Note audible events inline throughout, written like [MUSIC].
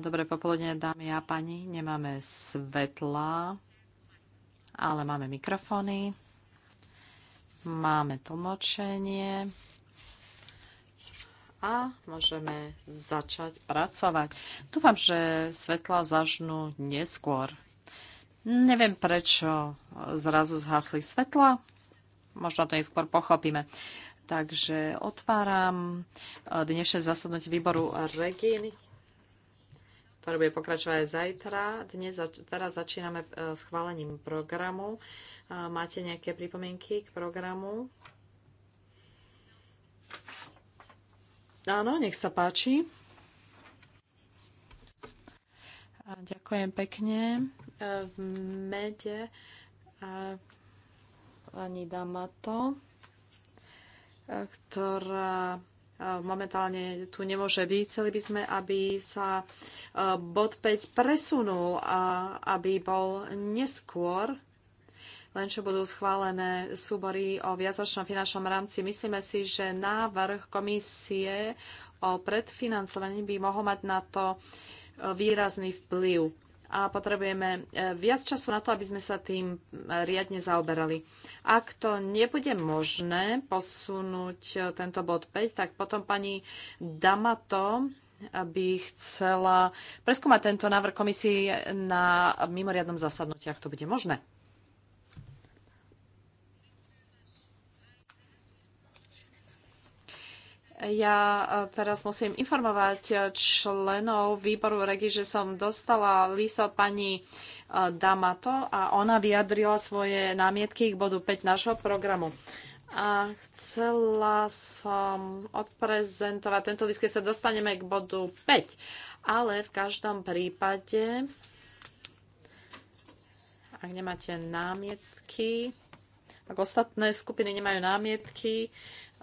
Dobré popoludne, dámy a pani. Nemáme svetla, ale máme mikrofóny. Máme tlmočenie a môžeme začať pracovať. Dúfam, že svetla zažnú neskôr. Neviem, prečo zrazu zhasli svetla. Možno to neskôr pochopíme. Takže otváram e, dnešné zasadnutie výboru Regín, ktoré bude pokračovať aj zajtra. Dnes, teraz začíname e, schválením programu. E, máte nejaké pripomienky k programu? Áno, nech sa páči. ďakujem pekne. V mede pani Damato ktorá e, momentálne tu nemôže byť. Chceli by sme, aby sa e, bod 5 presunul a aby bol neskôr len čo budú schválené súbory o viacročnom finančnom rámci. Myslíme si, že návrh komisie o predfinancovaní by mohol mať na to e, výrazný vplyv a potrebujeme e, viac času na to, aby sme sa tým e, riadne zaoberali. Ak to nebude možné posunúť e, tento bod 5, tak potom pani Damato aby chcela preskúmať tento návrh komisii na mimoriadnom zasadnutí, ak to bude možné. Ja e, teraz musím informovať e, členov výboru regi, že som dostala líso pani e, Damato a ona vyjadrila svoje námietky k bodu 5 nášho programu. A chcela som odprezentovať tento list, keď sa dostaneme k bodu 5. Ale v každom prípade, ak nemáte námietky, ak ostatné skupiny nemajú námietky,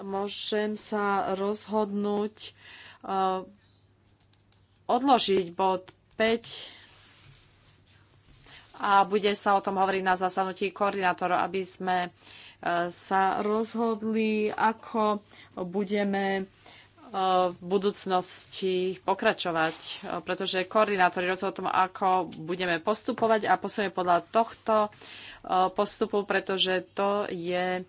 môžem sa rozhodnúť eh, odložiť bod 5 a bude sa o tom hovoriť na zasadnutí koordinátorov, aby sme eh, sa rozhodli, ako budeme eh, v budúcnosti pokračovať, pretože koordinátori rozhodujú o tom, ako budeme postupovať a posledne podľa tohto postupu, pretože to je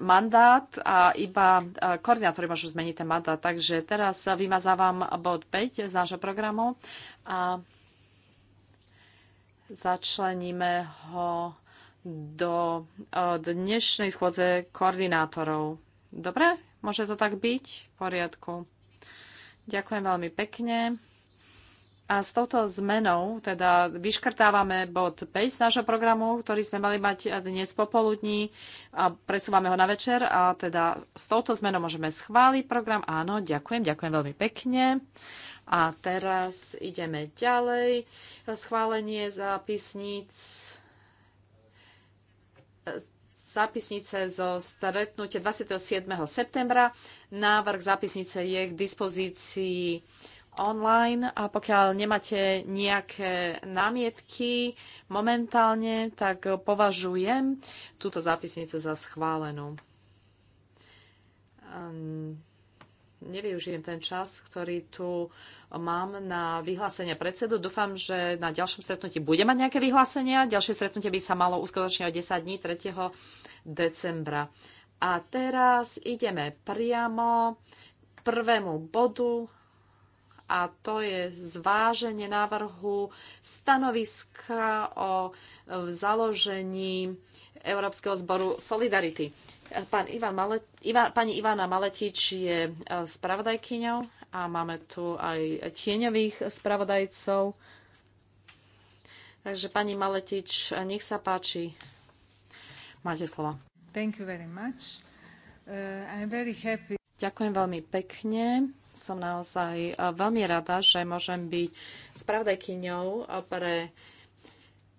mandát a iba koordinátori môžu zmeniť ten mandát. Takže teraz vymazávam bod 5 z nášho programu a začleníme ho do dnešnej schôdze koordinátorov. Dobre? Môže to tak byť? V poriadku. Ďakujem veľmi pekne. A s touto zmenou teda vyškrtávame bod 5 z nášho programu, ktorý sme mali mať dnes popoludní a presúvame ho na večer. A teda s touto zmenou môžeme schváliť program. Áno, ďakujem, ďakujem veľmi pekne. A teraz ideme ďalej. Schválenie zápisníc zápisnice zo stretnutia 27. septembra. Návrh zápisnice je k dispozícii online a pokiaľ nemáte nejaké námietky momentálne, tak považujem túto zápisnicu za schválenú. Ehm, nevyužijem ten čas, ktorý tu mám na vyhlásenie predsedu. Dúfam, že na ďalšom stretnutí bude mať nejaké vyhlásenia. Ďalšie stretnutie by sa malo uskutočniť o 10 dní 3. decembra. A teraz ideme priamo k prvému bodu a to je zváženie návrhu stanoviska o e, založení Európskeho zboru Solidarity. E, pán Ivan Malet, Iva, pani Ivana Maletič je e, spravodajkyňou a máme tu aj tieňových spravodajcov. Takže pani Maletič, nech sa páči. Máte slova. Thank you very much. Uh, I'm very happy. Ďakujem veľmi pekne som naozaj e, veľmi rada, že môžem byť spravdajkyňou e, pre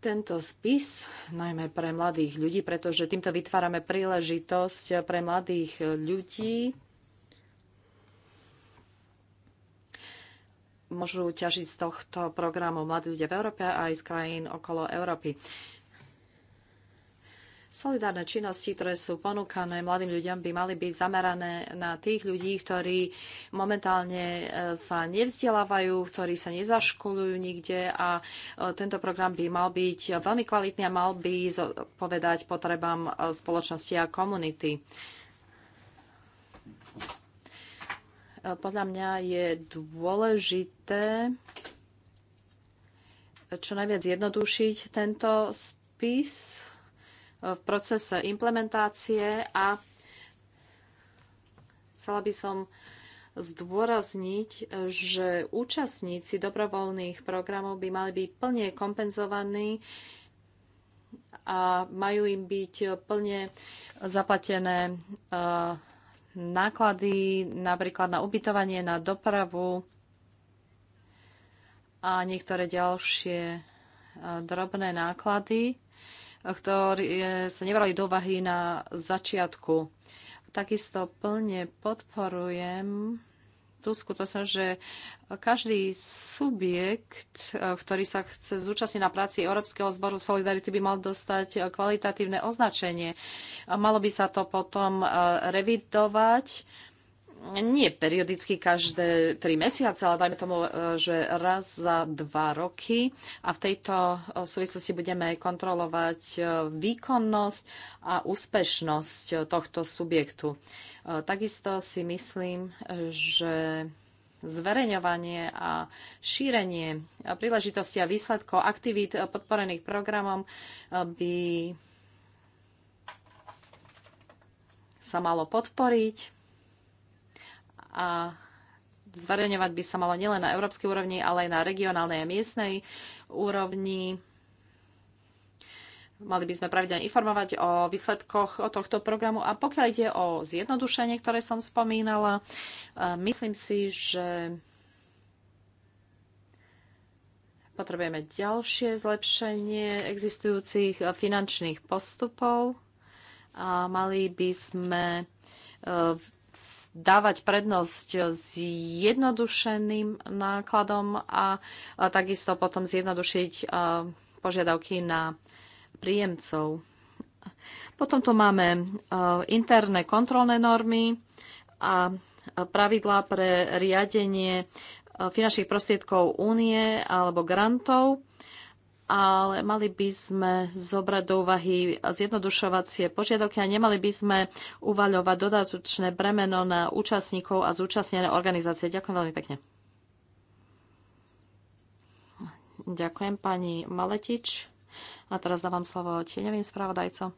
tento spis, najmä pre mladých ľudí, pretože týmto vytvárame príležitosť e, pre mladých ľudí. Môžu ťažiť z tohto programu mladí ľudia v Európe a aj z krajín okolo Európy. Solidárne činnosti, ktoré sú ponúkané mladým ľuďom, by mali byť zamerané na tých ľudí, ktorí momentálne e, sa nevzdelávajú, ktorí sa nezaškolujú nikde a e, tento program by mal byť veľmi kvalitný a mal by povedať potrebám e, spoločnosti a komunity. Podľa mňa je dôležité čo najviac jednodušiť tento spis v procese implementácie a chcela by som zdôrazniť, že účastníci dobrovoľných programov by mali byť plne kompenzovaní a majú im byť plne zaplatené eh, náklady napríklad na ubytovanie, na dopravu a niektoré ďalšie eh, drobné náklady ktoré eh, sa nevrali do vahy na začiatku. Takisto plne podporujem tú skutočnosť, že každý subjekt, eh, ktorý sa chce zúčastniť na práci Európskeho zboru Solidarity, by mal dostať eh, kvalitatívne označenie. Malo by sa to potom revidovať nie periodicky každé tri mesiace, ale dajme tomu, e, že raz za dva roky. A v tejto e, súvislosti budeme kontrolovať e, výkonnosť a úspešnosť tohto subjektu. Takisto si myslím, že zverejňovanie a šírenie príležitosti a výsledkov aktivít podporených programom by sa malo podporiť a zverejňovať by sa malo nielen na európskej úrovni, ale aj na regionálnej a miestnej úrovni. Mali by sme pravidelne informovať o výsledkoch o tohto programu. A pokiaľ ide o zjednodušenie, ktoré som spomínala, e, myslím si, že potrebujeme ďalšie zlepšenie existujúcich finančných postupov. A mali by sme e, dávať prednosť s jednodušeným nákladom a, takisto potom zjednodušiť požiadavky na príjemcov. Potom tu máme interné kontrolné normy a pravidlá pre riadenie finančných prostriedkov únie alebo grantov ale mali by sme zobrať do úvahy zjednodušovacie požiadavky a nemali by sme uvaľovať dodatočné bremeno na účastníkov a zúčastnené organizácie. Ďakujem veľmi pekne. Ďakujem pani Maletič. A teraz dávam slovo tieňovým spravodajcom.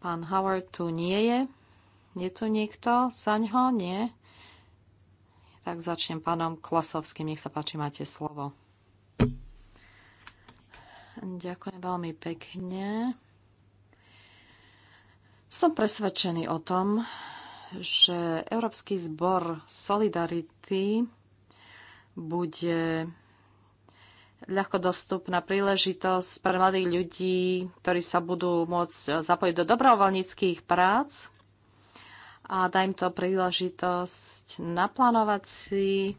Pán Howard tu nie je. Je tu niekto? Zaňho? Nie. Tak začnem pánom klasovským, Nech sa páči, máte slovo. Ďakujem veľmi pekne. Som presvedčený o tom, že Európsky zbor Solidarity bude ľahko dostupná príležitosť pre mladých ľudí, ktorí sa budú môcť zapojiť do dobrovoľníckých prác a dá im to príležitosť naplánovať si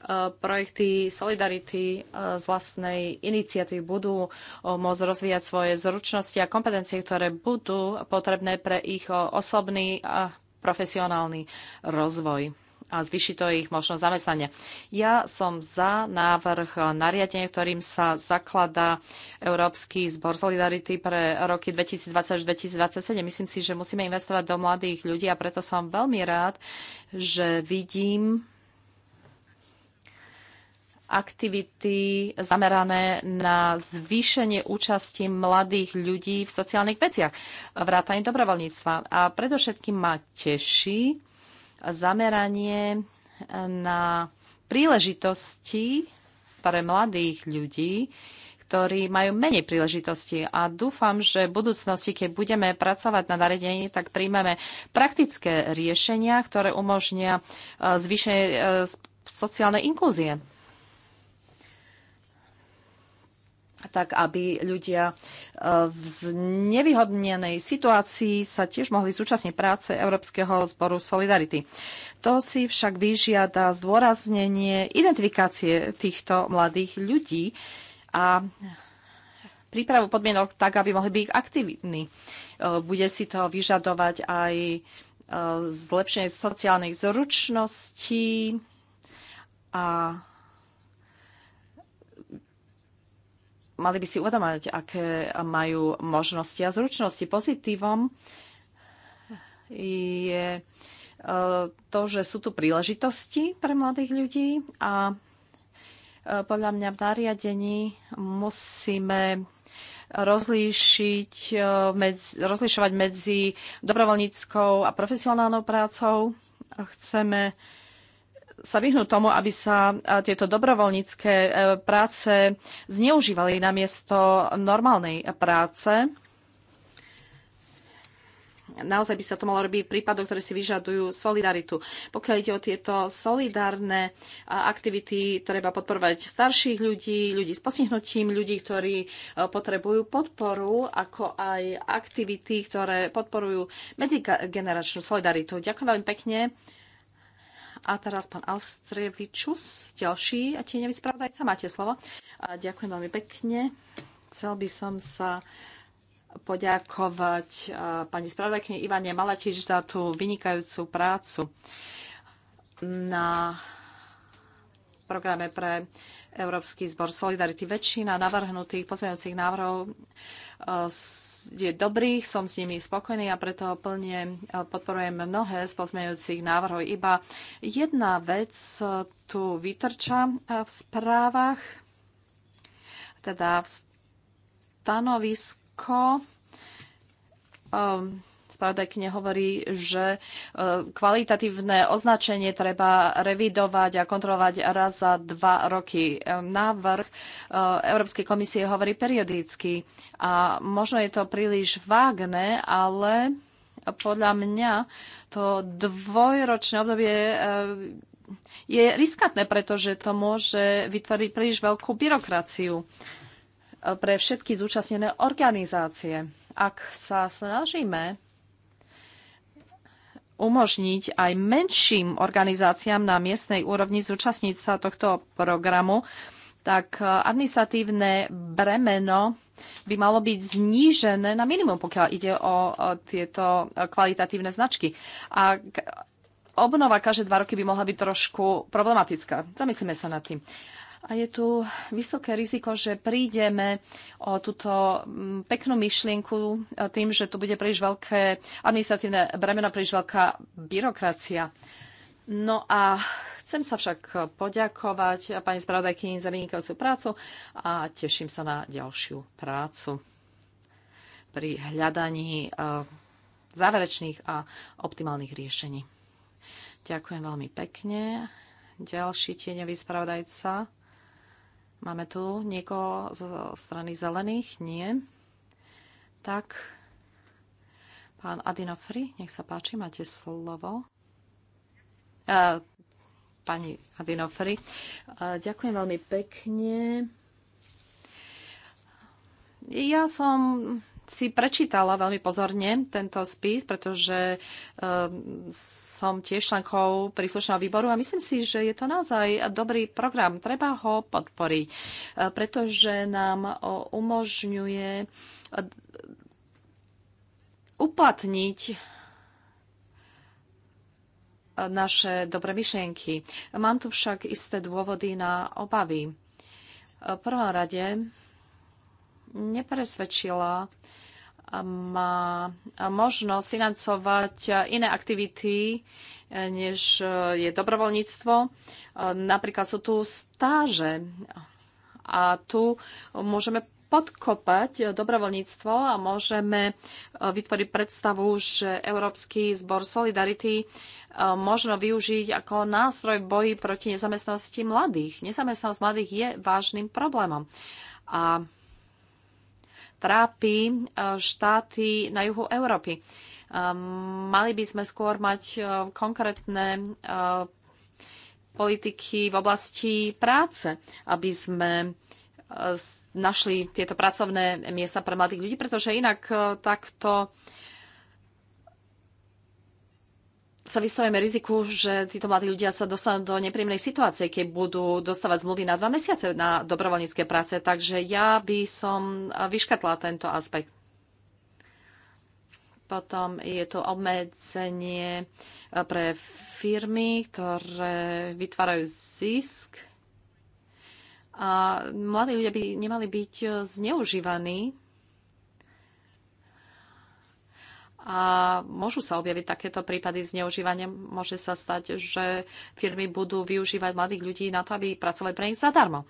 E, projekty Solidarity e, z vlastnej iniciatívy budú e, môcť rozvíjať svoje zručnosti a kompetencie, ktoré budú potrebné pre ich osobný a profesionálny rozvoj a zvyši to ich možnosť zamestnania. Ja som za návrh nariadenia, ktorým sa zakladá Európsky zbor Solidarity pre roky 2020 2027. Myslím si, že musíme investovať do mladých ľudí a preto som veľmi rád, že vidím aktivity zamerané na zvýšenie účasti mladých ľudí v sociálnych veciach, vrátanie dobrovoľníctva. A predovšetkým ma teší zameranie na príležitosti pre mladých ľudí, ktorí majú menej príležitosti. A dúfam, že v budúcnosti, keď budeme pracovať na nariadení, tak príjmeme praktické riešenia, ktoré umožnia eh, zvýšenie eh, sociálnej inklúzie. tak aby ľudia e, v znevýhodnenej situácii sa tiež mohli zúčastniť práce Európskeho zboru Solidarity. To si však vyžiada zdôraznenie identifikácie týchto mladých ľudí a prípravu podmienok tak, aby mohli byť aktivitní. E, bude si to vyžadovať aj e, zlepšenie sociálnych zručností a mali by si uvedomať, aké majú možnosti a zručnosti. Pozitívom je e, to, že sú tu príležitosti pre mladých ľudí a e, podľa mňa v nariadení musíme rozlíšiť, e, medzi, rozlišovať medzi dobrovoľníckou a profesionálnou prácou. Chceme sa vyhnúť tomu, aby sa tieto dobrovoľnícke e, práce zneužívali namiesto normálnej práce. Naozaj by sa to malo robiť v prípadoch, ktoré si vyžadujú solidaritu. Pokiaľ ide o tieto solidárne aktivity, treba podporovať starších ľudí, ľudí s postihnutím, ľudí, ktorí e, potrebujú podporu, ako aj aktivity, ktoré podporujú medzigeneračnú solidaritu. Ďakujem veľmi pekne. A teraz pán Austrievičus, ďalší a tieňový spravodajca, máte slovo. A ďakujem veľmi pekne. Chcel by som sa poďakovať e, pani spravodajkyni Ivane Malatič za tú vynikajúcu prácu na programe pre Európsky zbor Solidarity. Väčšina navrhnutých pozmeňujúcich návrhov e, je dobrých, som s nimi spokojný a preto plne e, podporujem mnohé z pozmeňujúcich návrhov. Iba jedna vec e, tu vytrča v správach, teda v stanovisko um, spravodajkyne hovorí, že e, kvalitatívne označenie treba revidovať a kontrolovať raz za dva roky. E, návrh e, Európskej komisie hovorí periodicky a možno je to príliš vágne, ale podľa mňa to dvojročné obdobie je riskantné, pretože to môže vytvoriť príliš veľkú byrokraciu pre všetky zúčastnené organizácie. Ak sa snažíme umožniť aj menším organizáciám na miestnej úrovni zúčastniť sa tohto programu, tak e, administratívne bremeno by malo byť znížené na minimum, pokiaľ ide o e, tieto e, kvalitatívne značky. A obnova každé dva roky by mohla byť trošku problematická. Zamyslíme sa nad tým. A je tu vysoké riziko, že prídeme o túto mm, peknú myšlienku e, tým, že tu bude príliš veľké administratívne bremena, príliš veľká byrokracia. No a chcem sa však poďakovať e, pani spravodajkyni za vynikajúcu prácu a teším sa na ďalšiu prácu pri hľadaní e, záverečných a optimálnych riešení. Ďakujem veľmi pekne. Ďalší tieňový spravodajca Máme tu niekoho zo strany zelených? Nie. Tak, pán Adinofri, nech sa páči, máte slovo. E, pani Adinofri, e, ďakujem veľmi pekne. Ja som si prečítala veľmi pozorne tento spis, pretože um, som tiež členkou príslušného výboru a myslím si, že je to naozaj dobrý program. Treba ho podporiť, e, pretože nám umožňuje e, uplatniť e, naše dobré myšlienky. Mám tu však isté dôvody na obavy. V prvom rade nepresvedčila má možnosť financovať iné aktivity, eh, než eh, je dobrovoľníctvo. Eh, napríklad sú tu stáže a tu môžeme podkopať dobrovoľníctvo a môžeme vytvoriť predstavu, že Európsky zbor Solidarity možno využiť ako nástroj v boji proti nezamestnanosti mladých. Nezamestnanosť mladých je vážnym problémom. A trápi e, štáty na juhu Európy. E, mali by sme skôr mať e, konkrétne politiky v oblasti práce, aby sme našli tieto pracovné miesta pre mladých ľudí, pretože inak takto sa vystavujeme riziku, že títo mladí ľudia sa dostanú do nepríjemnej situácie, keď budú dostávať zmluvy na dva mesiace na dobrovoľnícke práce. Takže ja by som vyškatla tento aspekt. Potom je tu obmedzenie eh, pre firmy, ktoré vytvárajú zisk. A mladí ľudia by nemali byť zneužívaní a môžu sa objaviť takéto prípady zneužívania. Môže sa stať, že firmy budú využívať mladých ľudí na to, aby pracovali pre nich zadarmo.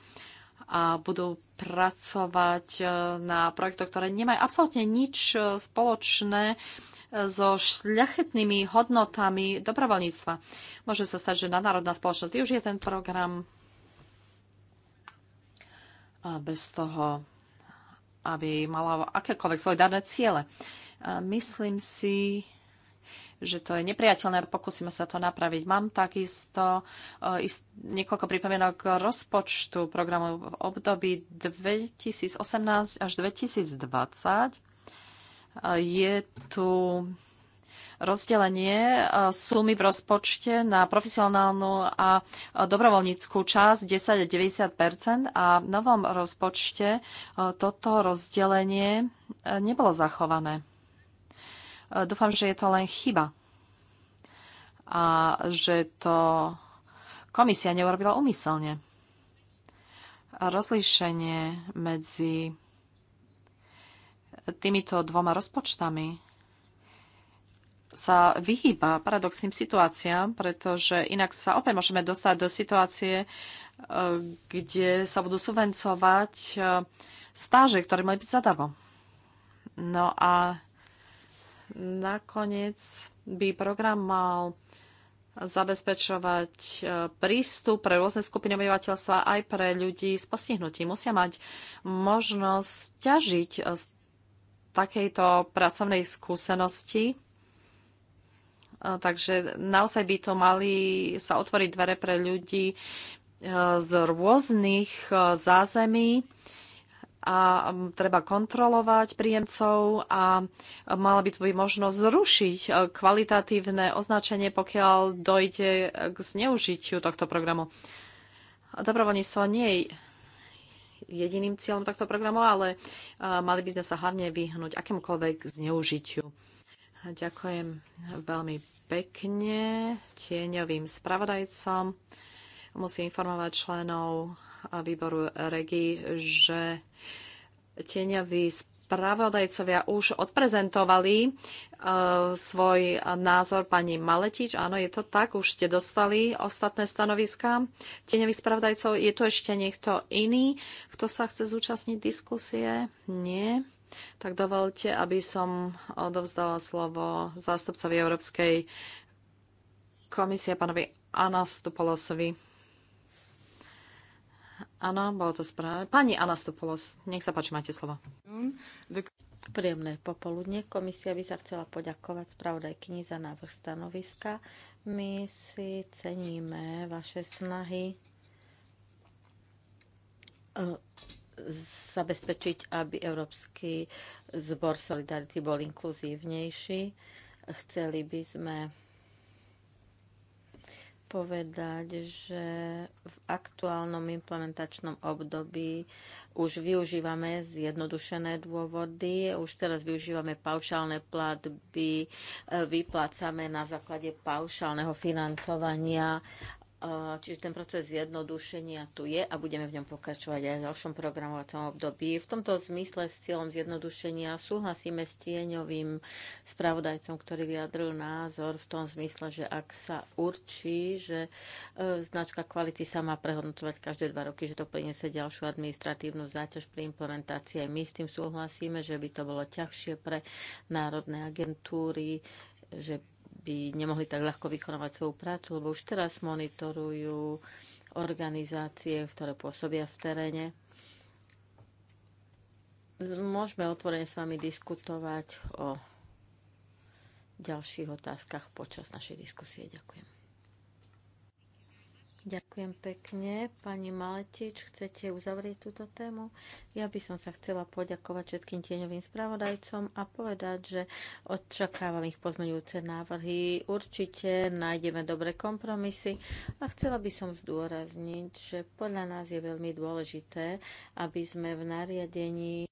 A budú pracovať e, na projektoch, ktoré nemajú absolútne nič e, spoločné e, so šľachetnými hodnotami dobrovoľníctva. Môže sa stať, že nadnárodná spoločnosť využije ten program a bez toho, aby mala akékoľvek solidárne ciele. Myslím si, že to je nepriateľné, pokúsime sa to napraviť. Mám takisto e, ist, niekoľko pripomienok rozpočtu programu v období 2018 až 2020. E, je tu rozdelenie e, sumy v rozpočte na profesionálnu a dobrovoľníckú časť 10 a 90 a v novom rozpočte toto rozdelenie nebolo zachované. E, dúfam, že je to len chyba a že to komisia neurobila umyselne. Rozlíšenie medzi týmito dvoma rozpočtami sa vyhýba paradoxným situáciám, pretože inak sa opäť môžeme dostať do situácie, e, kde sa budú subvencovať e, stáže, ktoré mali byť zadarmo. No a Nakoniec by program mal zabezpečovať e, prístup pre rôzne skupiny obyvateľstva aj pre ľudí s postihnutím. Musia mať možnosť ťažiť e, z takejto pracovnej skúsenosti. E, takže naozaj by to mali sa otvoriť dvere pre ľudí z rôznych zázemí, a treba kontrolovať príjemcov a mala by tu byť možnosť zrušiť e, kvalitatívne označenie, pokiaľ dojde k zneužitiu tohto programu. Dobrovoľníctvo nie je jediným cieľom tohto programu, ale e, mali by sme sa hlavne vyhnúť akémukoľvek zneužitiu. Ďakujem veľmi pekne tieňovým spravodajcom musí informovať členov výboru REGI, že tieňaví spravodajcovia už odprezentovali e, svoj názor pani Maletič. Áno, je to tak, už ste dostali ostatné stanoviská tieňových spravodajcov. Je tu ešte niekto iný, kto sa chce zúčastniť diskusie? Nie. Tak dovolte, aby som odovzdala slovo zástupcovi Európskej komisie, pánovi Anastopolosovi. Áno, bolo to správne. Pani Anastopolos, nech sa páči, máte slovo. Príjemné popoludne. Komisia by sa chcela poďakovať spravodajkyni za návrh stanoviska. My si ceníme vaše snahy e, zabezpečiť, aby Európsky zbor Solidarity bol inkluzívnejší. Chceli by sme povedať, že v aktuálnom implementačnom období už využívame zjednodušené dôvody, už teraz využívame paušálne platby, e, vyplácame na základe paušálneho financovania Čiže ten proces zjednodušenia tu je a budeme v ňom pokračovať aj v ďalšom programovacom období. V tomto zmysle s cieľom zjednodušenia súhlasíme s tieňovým spravodajcom, ktorý vyjadril názor v tom zmysle, že ak sa určí, že e, značka kvality sa má prehodnocovať každé dva roky, že to priniesie ďalšiu administratívnu záťaž pri implementácii. My s tým súhlasíme, že by to bolo ťažšie pre národné agentúry, že by nemohli tak ľahko vykonávať svoju prácu, lebo už teraz monitorujú organizácie, ktoré pôsobia v teréne. Môžeme otvorene s vami diskutovať o ďalších otázkach počas našej diskusie. Ďakujem. Ďakujem pekne. Pani Maletič, chcete uzavrieť túto tému? Ja by som sa chcela poďakovať všetkým tieňovým spravodajcom a povedať, že očakávam ich pozmeňujúce návrhy. Určite nájdeme dobré kompromisy a chcela by som zdôrazniť, že podľa nás je veľmi dôležité, aby sme v nariadení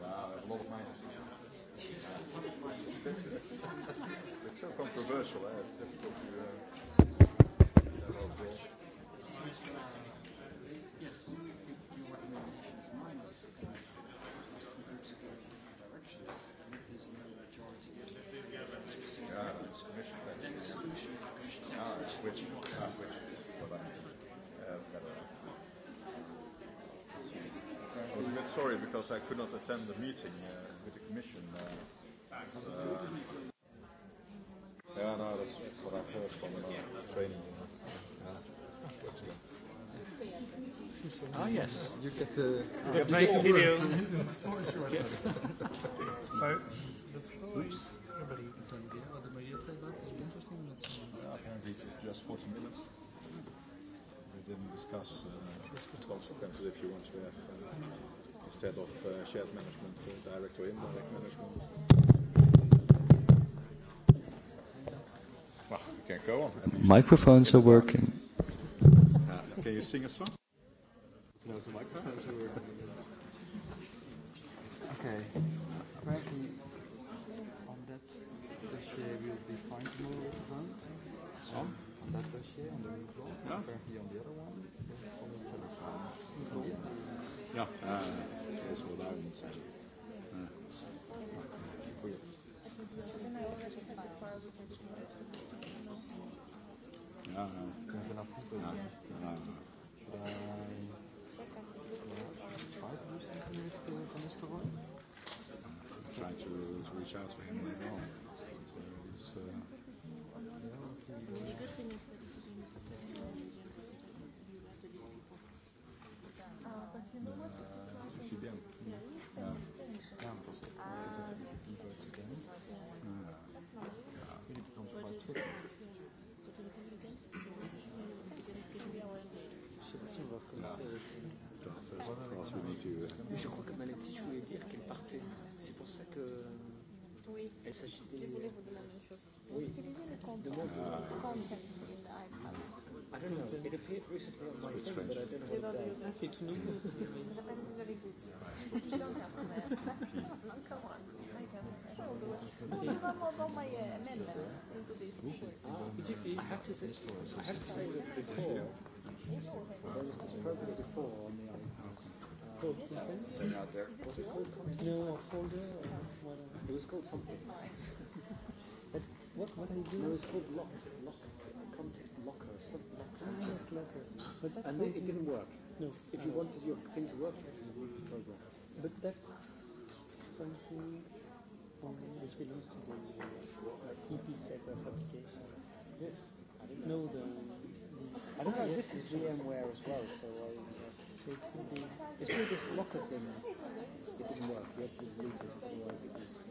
Ja, geloof mij. It's so controversial, eh? It's difficult to. Uh... because I could not attend the meeting uh, with the Commission. Uh, uh, yeah, no, that's what I heard from the uh, training. Uh, yeah. Ah, yes. You get the, uh, you get [LAUGHS] [LAUGHS] the video. yes. so, the floor is everybody. Yeah, apparently, just 40 minutes didn't discuss uh, consequences if you want to have uh, instead of uh, shared management, uh, direct or indirect management. Well, we can go on. Microphones are working. Uh, can you sing a song? No, the microphones are working. Okay. Apparently, on that dossier, will be fine tomorrow. On? that dossier on the yeah. the other one, Yeah, uh, also Should I try to do something with Try to, to reach out to him later on. So it's, uh, je crois que Malati, je voulais dire qu'elle partait. C'est pour ça que. Oui. Il Je voulais vous dire la même chose. Vous euh, oui. utilisez le compte iPad. I don't know. It appeared recently on my thing, but I don't know c'est tout nouveau. Ça s'appelle Visual Boost. Come on. I can. No, uh, amendments into this. Ah, called something out there. Was it called? No, folder or whatever. It was called something. but what what I do? No, called lock lock locker something. ah yes, locker. But that's and it didn't work. No. If you wanted your thing to work, you would program. But that's something which belongs to the EP set of applications. Yes. No, the. I don't know, this is VMware as well, so I guess so it could be, it's called this locker thing. It didn't work. You had to use it otherwise it was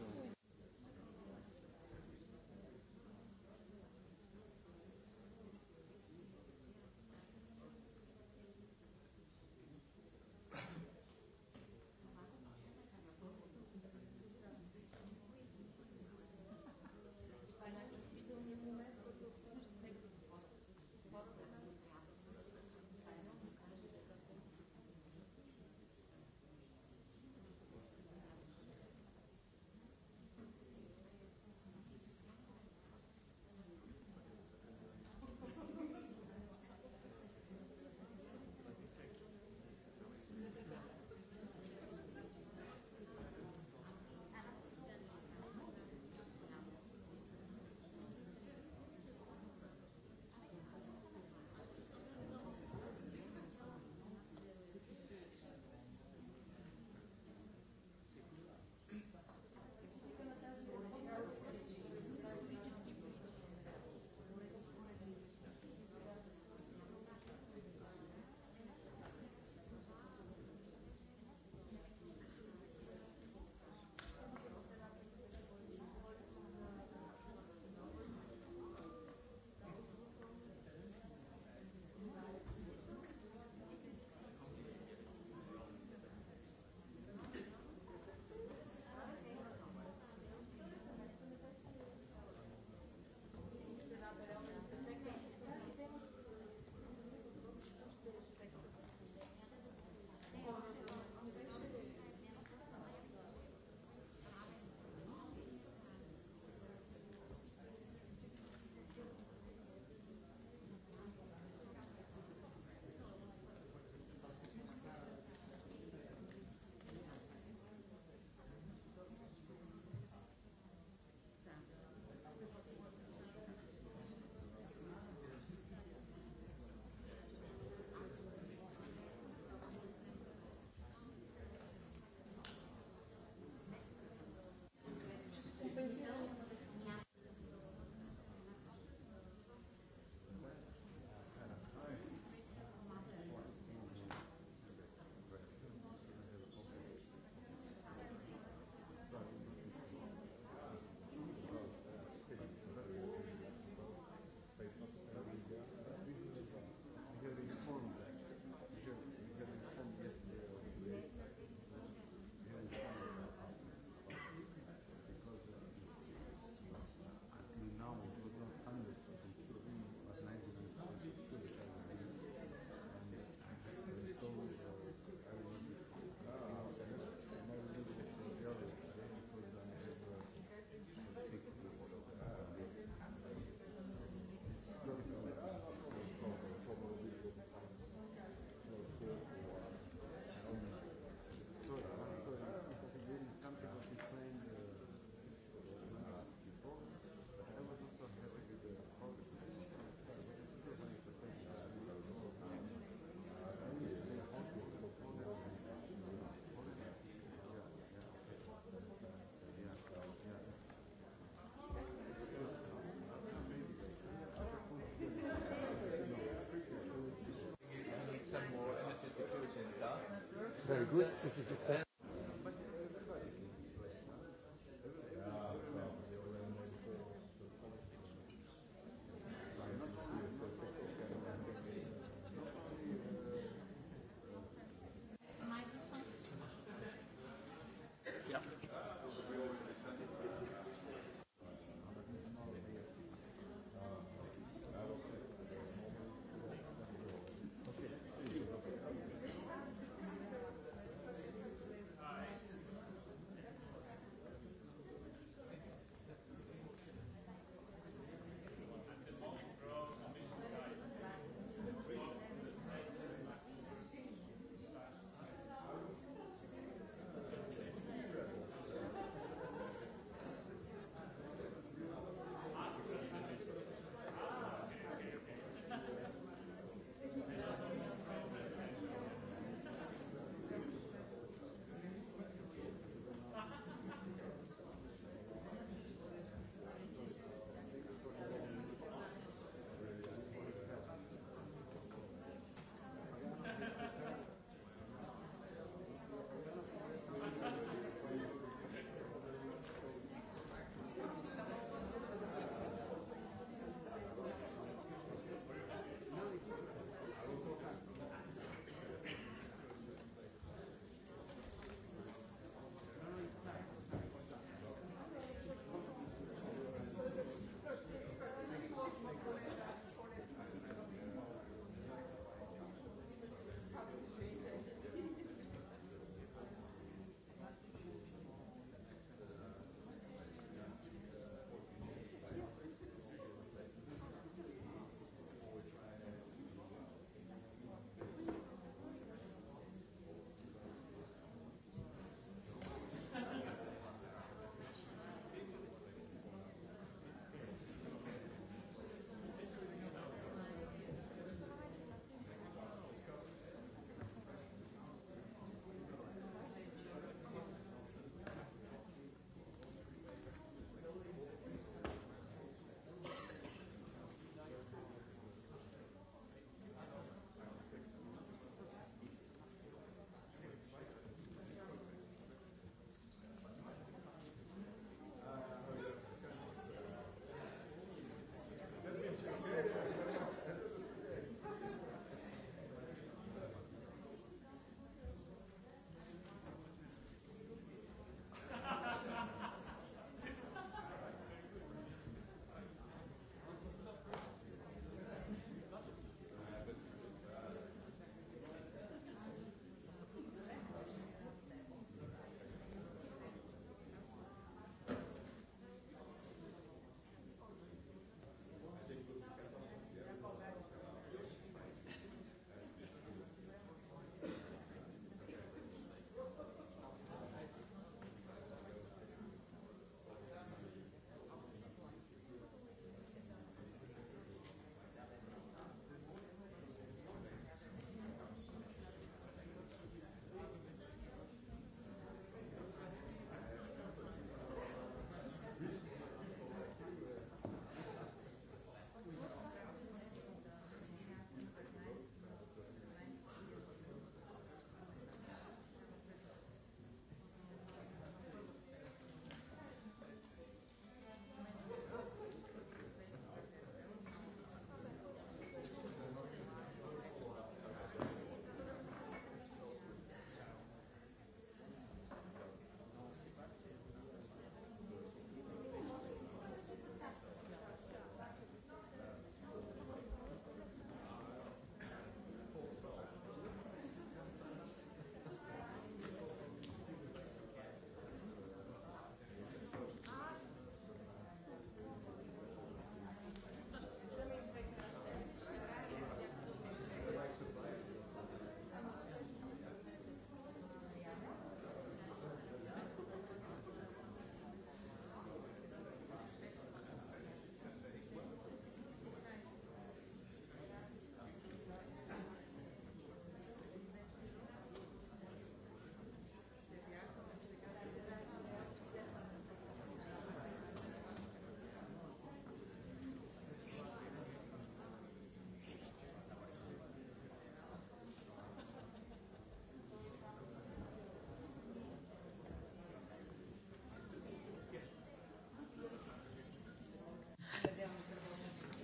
very good. It is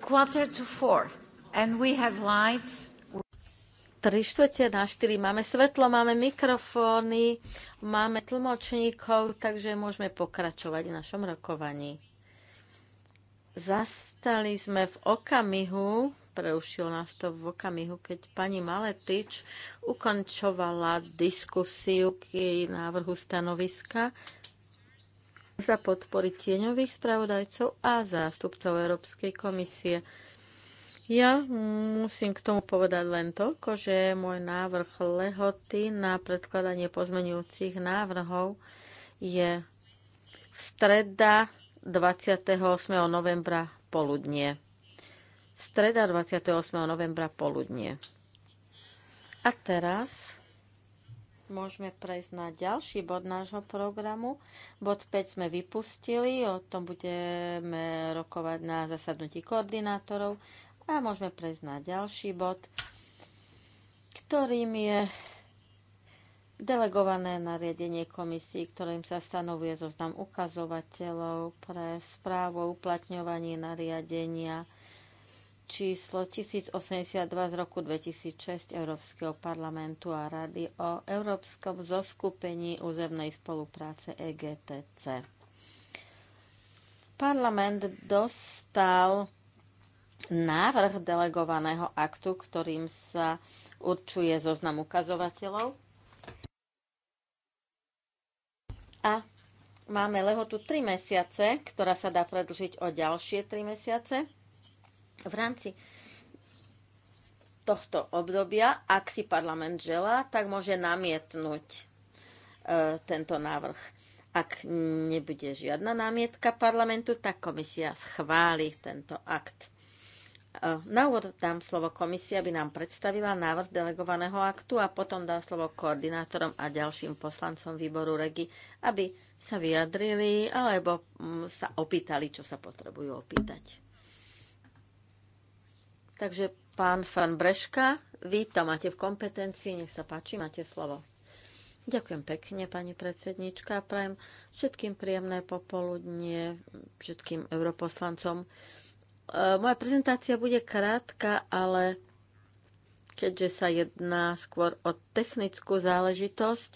quarter to four and we have lights. Tri štvrte na štyri. Máme svetlo, máme mikrofóny, máme tlmočníkov, takže môžeme pokračovať v našom rokovaní. Zastali sme v okamihu, preušil nás to v okamihu, keď pani Maletič ukončovala diskusiu k jej návrhu stanoviska za podpory tieňových spravodajcov a zástupcov Európskej komisie. Ja musím k tomu povedať len toľko, že môj návrh lehoty na predkladanie pozmenujúcich návrhov je v streda 28. novembra poludnie. Streda 28. novembra poludnie. A teraz môžeme prejsť na ďalší bod nášho programu. Bod 5 sme vypustili, o tom budeme rokovať na zasadnutí koordinátorov a môžeme prejsť na ďalší bod, ktorým je delegované nariadenie komisí, ktorým sa stanovuje zoznam ukazovateľov pre správu o uplatňovaní nariadenia číslo 1082 z roku 2006 Európskeho parlamentu a Rady o Európskom zoskupení územnej spolupráce EGTC. Parlament dostal návrh delegovaného aktu, ktorým sa určuje zoznam ukazovateľov. A máme lehotu 3 mesiace, ktorá sa dá predlžiť o ďalšie 3 mesiace v rámci tohto obdobia, ak si parlament želá, tak môže namietnúť e, tento návrh. Ak nebude žiadna námietka parlamentu, tak komisia schváli tento akt. E, na úvod dám slovo komisia aby nám predstavila návrh delegovaného aktu a potom dám slovo koordinátorom a ďalším poslancom výboru REGI, aby sa vyjadrili alebo mm, sa opýtali, čo sa potrebujú opýtať. Takže pán Fan Breška, vy to máte v kompetencii, nech sa páči, máte slovo. Ďakujem pekne, pani predsednička. Prajem všetkým príjemné popoludnie, všetkým europoslancom. E, moja prezentácia bude krátka, ale keďže sa jedná skôr o technickú záležitosť,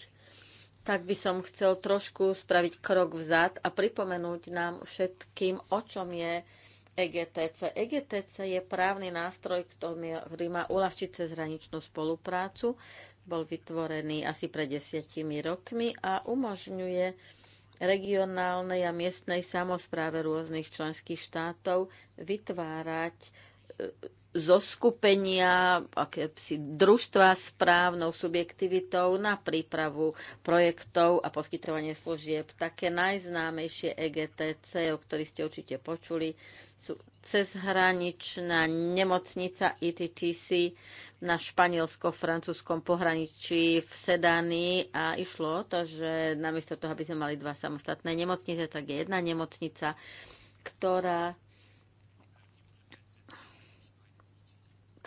tak by som chcel trošku spraviť krok vzad a pripomenúť nám všetkým, o čom je EGTC. EGTC je právny nástroj, ktorý má uľahčiť cezhraničnú spoluprácu. Bol vytvorený asi pred desiatimi rokmi a umožňuje regionálnej a miestnej samozpráve rôznych členských štátov vytvárať e, zoskupenia, si družstva s právnou subjektivitou na prípravu projektov a poskytovanie služieb. Také najznámejšie EGTC, o ktorých ste určite počuli, sú cezhraničná nemocnica ETTC na španielsko-francúzskom pohraničí v Sedani a išlo o to, že namiesto toho, aby sme mali dva samostatné nemocnice, tak je jedna nemocnica, ktorá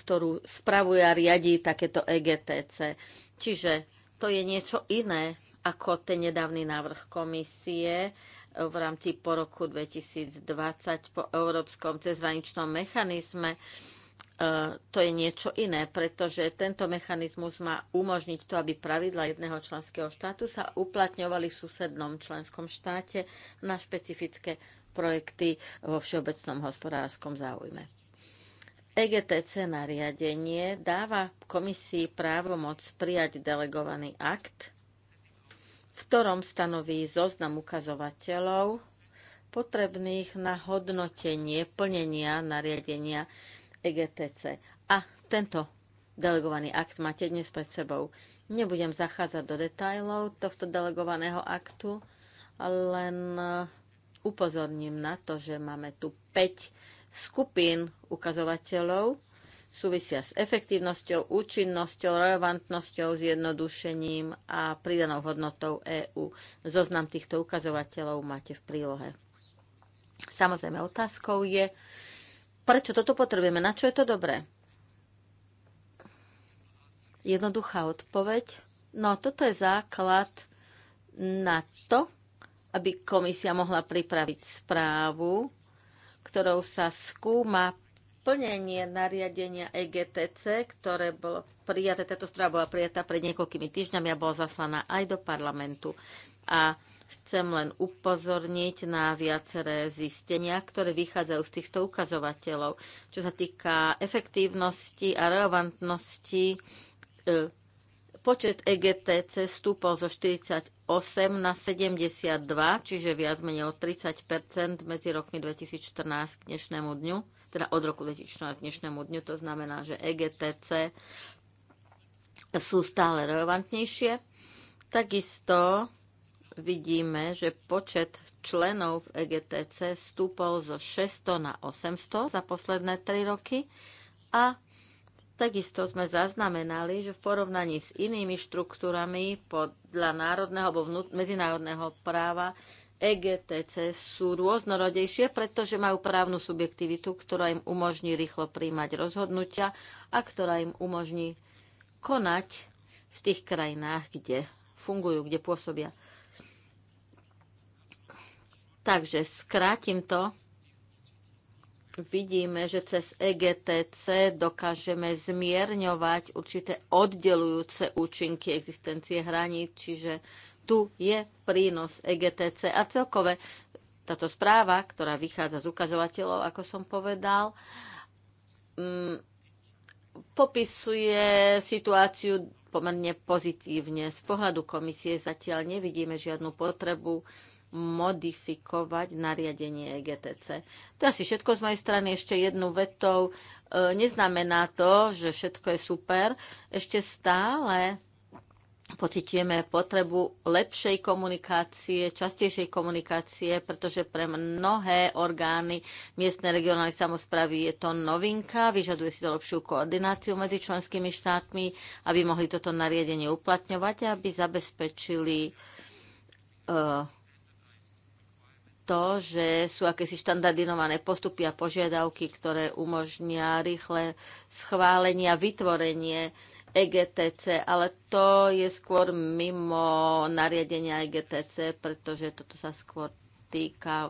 ktorú spravuje a riadi takéto EGTC. Čiže to je niečo iné ako ten nedávny návrh komisie eh, v rámci po roku 2020 po Európskom cezhraničnom mechanizme eh, to je niečo iné, pretože tento mechanizmus má umožniť to, aby pravidla jedného členského štátu sa uplatňovali v susednom členskom štáte na špecifické projekty vo všeobecnom hospodárskom záujme. EGTC nariadenie dáva komisii právomoc prijať delegovaný akt, v ktorom stanoví zoznam ukazovateľov potrebných na hodnotenie plnenia nariadenia EGTC. A tento delegovaný akt máte dnes pred sebou. Nebudem zachádzať do detajlov tohto delegovaného aktu, len upozorním na to, že máme tu 5 skupín ukazovateľov súvisia s efektívnosťou, účinnosťou, relevantnosťou, zjednodušením a pridanou hodnotou EÚ. Zoznam týchto ukazovateľov máte v prílohe. Samozrejme, otázkou je, prečo toto potrebujeme, na čo je to dobré? Jednoduchá odpoveď. No, toto je základ na to, aby komisia mohla pripraviť správu ktorou sa skúma plnenie nariadenia EGTC, ktoré bolo prijaté, táto správa bola prijatá pred niekoľkými týždňami a bola zaslaná aj do parlamentu. A chcem len upozorniť na viaceré zistenia, ktoré vychádzajú z týchto ukazovateľov, čo sa týka efektívnosti a relevantnosti e, Počet EGTC stúpol zo 48 na 72, čiže viac menej o 30 medzi rokmi 2014 k dnešnému dňu, teda od roku 2014 k dnešnému dňu. To znamená, že EGTC sú stále relevantnejšie. Takisto vidíme, že počet členov v EGTC stúpol zo 600 na 800 za posledné 3 roky a Takisto sme zaznamenali, že v porovnaní s inými štruktúrami podľa národného alebo medzinárodného práva EGTC sú rôznorodejšie, pretože majú právnu subjektivitu, ktorá im umožní rýchlo príjmať rozhodnutia a ktorá im umožní konať v tých krajinách, kde fungujú, kde pôsobia. Takže skrátim to vidíme, že cez EGTC dokážeme zmierňovať určité oddelujúce účinky existencie hraníc, čiže tu je prínos EGTC a celkové táto správa, ktorá vychádza z ukazovateľov, ako som povedal, mm, popisuje situáciu pomerne pozitívne. Z pohľadu komisie zatiaľ nevidíme žiadnu potrebu modifikovať nariadenie EGTC. To asi všetko z mojej strany. Ešte jednou vetou. E, neznamená to, že všetko je super. Ešte stále pocitujeme potrebu lepšej komunikácie, častejšej komunikácie, pretože pre mnohé orgány miestnej regionálnej samozpravy je to novinka, vyžaduje si to lepšiu koordináciu medzi členskými štátmi, aby mohli toto nariadenie uplatňovať a aby zabezpečili uh, to, že sú akési štandardinované postupy a požiadavky, ktoré umožnia rýchle schválenie a vytvorenie EGTC, ale to je skôr mimo nariadenia EGTC, pretože toto sa skôr týka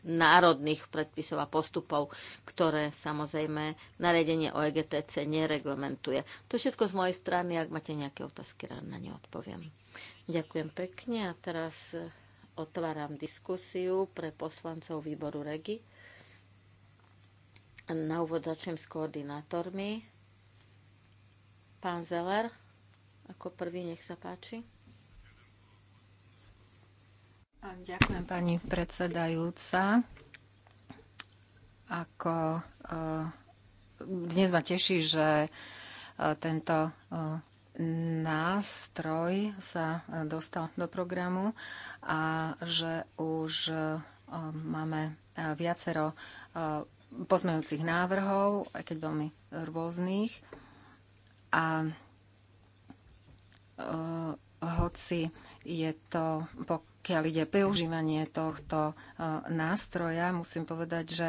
národných predpisov a postupov, ktoré samozrejme nariadenie o EGTC nereglementuje. To všetko z mojej strany, ak máte nejaké otázky, rád na ne odpoviem. Ďakujem pekne a teraz Otváram diskusiu pre poslancov výboru REGI. Na úvod začnem s koordinátormi. Pán Zeller, ako prvý, nech sa páči. Ďakujem, pani predsedajúca. Ako eh, dnes ma teší, že eh, tento eh, nástroj sa e, dostal do programu a že už e, máme e, viacero pozmejúcich návrhov, aj keď veľmi rôznych. A hoci je to, pokiaľ ide používanie tohto nástroja, musím povedať, že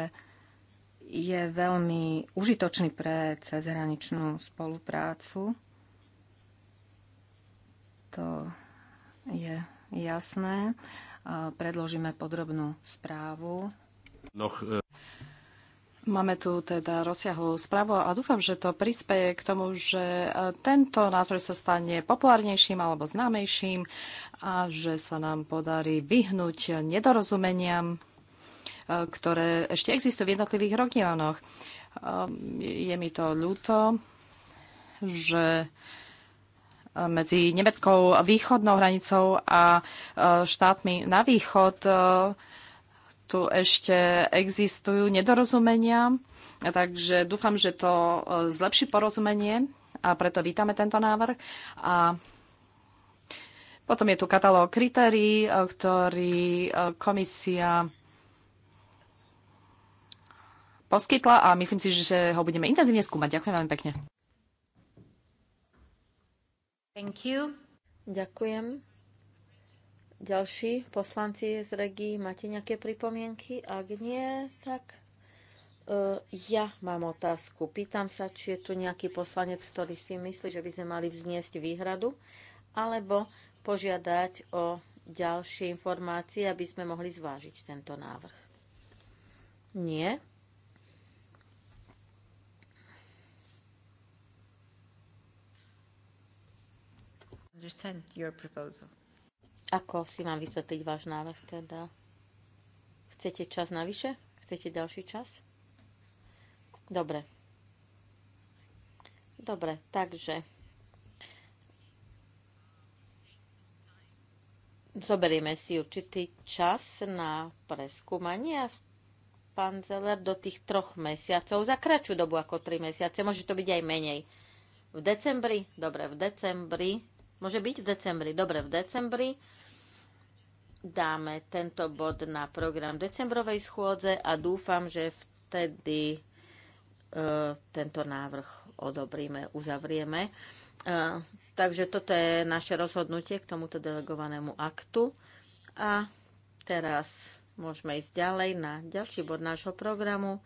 je veľmi užitočný pre cezhraničnú spoluprácu to je jasné. Predložíme podrobnú správu. Noch, e, Máme tu teda rozsiahlu správu a dúfam, že to prispieje k tomu, že e, tento názor sa stane populárnejším alebo známejším a že sa nám podarí vyhnúť nedorozumeniam, e, ktoré ešte existujú v jednotlivých regiónoch. Je mi to ľúto, že medzi nemeckou východnou hranicou a e, štátmi na východ. E, tu ešte existujú nedorozumenia, takže dúfam, že to e, zlepší porozumenie a preto vítame tento návrh. A potom je tu katalóg kritérií, ktorý komisia poskytla a myslím si, že ho budeme intenzívne skúmať. Ďakujem veľmi pekne. Thank you. Ďakujem. Ďalší poslanci z regí, máte nejaké pripomienky? Ak nie, tak uh, ja mám otázku. Pýtam sa, či je tu nejaký poslanec, ktorý si myslí, že by sme mali vzniesť výhradu, alebo požiadať o ďalšie informácie, aby sme mohli zvážiť tento návrh. Nie? understand your proposal. Ako si mám vysvetliť váš návrh teda? Chcete čas navyše? Chcete ďalší čas? Dobre. Dobre, takže zoberieme si určitý čas na preskúmanie a pán Zeller do tých troch mesiacov, za kratšiu dobu ako tri mesiace, môže to byť aj menej. V decembri? Dobre, v decembri Môže byť v decembri. Dobre, v decembri dáme tento bod na program decembrovej schôdze a dúfam, že vtedy e, tento návrh odobríme, uzavrieme. E, takže toto je naše rozhodnutie k tomuto delegovanému aktu. A teraz môžeme ísť ďalej na ďalší bod nášho programu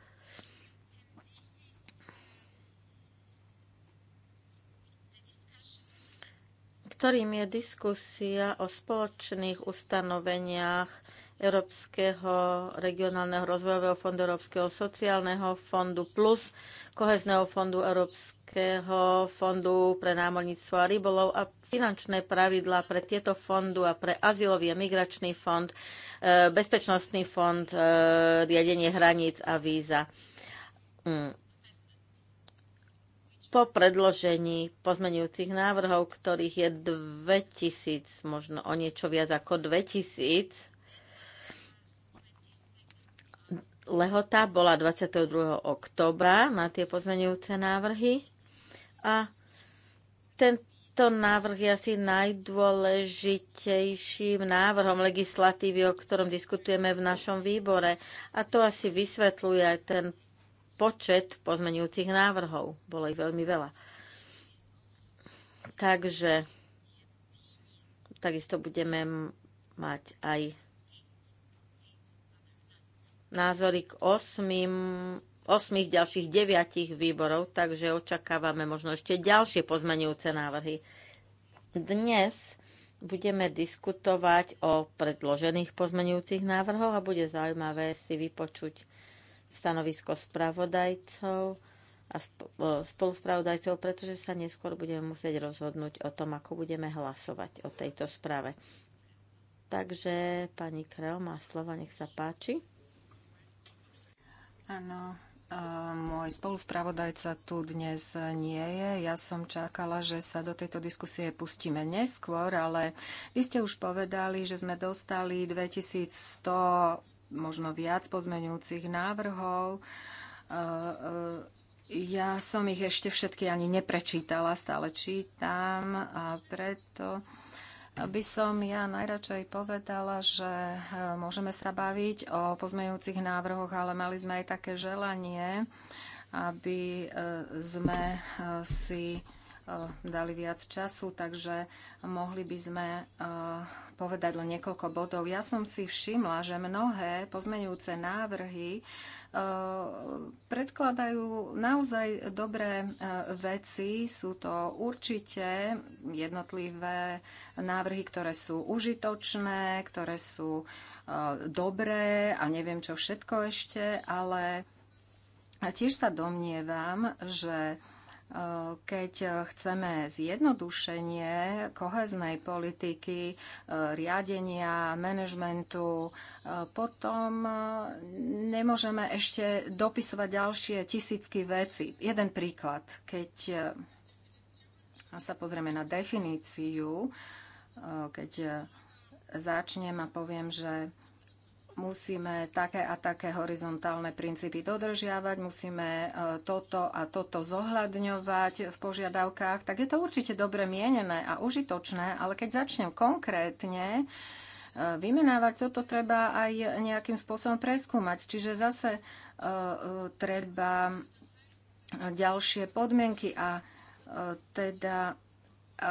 ktorým je diskusia o spoločných ustanoveniach Európskeho regionálneho rozvojového fondu, Európskeho sociálneho fondu plus kohezného fondu Európskeho fondu pre námorníctvo a rybolov a finančné pravidlá pre tieto fondu a pre azylový a migračný fond, e, bezpečnostný fond, e, riadenie hraníc a víza. Mm po predložení pozmenujúcich návrhov, ktorých je 2000, možno o niečo viac ako 2000, lehota bola 22. oktobra na tie pozmenujúce návrhy a tento návrh je asi najdôležitejším návrhom legislatívy, o ktorom diskutujeme v našom výbore. A to asi vysvetľuje aj ten počet pozmenujúcich návrhov. Bolo ich veľmi veľa. Takže takisto budeme mať aj názory k osmým, osmých ďalších deviatich výborov, takže očakávame možno ešte ďalšie pozmenujúce návrhy. Dnes budeme diskutovať o predložených pozmenujúcich návrhoch a bude zaujímavé si vypočuť stanovisko spravodajcov a spoluspravodajcov, pretože sa neskôr budeme musieť rozhodnúť o tom, ako budeme hlasovať o tejto správe. Takže pani Krel má slova, nech sa páči. Áno, e, môj spoluspravodajca tu dnes nie je. Ja som čakala, že sa do tejto diskusie pustíme neskôr, ale vy ste už povedali, že sme dostali 2100 možno viac pozmeňujúcich návrhov. E, e, ja som ich ešte všetky ani neprečítala, stále čítam a preto by som ja najradšej povedala, že e, môžeme sa baviť o pozmeňujúcich návrhoch, ale mali sme aj také želanie, aby sme si E, dali viac času, takže mohli by sme e, povedať len niekoľko bodov. Ja som si všimla, že mnohé pozmenujúce návrhy e, predkladajú naozaj dobré veci. Sú to určite jednotlivé návrhy, ktoré sú užitočné, ktoré sú dobré a neviem čo všetko ešte, ale tiež sa domnievam, že keď chceme zjednodušenie koheznej politiky, e, riadenia, manažmentu, e, potom e, nemôžeme ešte dopisovať ďalšie tisícky veci. Jeden príklad, keď sa pozrieme na definíciu, keď začnem a poviem, že musíme také a také horizontálne princípy dodržiavať, musíme e, toto a toto zohľadňovať v požiadavkách, tak je to určite dobre mienené a užitočné, ale keď začnem konkrétne e, vymenávať, toto treba aj nejakým spôsobom preskúmať. Čiže zase e, treba ďalšie podmienky a teda Eh,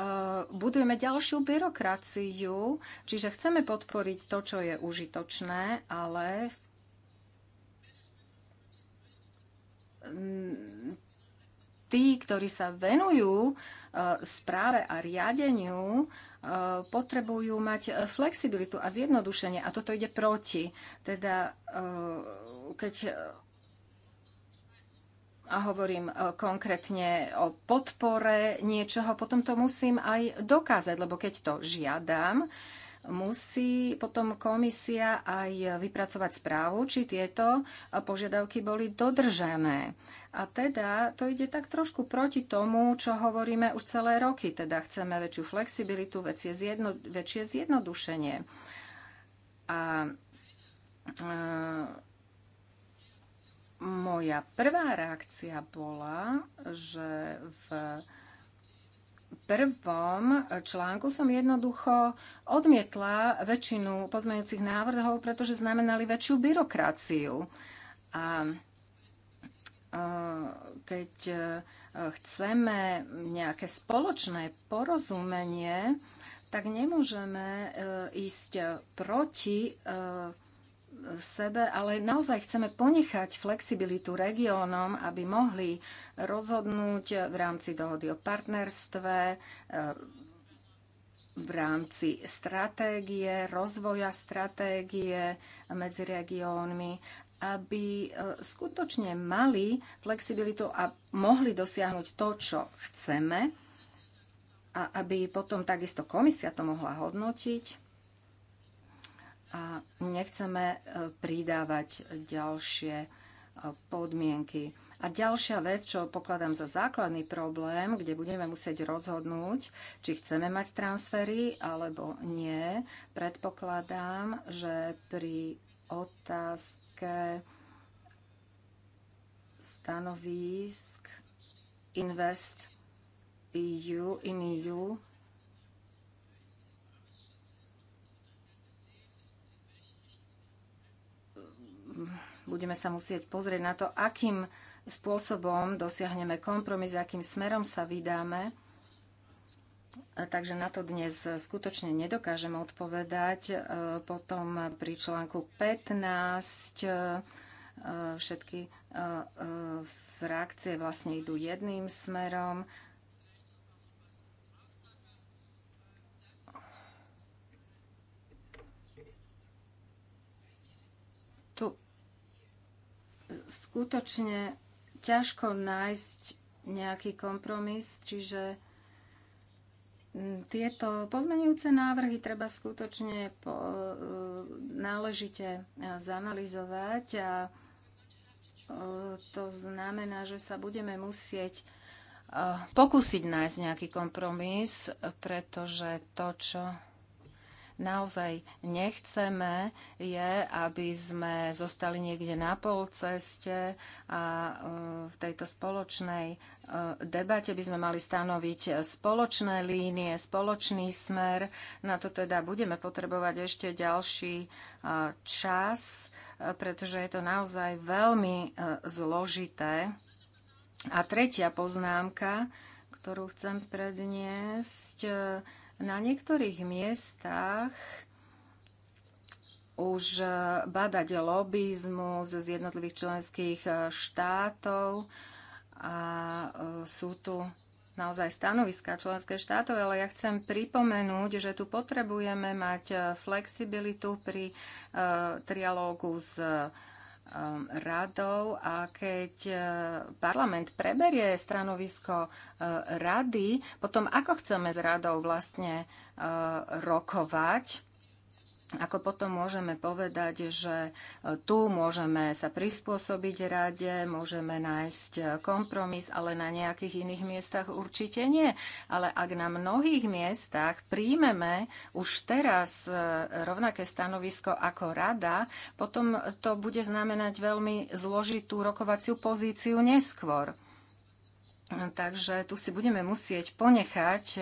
budujeme ďalšiu byrokraciu, čiže chceme podporiť to, čo je užitočné, ale mm, tí, ktorí sa venujú eh, správe a riadeniu, eh, potrebujú mať flexibilitu a zjednodušenie. A toto ide proti. Teda keď a hovorím e, konkrétne o podpore niečoho, potom to musím aj dokázať, lebo keď to žiadam, musí potom komisia aj vypracovať správu, či tieto požiadavky boli dodržané. A teda to ide tak trošku proti tomu, čo hovoríme už celé roky. Teda chceme väčšiu flexibilitu, väčšie, zjedno, väčšie zjednodušenie. A e moja prvá reakcia bola, že v prvom článku som jednoducho odmietla väčšinu pozmeňujúcich návrhov, pretože znamenali väčšiu byrokraciu. A e, keď e, chceme nejaké spoločné porozumenie, tak nemôžeme e, ísť proti sebe, ale naozaj chceme ponechať flexibilitu regiónom, aby mohli rozhodnúť v rámci dohody o partnerstve, eh, v rámci stratégie, rozvoja stratégie medzi regiónmi, aby eh, skutočne mali flexibilitu a mohli dosiahnuť to, čo chceme a aby potom takisto komisia to mohla hodnotiť a nechceme e, pridávať ďalšie e, podmienky. A ďalšia vec, čo pokladám za základný problém, kde budeme musieť rozhodnúť, či chceme mať transfery alebo nie, predpokladám, že pri otázke stanovísk Invest EU in EU budeme sa musieť pozrieť na to, akým spôsobom dosiahneme kompromis, akým smerom sa vydáme. Takže na to dnes skutočne nedokážem odpovedať. E, potom pri článku 15 e, všetky e, frakcie vlastne idú jedným smerom. Tu skutočne ťažko nájsť nejaký kompromis, čiže mm, tieto pozmenujúce návrhy treba skutočne po, e, náležite e, zanalizovať a e, to znamená, že sa budeme musieť pokúsiť nájsť nejaký kompromis, pretože to, čo naozaj nechceme, je, aby sme zostali niekde na polceste a e, v tejto spoločnej e, debate by sme mali stanoviť spoločné línie, spoločný smer. Na to teda budeme potrebovať ešte ďalší e, čas, pretože je to naozaj veľmi zložité. A tretia poznámka, ktorú chcem predniesť, na niektorých miestach už badať lobizmus z jednotlivých členských e, štátov a e, sú tu naozaj stanoviská členské štátov, ale ja chcem pripomenúť, že tu potrebujeme mať e, flexibilitu pri e, trialógu s Um, radou a keď uh, parlament preberie stanovisko uh, rady, potom ako chceme s radou vlastne uh, rokovať, ako potom môžeme povedať, že e, tu môžeme sa prispôsobiť rade, môžeme nájsť e, kompromis, ale na nejakých iných miestach určite nie. Ale ak na mnohých miestach príjmeme už teraz e, rovnaké stanovisko ako rada, potom to bude znamenať veľmi zložitú rokovaciu pozíciu neskôr. Takže tu si budeme musieť ponechať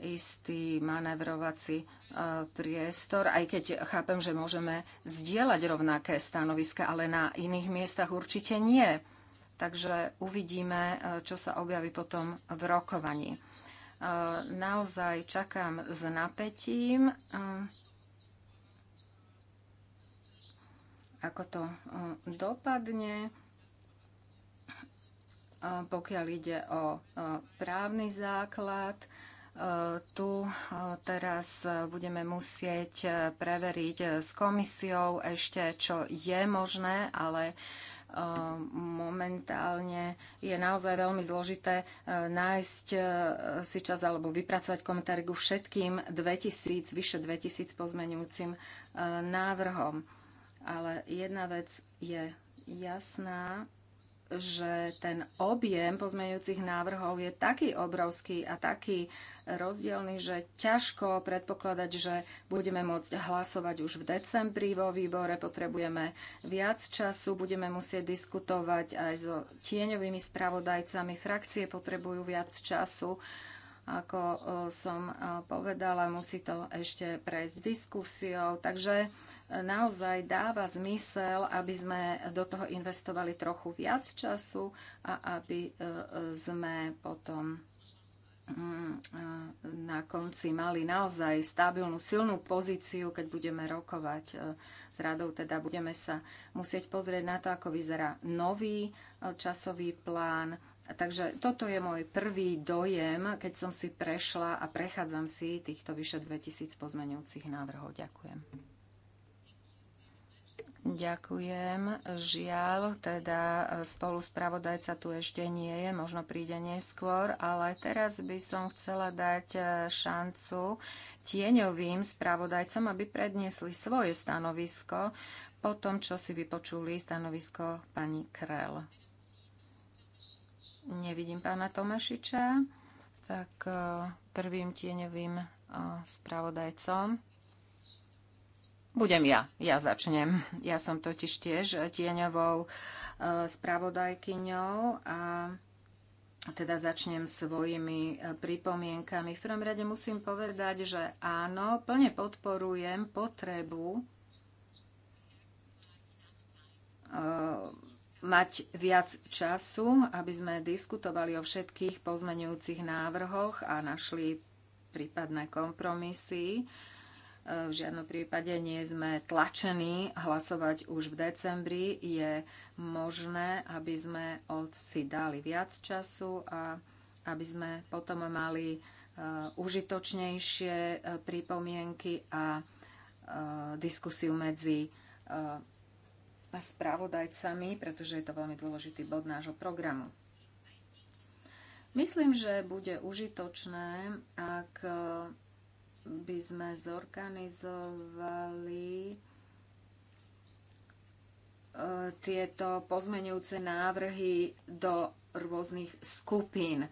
istý manevrovací e, priestor, aj keď chápem, že môžeme zdieľať rovnaké stanoviska, ale na iných miestach určite nie. Takže uvidíme, e, čo sa objaví potom v rokovaní. E, naozaj čakám s napätím, ako to dopadne, pokiaľ ide o právny základ tu e, teraz budeme musieť e, preveriť e, s komisiou ešte, čo je možné, ale momentálne je naozaj veľmi zložité nájsť si čas alebo vypracovať komentári ku všetkým 2000, vyše 2000 pozmenujúcim návrhom. Ale jedna vec je jasná, že ten objem pozmeňujúcich návrhov je taký obrovský a taký rozdielný, že ťažko predpokladať, že budeme môcť hlasovať už v decembri vo výbore, potrebujeme viac času, budeme musieť diskutovať aj so tieňovými spravodajcami, frakcie potrebujú viac času. Ako som povedala, musí to ešte prejsť diskusiou, takže naozaj dáva zmysel, aby sme do toho investovali trochu viac času a aby e, e, sme potom mm, e, na konci mali naozaj stabilnú, silnú pozíciu, keď budeme rokovať s radou. Teda budeme sa musieť pozrieť na to, ako vyzerá nový časový plán. Takže toto je môj prvý dojem, keď som si prešla a prechádzam si týchto vyše 2000 pozmenujúcich návrhov. Ďakujem. Ďakujem. Žiaľ, teda e, spolu spravodajca tu ešte nie je, možno príde neskôr, ale teraz by som chcela dať e, šancu tieňovým spravodajcom, aby predniesli svoje stanovisko po tom, čo si vypočuli stanovisko pani Krell. Nevidím pána Tomašiča, tak e, prvým tieňovým spravodajcom budem ja, ja začnem. Ja som totiž tiež tieňovou e, spravodajkyňou a teda začnem svojimi e, pripomienkami. V prvom rade musím povedať, že áno, plne podporujem potrebu e, mať viac času, aby sme diskutovali o všetkých pozmenujúcich návrhoch a našli prípadné kompromisy. V žiadnom prípade nie sme tlačení hlasovať už v decembri. Je možné, aby sme od si dali viac času a aby sme potom mali e, užitočnejšie e, pripomienky a e, diskusiu medzi spravodajcami, pretože je to veľmi dôležitý bod nášho programu. Myslím, že bude užitočné, ak by sme zorganizovali e, tieto pozmeňujúce návrhy do rôznych skupín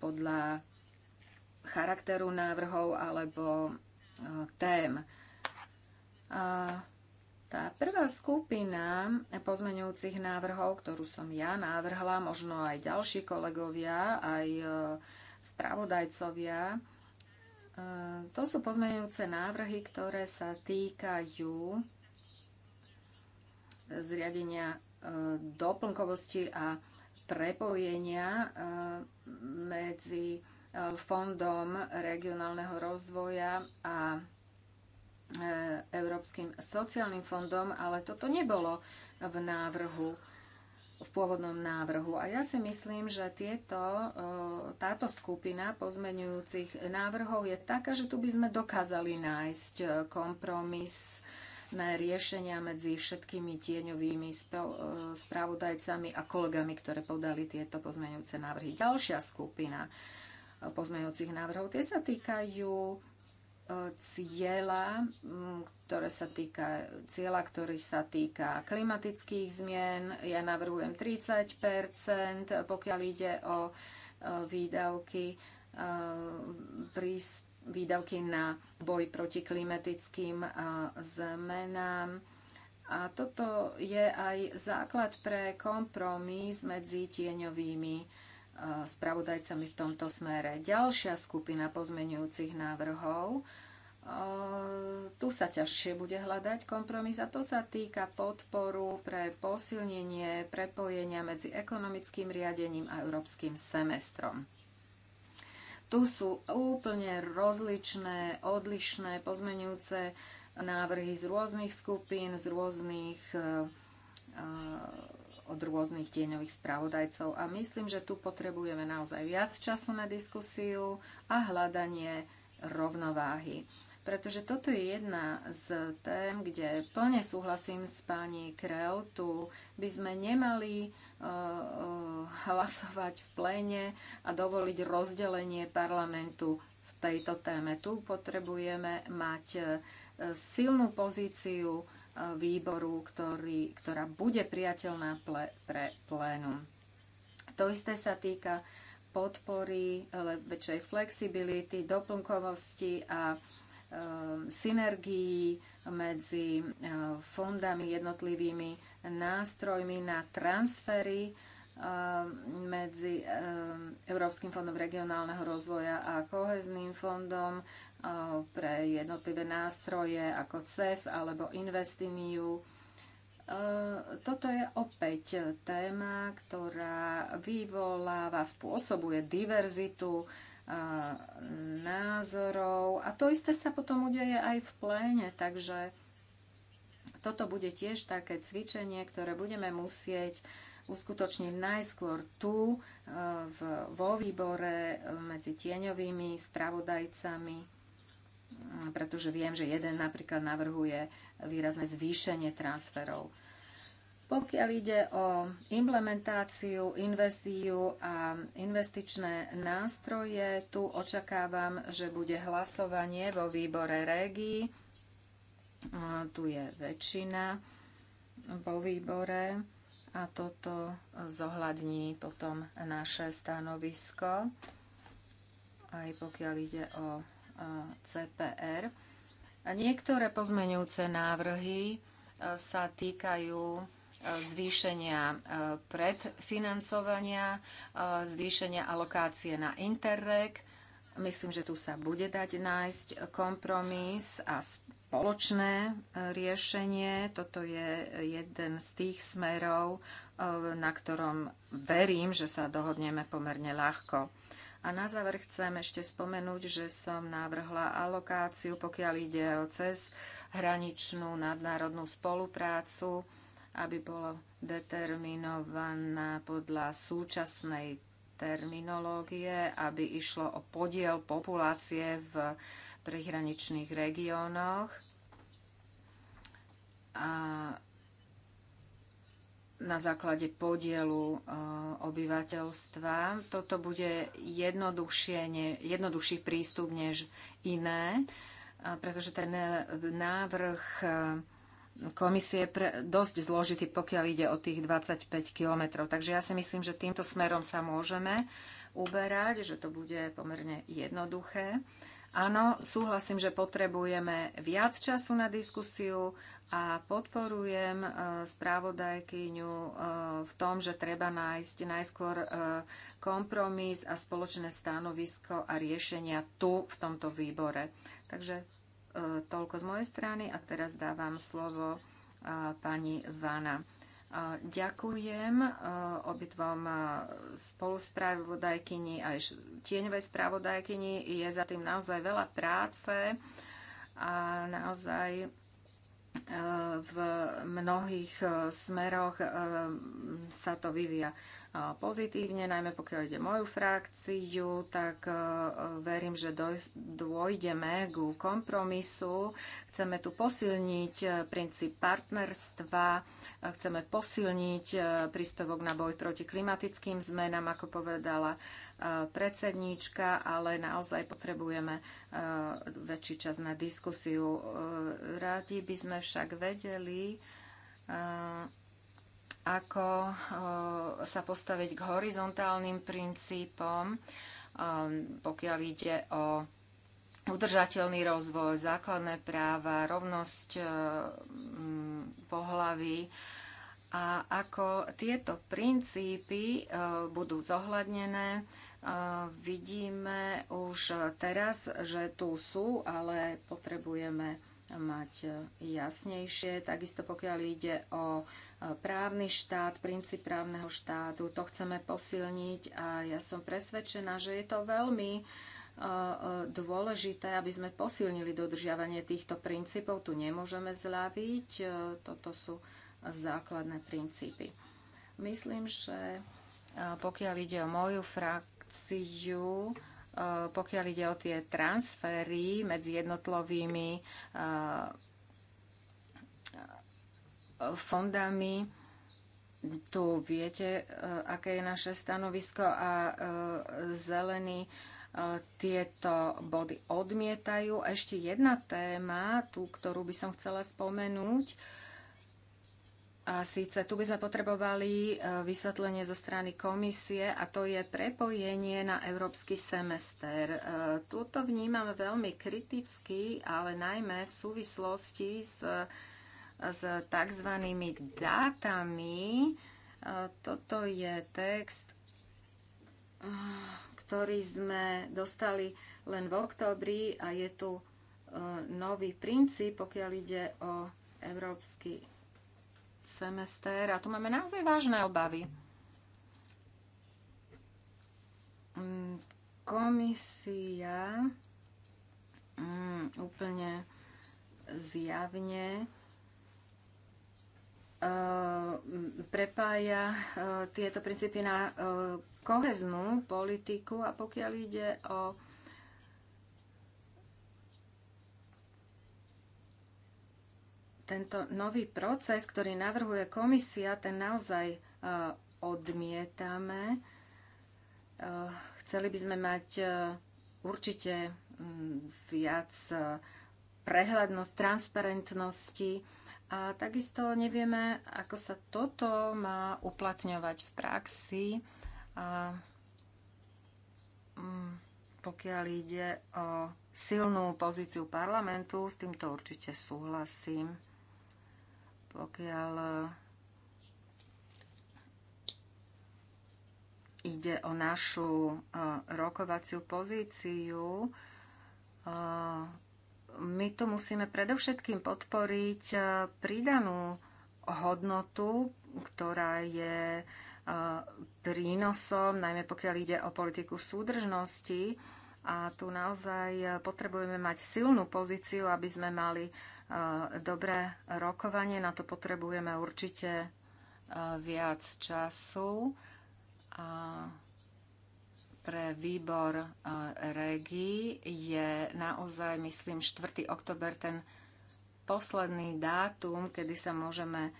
podľa charakteru návrhov alebo e, tém. tá prvá skupina pozmenujúcich návrhov, ktorú som ja návrhla, možno aj ďalší kolegovia, aj e, spravodajcovia, to sú pozmeňujúce návrhy, ktoré sa týkajú zriadenia e, doplnkovosti a prepojenia e, medzi e, Fondom regionálneho rozvoja a Európskym sociálnym fondom, ale toto nebolo v návrhu v pôvodnom návrhu. A ja si myslím, že tieto, e, táto skupina pozmenujúcich návrhov je taká, že tu by sme dokázali nájsť e, kompromis na riešenia medzi všetkými tieňovými e, správodajcami a kolegami, ktoré podali tieto pozmeňujúce návrhy. Ďalšia skupina pozmenujúcich návrhov, tie sa týkajú cieľa, mm, ktoré sa týka, cieľa, ktorý sa týka klimatických zmien. Ja navrhujem 30 pokiaľ ide o e, výdavky, e, výdavky na boj proti klimatickým e, zmenám. A toto je aj základ pre kompromis medzi tieňovými Eh, spravodajcami v tomto smere. Ďalšia skupina pozmenujúcich návrhov, eh, tu sa ťažšie bude hľadať kompromis a to sa týka podporu pre posilnenie prepojenia medzi ekonomickým riadením a európskym semestrom. Tu sú úplne rozličné, odlišné, pozmenujúce návrhy z rôznych skupín, z rôznych eh, od rôznych tieňových spravodajcov a myslím, že tu potrebujeme naozaj viac času na diskusiu a hľadanie rovnováhy. Pretože toto je jedna z tém, kde plne súhlasím s pani Kreu. Tu by sme nemali e, e, hlasovať v pléne a dovoliť rozdelenie parlamentu v tejto téme. Tu potrebujeme mať e, silnú pozíciu výboru, ktorý, ktorá bude priateľná ple, pre plénum. To isté sa týka podpory väčšej flexibility, doplnkovosti a e, synergií medzi e, fondami, jednotlivými nástrojmi na transfery Eh, medzi eh, Európskym fondom regionálneho rozvoja a kohezným fondom eh, pre jednotlivé nástroje ako CEF alebo Investiniu. Toto je opäť téma, ktorá vyvoláva, spôsobuje diverzitu názorov a to isté sa potom udeje aj v pléne, takže toto bude tiež také cvičenie, ktoré budeme musieť uh, uskutočniť najskôr tu e, v, vo výbore e, medzi tieňovými spravodajcami, pretože viem, že jeden napríklad navrhuje výrazné zvýšenie transferov. Pokiaľ ide o implementáciu, investíciu a investičné nástroje, tu očakávam, že bude hlasovanie vo výbore REGI. E, tu je väčšina vo výbore a toto zohľadní potom naše stanovisko, aj pokiaľ ide o e, CPR. niektoré pozmenujúce návrhy e, sa týkajú e, zvýšenia predfinancovania, zvýšenia alokácie na Interreg, Myslím, že tu sa bude dať nájsť kompromis a spoločné e, riešenie. Toto je jeden z tých smerov, e, na ktorom verím, že sa dohodneme pomerne ľahko. A na záver chcem ešte spomenúť, že som navrhla alokáciu, pokiaľ ide o cez hraničnú nadnárodnú spoluprácu, aby bolo determinovaná podľa súčasnej terminológie, aby išlo o podiel populácie v prihraničných regiónoch. A na základe podielu e, obyvateľstva. Toto bude jednoduchší prístup než iné, pretože ten návrh e, komisie pre, dosť zložitý, pokiaľ ide o tých 25 kilometrov. Takže ja si myslím, že týmto smerom sa môžeme uberať, že to bude pomerne jednoduché. Áno, súhlasím, že potrebujeme viac času na diskusiu a podporujem e, správodajkyňu e, v tom, že treba nájsť najskôr e, kompromis a spoločné stanovisko a riešenia tu v tomto výbore. Takže E, toľko z mojej strany a teraz dávam slovo e, pani Vana. E, ďakujem obidvom spoluspravodajkyni aj tieňovej spravodajkyni. Je za tým naozaj veľa práce a naozaj v mnohých smeroch sa to vyvíja pozitívne, najmä pokiaľ ide moju frakciu, tak e, verím, že dôjdeme k kompromisu. Chceme tu posilniť e, princíp partnerstva, e, chceme posilniť príspevok na boj proti klimatickým zmenám, ako povedala predsedníčka, ale naozaj potrebujeme väčší čas na diskusiu. Radi by sme však vedeli, ako eh, sa postaviť k horizontálnym princípom, eh, pokiaľ ide o udržateľný rozvoj, základné práva, rovnosť eh, mm, pohlavy a ako tieto princípy budú zohľadnené. Vidíme už teraz, že tu sú, ale potrebujeme mať jasnejšie. Takisto pokiaľ ide o právny štát, princíp právneho štátu. To chceme posilniť a ja som presvedčená, že je to veľmi e, e, dôležité, aby sme posilnili dodržiavanie týchto princípov. Tu nemôžeme zľaviť. E, toto sú základné princípy. Myslím, že pokiaľ ide o moju frakciu, pokiaľ ide o tie transfery medzi jednotlovými fondami. Tu viete, e, aké je naše stanovisko a e, zelení e, tieto body odmietajú. Ešte jedna téma, tú, ktorú by som chcela spomenúť, a síce tu by sme potrebovali vysvetlenie zo strany komisie a to je prepojenie na európsky semester. Tuto vnímam veľmi kriticky, ale najmä v súvislosti s s tzv. dátami. Toto je text, ktorý sme dostali len v oktobri a je tu e, nový princíp, pokiaľ ide o európsky semester. A tu máme naozaj vážne obavy. Mm, komisia mm, úplne zjavne E, prepája e, tieto princípy na e, koheznú politiku a pokiaľ ide o tento nový proces, ktorý navrhuje komisia, ten naozaj odmietame. Chceli by sme mať určite viac prehľadnosť, transparentnosti, a takisto nevieme, ako sa toto má uplatňovať v praxi, a, mm, pokiaľ ide o silnú pozíciu parlamentu. S týmto určite súhlasím. Pokiaľ ide o našu rokovaciu pozíciu, my tu musíme predovšetkým podporiť e, pridanú hodnotu, ktorá je e, prínosom, najmä pokiaľ ide o politiku súdržnosti. A tu naozaj e, potrebujeme mať silnú pozíciu, aby sme mali dobré rokovanie. Na to potrebujeme určite viac času. A pre výbor e, REGI je naozaj, myslím, 4. oktober ten posledný dátum, kedy sa môžeme e,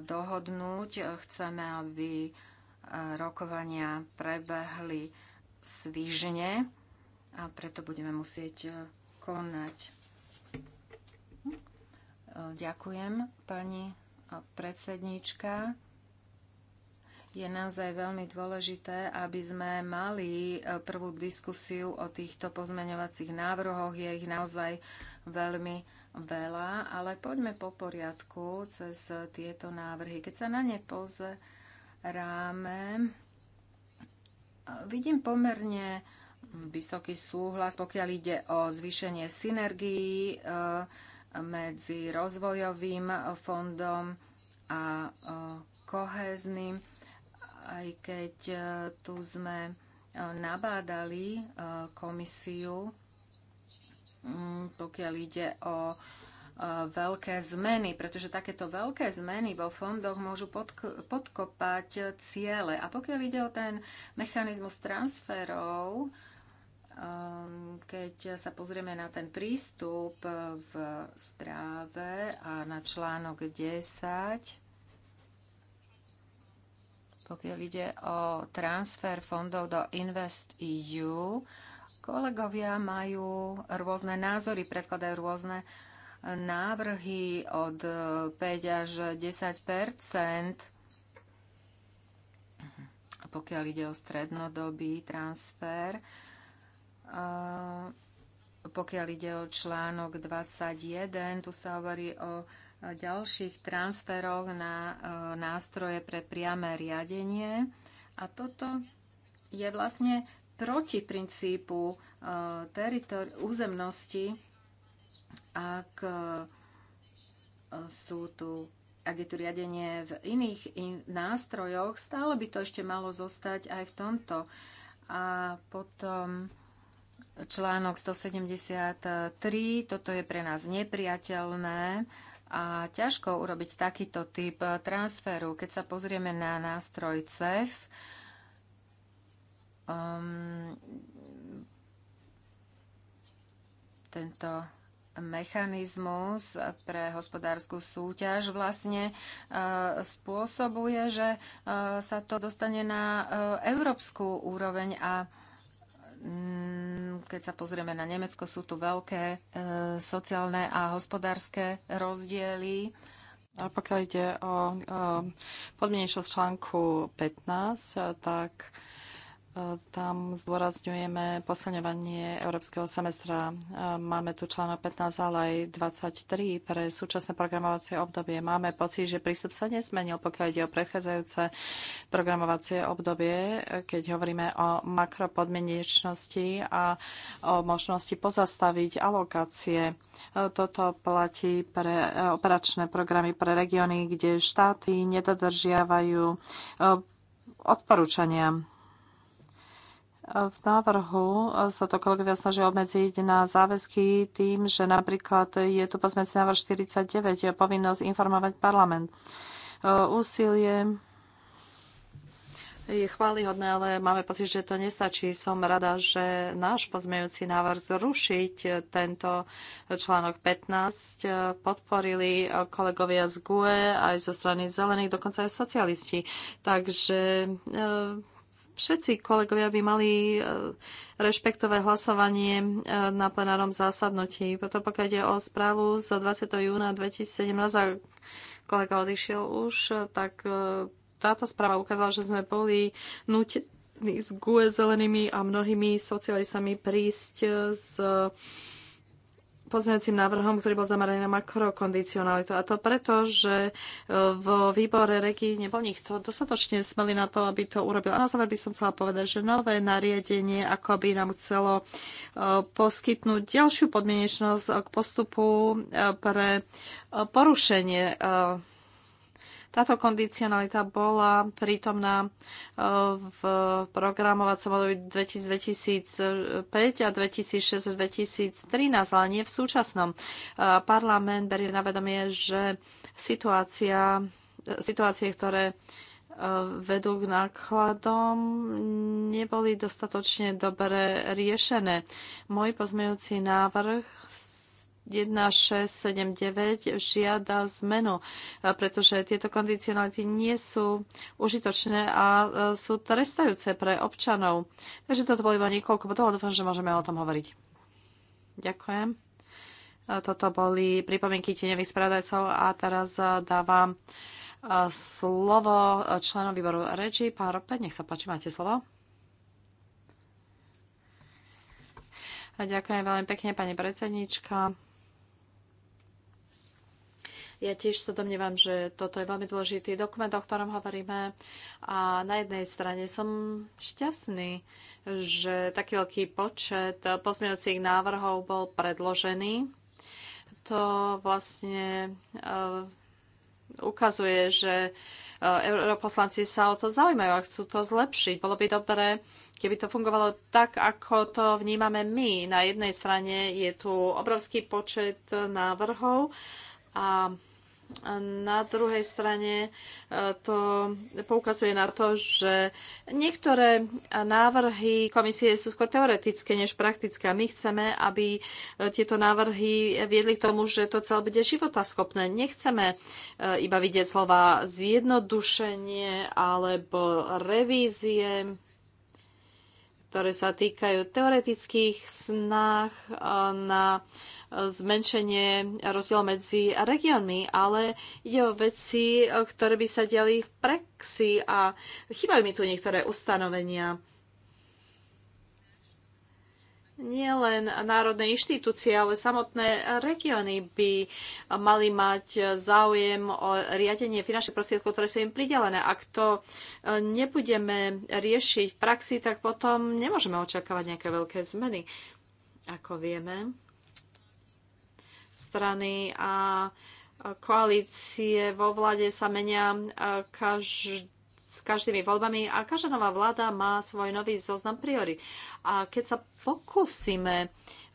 dohodnúť. Chceme, aby e, rokovania prebehli svižne a preto budeme musieť konať. Hm? Ďakujem, pani predsedníčka je naozaj veľmi dôležité, aby sme mali e, prvú diskusiu o týchto pozmeňovacích návrhoch. Je ich naozaj veľmi veľa, ale poďme po poriadku cez tieto návrhy. Keď sa na ne pozeráme, e, vidím pomerne vysoký súhlas, pokiaľ ide o zvýšenie synergií e, medzi rozvojovým fondom a kohezným aj keď e, tu sme e, nabádali e, komisiu, mm, pokiaľ ide o veľké zmeny, pretože takéto veľké zmeny vo fondoch môžu podk- podkopať ciele. A pokiaľ ide o ten mechanizmus transferov, ehm, keď sa pozrieme na ten prístup v stráve a na článok 10, pokiaľ ide o transfer fondov do Invest EU, kolegovia majú rôzne názory, predkladajú rôzne návrhy od 5 až 10 pokiaľ ide o strednodobý transfer. Pokiaľ ide o článok 21, tu sa hovorí o ďalších transferoch na e, nástroje pre priame riadenie. A toto je vlastne proti princípu e, územnosti, ak e, sú tu ak je tu riadenie v iných in- nástrojoch, stále by to ešte malo zostať aj v tomto. A potom článok 173, toto je pre nás nepriateľné, a ťažko urobiť takýto typ transferu. Keď sa pozrieme na nástroj CEF, um, tento mechanizmus pre hospodárskú súťaž vlastne uh, spôsobuje, že uh, sa to dostane na uh, európsku úroveň a Mm, keď sa pozrieme na Nemecko, sú tu veľké e, sociálne a hospodárske rozdiely. A pokiaľ ide o, o e, podmienečnosť článku 15, tak tam zdôrazňujeme posilňovanie európskeho semestra. Máme tu článok 15, ale aj 23 pre súčasné programovacie obdobie. Máme pocit, že prístup sa nezmenil, pokiaľ ide o predchádzajúce programovacie obdobie, keď hovoríme o makropodmienečnosti a o možnosti pozastaviť alokácie. Toto platí pre operačné programy pre regióny, kde štáty nedodržiavajú odporúčania v návrhu sa to kolegovia snažia obmedziť na záväzky tým, že napríklad je tu pozmeci návrh 49, je povinnosť informovať parlament. E, úsilie je chválihodné, ale máme pocit, že to nestačí. Som rada, že náš pozmejúci návrh zrušiť tento článok 15 e, podporili kolegovia z GUE aj zo strany zelených, dokonca aj socialisti. Takže e, všetci kolegovia by mali eh, rešpektové hlasovanie eh, na plenárnom zásadnutí. Preto pokiaľ ide o správu z 20. júna 2017, a kolega odišiel už, eh, tak táto správa ukázala, že sme boli nutení s GUE zelenými a mnohými socialistami prísť s pozmeňujúcim návrhom, ktorý bol zameraný na makrokondicionalitu. A to preto, že e, v výbore regi nebol nikto dostatočne smelý na to, aby to urobil. A na záver by som chcela povedať, že nové nariadenie ako by nám chcelo e, poskytnúť ďalšiu podmienečnosť k postupu e, pre porušenie táto kondicionalita bola prítomná e, v programovacom období 2005 a 2006 2013, ale nie v súčasnom. E, parlament berie na vedomie, že situácia, situácie, ktoré e, vedú k nákladom, neboli dostatočne dobre riešené. Môj pozmejúci návrh 1679 žiada zmenu, e, pretože tieto kondicionality nie sú užitočné a e, sú trestajúce pre občanov. Takže toto bolo iba niekoľko toho dúfam, že môžeme o tom hovoriť. Ďakujem. E, toto boli pripomienky tieňových spravodajcov a teraz dávam slovo členom výboru reči. Pán Rope, nech sa páči, máte slovo. A ďakujem veľmi pekne, pani predsednička. Ja tiež sa domnievam, že toto je veľmi dôležitý dokument, o ktorom hovoríme. A na jednej strane som šťastný, že taký veľký počet pozmeňujúcich návrhov bol predložený. To vlastne e, ukazuje, že e, europoslanci sa o to zaujímajú a chcú to zlepšiť. Bolo by dobré, keby to fungovalo tak, ako to vnímame my. Na jednej strane je tu obrovský počet návrhov a na druhej strane e, to poukazuje na to, že niektoré návrhy komisie sú skôr teoretické než praktické. My chceme, aby e, tieto návrhy viedli k tomu, že to celé bude životaschopné. Nechceme e, iba vidieť slova zjednodušenie alebo revízie ktoré sa týkajú teoretických snách na zmenšenie rozdiel medzi regiónmi, ale ide o veci, ktoré by sa diali v praxi a chýbajú mi tu niektoré ustanovenia nielen národné inštitúcie, ale samotné regióny by mali mať záujem o riadenie finančných prostriedkov, ktoré sú im pridelené. Ak to e, nebudeme riešiť v praxi, tak potom nemôžeme očakávať nejaké veľké zmeny. Ako vieme, strany a koalície vo vlade sa menia e, každý s každými voľbami a každá nová vláda má svoj nový zoznam priory. A keď sa pokúsime e,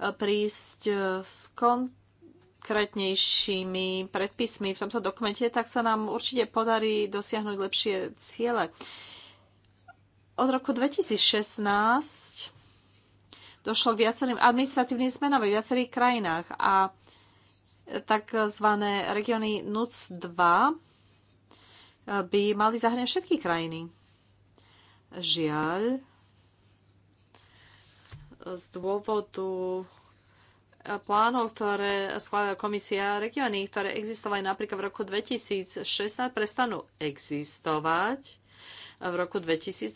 prísť e, s konkrétnejšími predpismi v tomto dokumente, tak sa nám určite podarí dosiahnuť lepšie ciele. Od roku 2016 došlo k viacerým administratívnym zmenám v viacerých krajinách a e, takzvané regióny NUC 2 by mali zahrňať všetky krajiny. Žiaľ, z dôvodu plánov, ktoré skladá komisia regióny, ktoré existovali napríklad v roku 2016, prestanú existovať v roku 2027.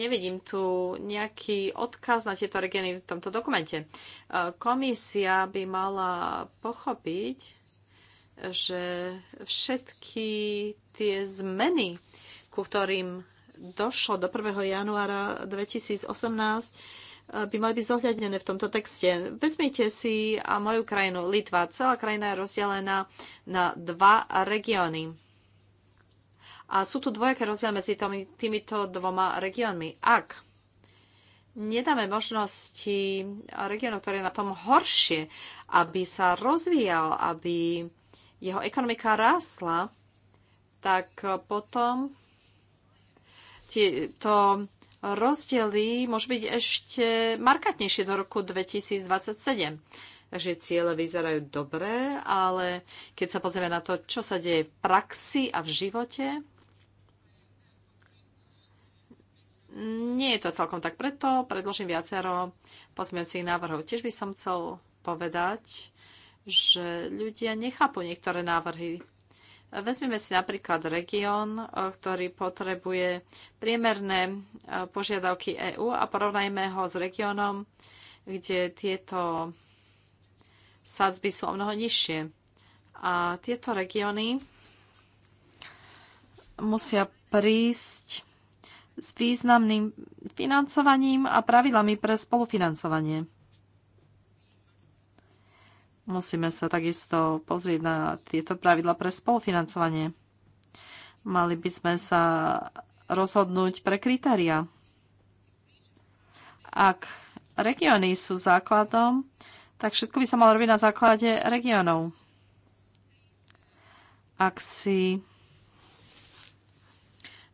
Nevidím tu nejaký odkaz na tieto regióny v tomto dokumente. Komisia by mala pochopiť, že všetky tie zmeny, ku ktorým došlo do 1. januára 2018, by mali byť zohľadené v tomto texte. Vezmite si a moju krajinu, Litva. Celá krajina je rozdelená na dva regióny. A sú tu dvojaké rozdiel medzi týmito dvoma regiónmi. Ak nedáme možnosti regiónu, ktorý je na tom horšie, aby sa rozvíjal, aby jeho ekonomika rásla, tak potom tieto rozdiely môžu byť ešte markantnejšie do roku 2027. Takže ciele vyzerajú dobré, ale keď sa pozrieme na to, čo sa deje v praxi a v živote, nie je to celkom tak. Preto predložím viacero pozmeňujúcich návrhov. Tiež by som chcel povedať, že ľudia nechápu niektoré návrhy. Vezmeme si napríklad región, eh, ktorý potrebuje priemerné eh, požiadavky EÚ a porovnajme ho s regiónom, kde tieto sadzby sú o mnoho nižšie. A tieto regióny musia prísť s významným financovaním a pravidlami pre spolufinancovanie. Musíme sa takisto pozrieť na tieto pravidla pre spolufinancovanie. Mali by sme sa rozhodnúť pre kritéria. Ak regióny sú základom, tak všetko by sa malo robiť na základe regiónov. Ak si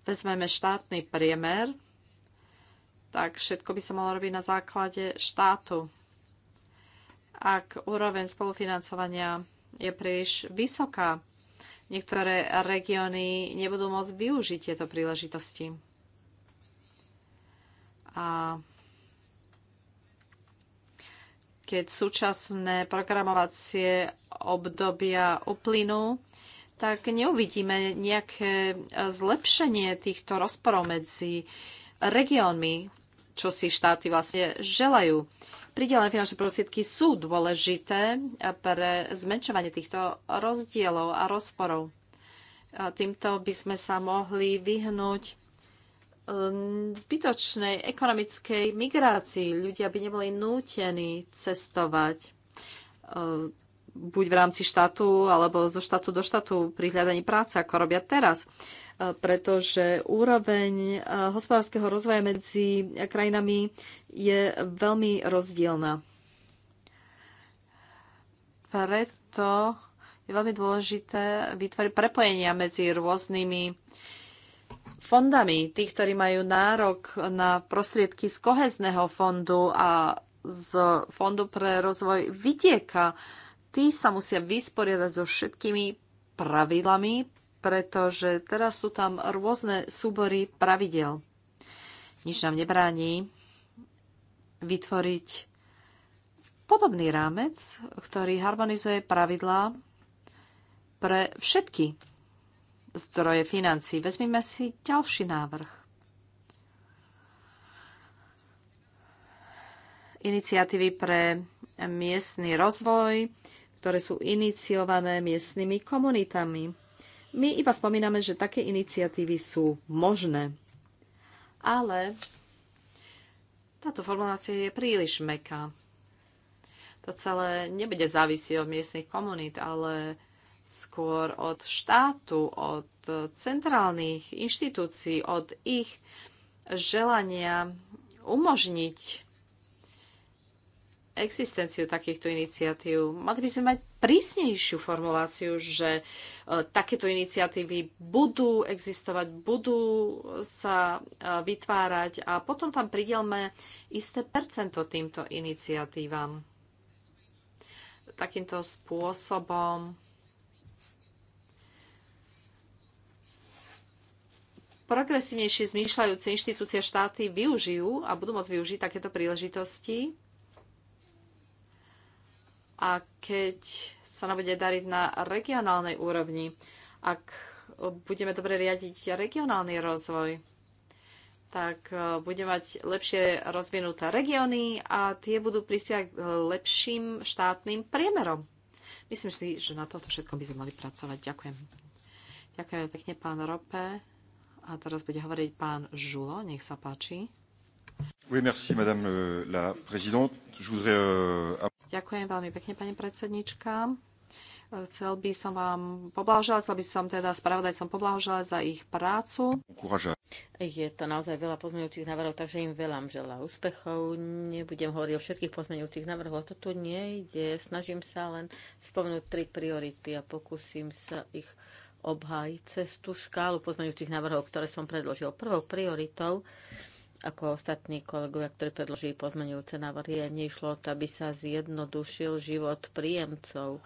vezmeme štátny priemer, tak všetko by sa malo robiť na základe štátu ak úroveň spolufinancovania je príliš vysoká. Niektoré regióny nebudú môcť využiť tieto príležitosti. A keď súčasné programovacie obdobia uplynú, tak neuvidíme nejaké zlepšenie týchto rozporov medzi regiónmi, čo si štáty vlastne želajú pridelené finančné prostriedky sú dôležité pre zmenšovanie týchto rozdielov a rozporov. Týmto by sme sa mohli vyhnúť mm, zbytočnej ekonomickej migrácii. Ľudia by neboli nútení cestovať ehm, buď v rámci štátu alebo zo štátu do štátu pri hľadaní práce, ako robia teraz. E, pretože úroveň e, hospodárskeho rozvoja medzi krajinami je veľmi rozdielna. Preto je veľmi dôležité vytvoriť prepojenia medzi rôznymi fondami, tých, ktorí majú nárok na prostriedky z kohezného fondu a z Fondu pre rozvoj vidieka Tí sa musia vysporiadať so všetkými pravidlami, pretože teraz sú tam rôzne súbory pravidel. Nič nám nebráni vytvoriť podobný rámec, ktorý harmonizuje pravidlá pre všetky zdroje financí. Vezmime si ďalší návrh. Iniciatívy pre miestny rozvoj, ktoré sú iniciované miestnymi komunitami. My iba spomíname, že také iniciatívy sú možné. Ale táto formulácia je príliš meká. To celé nebude závisieť od miestnych komunít, ale skôr od štátu, od centrálnych inštitúcií, od ich želania umožniť existenciu takýchto iniciatív. Mali by sme mať prísnejšiu formuláciu, že e, takéto iniciatívy budú existovať, budú sa e, vytvárať a potom tam pridelme isté percento týmto iniciatívam. Takýmto spôsobom progresívnejšie zmýšľajúce inštitúcie štáty využijú a budú môcť využiť takéto príležitosti a keď sa nám bude dariť na regionálnej úrovni, ak budeme dobre riadiť regionálny rozvoj, tak e, bude mať lepšie rozvinuté regióny a tie budú prispievať k lepším štátnym priemerom. Myslím si, že na toto všetko by sme mali pracovať. Ďakujem. Ďakujem pekne, pán Rope. A teraz bude hovoriť pán Žulo. Nech sa páči. Oui, merci, madame euh, la présidente. Je voudrais... Euh, Ďakujem veľmi pekne, pani predsednička. Chcel by som vám poblahoželať, chcel by som teda spravodajcom poblahoželať za ich prácu. Je to naozaj veľa pozmeňujúcich návrhov, takže im veľa želá úspechov. Nebudem hovoriť o všetkých pozmeňujúcich návrhov, to tu nejde. Snažím sa len spomenúť tri priority a pokúsim sa ich obhájiť cez tú škálu pozmeňujúcich návrhov, ktoré som predložil. Prvou prioritou ako ostatní kolegovia, ktorí predložili pozmenujúce návrhy. Nešlo o to, aby sa zjednodušil život príjemcov e,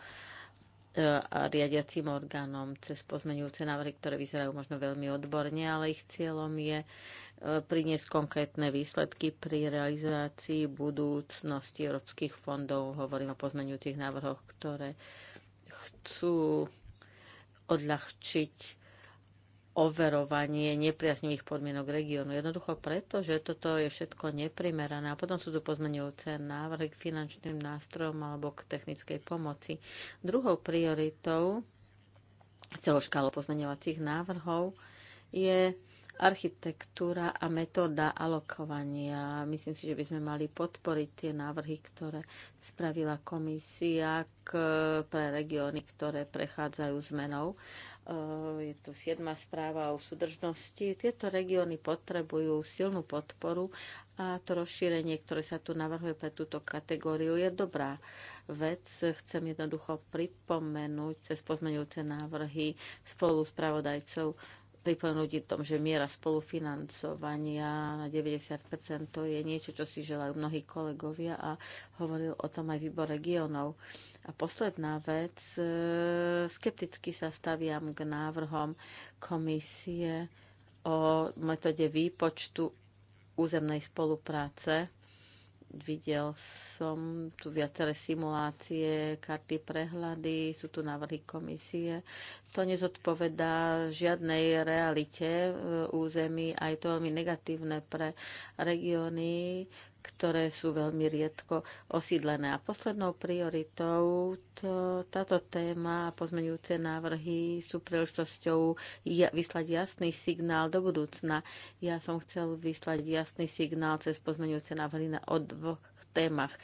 a riadiacím orgánom cez pozmenujúce návrhy, ktoré vyzerajú možno veľmi odborne, ale ich cieľom je e, priniesť konkrétne výsledky pri realizácii budúcnosti európskych fondov. Hovorím o pozmenujúcich návrhoch, ktoré chcú odľahčiť overovanie nepriaznivých podmienok regiónu. Jednoducho preto, že toto je všetko neprimerané. A potom sú tu pozmenujúce návrhy k finančným nástrojom alebo k technickej pomoci. Druhou prioritou celoškálo pozmeňovacích návrhov je architektúra a metóda alokovania. Myslím si, že by sme mali podporiť tie návrhy, ktoré spravila komisia k, pre regióny, ktoré prechádzajú zmenou. Eh, je tu siedma správa o súdržnosti. Tieto regióny potrebujú silnú podporu a to rozšírenie, ktoré sa tu navrhuje pre túto kategóriu, je dobrá vec. Chcem jednoducho pripomenúť cez pozmenujúce návrhy spolu s pravodajcov pripomenúť tom, že miera spolufinancovania na 90% to je niečo, čo si želajú mnohí kolegovia a hovoril o tom aj výbor regionov. A posledná vec, e, skepticky sa staviam k návrhom komisie o metóde výpočtu územnej spolupráce Videl som tu viaceré simulácie, karty prehľady, sú tu návrhy komisie. To nezodpovedá žiadnej realite v e, území a je to veľmi negatívne pre regióny, ktoré sú veľmi riedko osídlené. A poslednou prioritou to, táto téma a pozmeňujúce návrhy sú príležitosťou ja, vyslať jasný signál do budúcna. Ja som chcel vyslať jasný signál cez pozmeňujúce návrhy na o dvoch témach.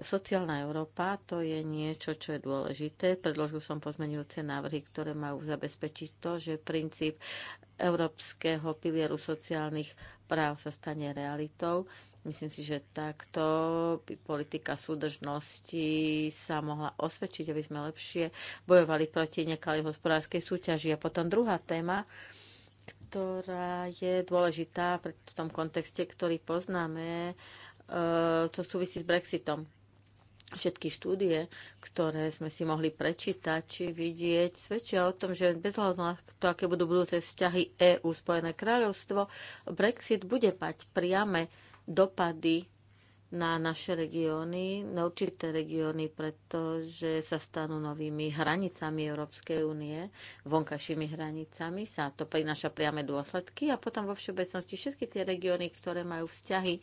Sociálna Európa to je niečo, čo je dôležité. Predložil som pozmenujúce návrhy, ktoré majú zabezpečiť to, že princíp Európskeho pilieru sociálnych práv sa stane realitou. Myslím si, že takto by politika súdržnosti sa mohla osvedčiť, aby sme lepšie bojovali proti nekalej hospodárskej súťaži. A potom druhá téma, ktorá je dôležitá v tom kontexte, ktorý poznáme, e, to súvisí s Brexitom všetky štúdie, ktoré sme si mohli prečítať či vidieť, svedčia o tom, že bez hľadu na to, aké budú budúce vzťahy EU Spojené kráľovstvo, Brexit bude mať priame dopady na naše regióny, na určité regióny, pretože sa stanú novými hranicami Európskej únie, vonkajšími hranicami, sa to prináša priame dôsledky a potom vo všeobecnosti všetky tie regióny, ktoré majú vzťahy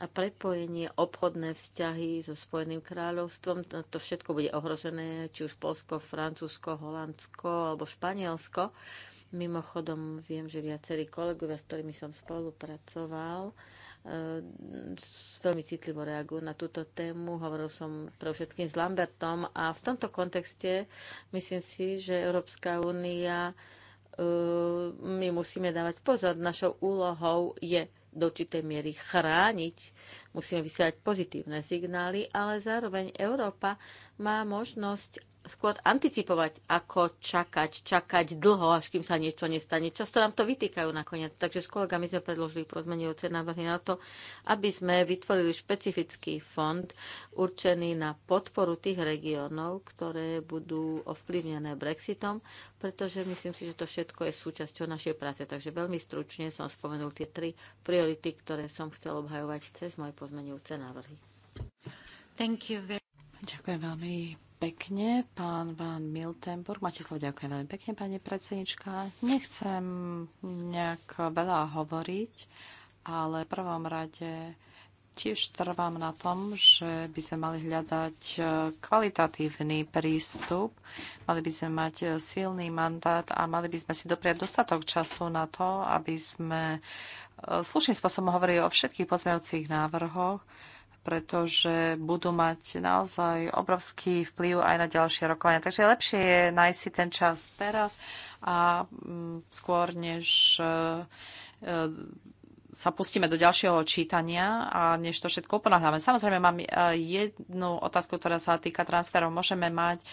a prepojenie obchodné vzťahy so Spojeným kráľovstvom, to všetko bude ohrozené, či už Polsko, Francúzsko, Holandsko alebo Španielsko. Mimochodom, viem, že viacerí kolegovia, s ktorými som spolupracoval, e, veľmi citlivo reagujú na túto tému. Hovoril som pre všetkým s Lambertom a v tomto kontexte myslím si, že Európska únia e, my musíme dávať pozor. Našou úlohou je do určitej miery chrániť, musíme vysielať pozitívne signály, ale zároveň Európa má možnosť skôr anticipovať, ako čakať, čakať dlho, až kým sa niečo nestane. Často nám to vytýkajú nakoniec. Takže s kolegami sme predložili pozmeňujúce návrhy na to, aby sme vytvorili špecifický fond určený na podporu tých regiónov, ktoré budú ovplyvnené Brexitom, pretože myslím si, že to všetko je súčasťou našej práce. Takže veľmi stručne som spomenul tie tri priority, ktoré som chcel obhajovať cez moje pozmenujúce návrhy. Thank you very... Ďakujem veľmi pekne, pán Van Miltenburg. Máte slovo, ďakujem veľmi pekne, pani predsednička. Nechcem nejak veľa hovoriť, ale v prvom rade tiež trvám na tom, že by sme mali hľadať e, kvalitatívny prístup, mali by sme mať e, silný mandát a mali by sme si dopriať dostatok času na to, aby sme e, slušným spôsobom hovorili o všetkých pozmejúcich návrhoch pretože budú mať naozaj obrovský vplyv aj na ďalšie rokovania. Takže lepšie je nájsť si ten čas teraz a mm, skôr než e, e, sa pustíme do ďalšieho čítania a než to všetko uponáhľame. Samozrejme, mám e, jednu otázku, ktorá sa týka transferov. Môžeme mať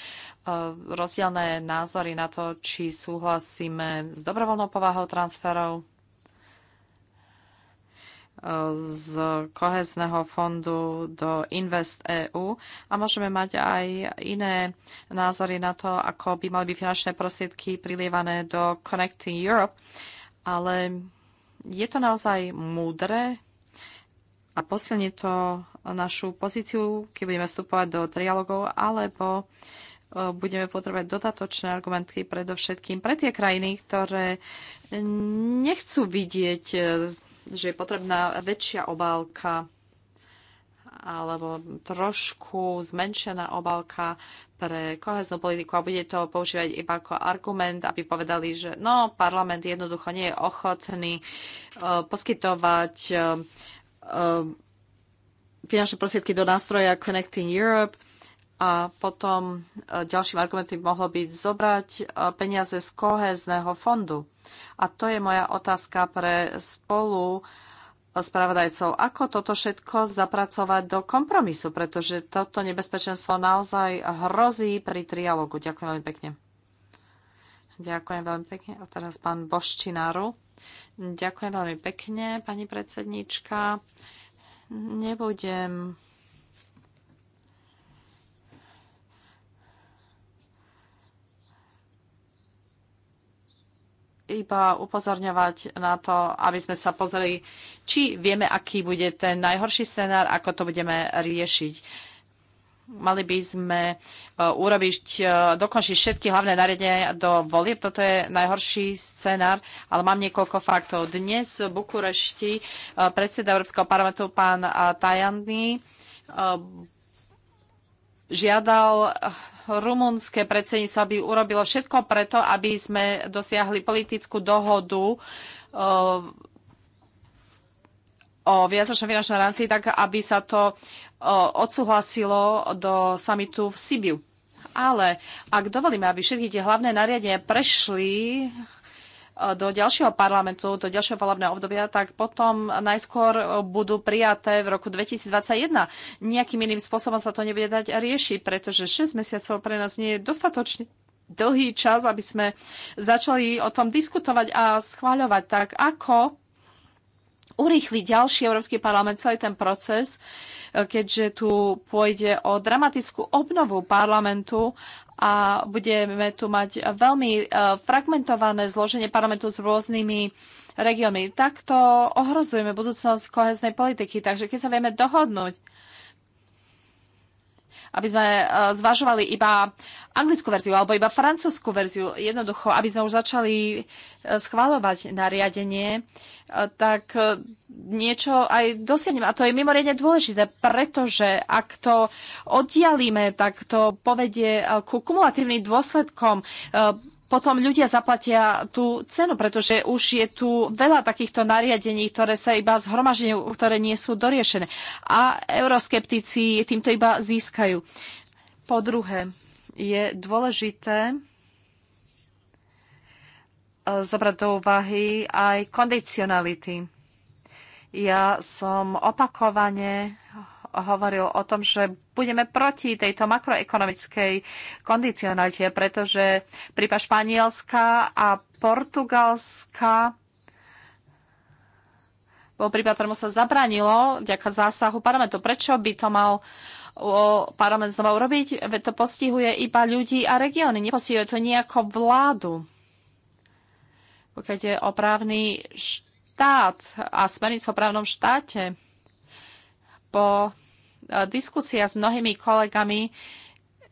rozdielne názory na to, či súhlasíme s dobrovoľnou povahou transferov z kohezného fondu do Invest EU a môžeme mať aj iné názory na to, ako by mali byť finančné prostriedky prilievané do Connecting Europe, ale je to naozaj múdre a posilní to našu pozíciu, keď budeme vstupovať do trialogov, alebo e, budeme potrebovať dodatočné argumenty predovšetkým pre tie krajiny, ktoré nechcú vidieť e, že je potrebná väčšia obálka alebo trošku zmenšená obálka pre koheznú politiku a bude to používať iba ako argument, aby povedali, že no, parlament jednoducho nie je ochotný uh, poskytovať uh, finančné prostriedky do nástroja Connecting Europe a potom uh, ďalším argumentom mohlo byť zobrať peniaze z kohezného fondu. A to je moja otázka pre spolu eh, spravodajcov, ako toto všetko zapracovať do kompromisu, pretože toto nebezpečenstvo naozaj hrozí pri trialogu. Ďakujem veľmi pekne. Ďakujem veľmi pekne. A teraz pán Boščináru. Ďakujem veľmi pekne, pani predsednička. Nebudem iba upozorňovať na to, aby sme sa pozreli, či vieme, aký bude ten najhorší scenár, ako to budeme riešiť. Mali by sme e, urobiť, e, dokončiť všetky hlavné nariadenia do volieb. Toto je najhorší scenár, ale mám niekoľko faktov. Dnes v Bukurešti e, predseda Európskeho parlamentu pán Tajandy žiadal rumunské predsedníctvo, aby urobilo všetko preto, aby sme dosiahli politickú dohodu eh, o viacročnom finančnom rámci, tak aby sa to eh, odsúhlasilo do samitu v Sibiu. Ale ak dovolíme, aby všetky tie hlavné nariadenia prešli E, do ďalšieho parlamentu, do ďalšieho volebného obdobia, tak potom najskôr budú prijaté v roku 2021. Nejakým iným spôsobom sa to nebude dať riešiť, pretože 6 mesiacov pre nás nie je dostatočne dlhý čas, aby sme začali o tom diskutovať a schváľovať. Tak ako urýchli ďalší Európsky parlament celý ten proces, e, keďže tu pôjde o dramatickú obnovu parlamentu a budeme tu mať veľmi e, fragmentované zloženie parlamentu s rôznymi regiónmi. Takto ohrozujeme budúcnosť koheznej politiky, takže keď sa vieme dohodnúť aby sme e, zvažovali iba anglickú verziu alebo iba francúzskú verziu. Jednoducho, aby sme už začali e, schváľovať nariadenie, e, tak niečo aj dosiahneme. A to je mimoriadne dôležité, pretože ak to oddialíme, tak to povedie ku kumulatívnym dôsledkom potom ľudia zaplatia tú cenu, pretože už je tu veľa takýchto nariadení, ktoré sa iba zhromažňujú, ktoré nie sú doriešené. A euroskeptici týmto iba získajú. Po druhé, je dôležité e, zobrať do úvahy aj kondicionality. Ja som opakovane hovoril o tom, že budeme proti tejto makroekonomickej kondicionalite, pretože prípad Španielska a Portugalska bol prípad, ktorému sa zabranilo vďaka zásahu parlamentu. Prečo by to mal parlament znova urobiť? Veď to postihuje iba ľudí a regióny, nepostihuje to nejako vládu. Pokiaľ je o právny štát a smernicu o právnom štáte, po diskusia s mnohými kolegami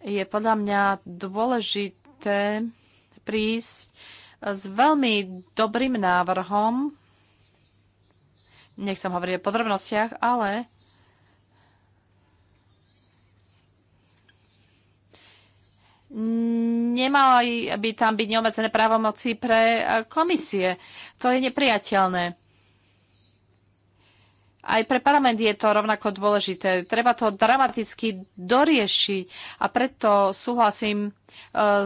je podľa mňa dôležité prísť s veľmi dobrým návrhom. Nechcem hovoriť o podrobnostiach, ale nemali by tam byť neobmedzené právomoci pre eh, komisie. To je nepriateľné. Aj pre parlament je to rovnako dôležité. Treba to dramaticky doriešiť a preto súhlasím e,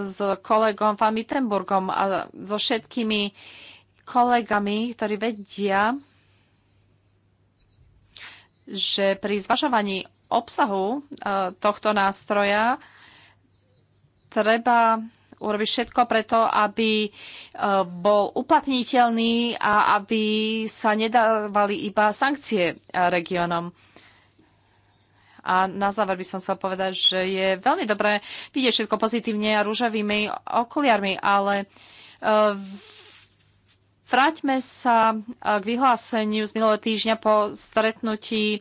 s kolegom Van Mittenburgom a so všetkými kolegami, ktorí vedia, že pri zvažovaní obsahu e, tohto nástroja treba urobiť všetko preto, aby e, bol uplatniteľný a aby sa nedávali iba sankcie e, regiónom. A na záver by som chcel povedať, že je veľmi dobré vidieť všetko pozitívne a rúžavými okuliarmi, ale e, vráťme sa k vyhláseniu z minulého týždňa po stretnutí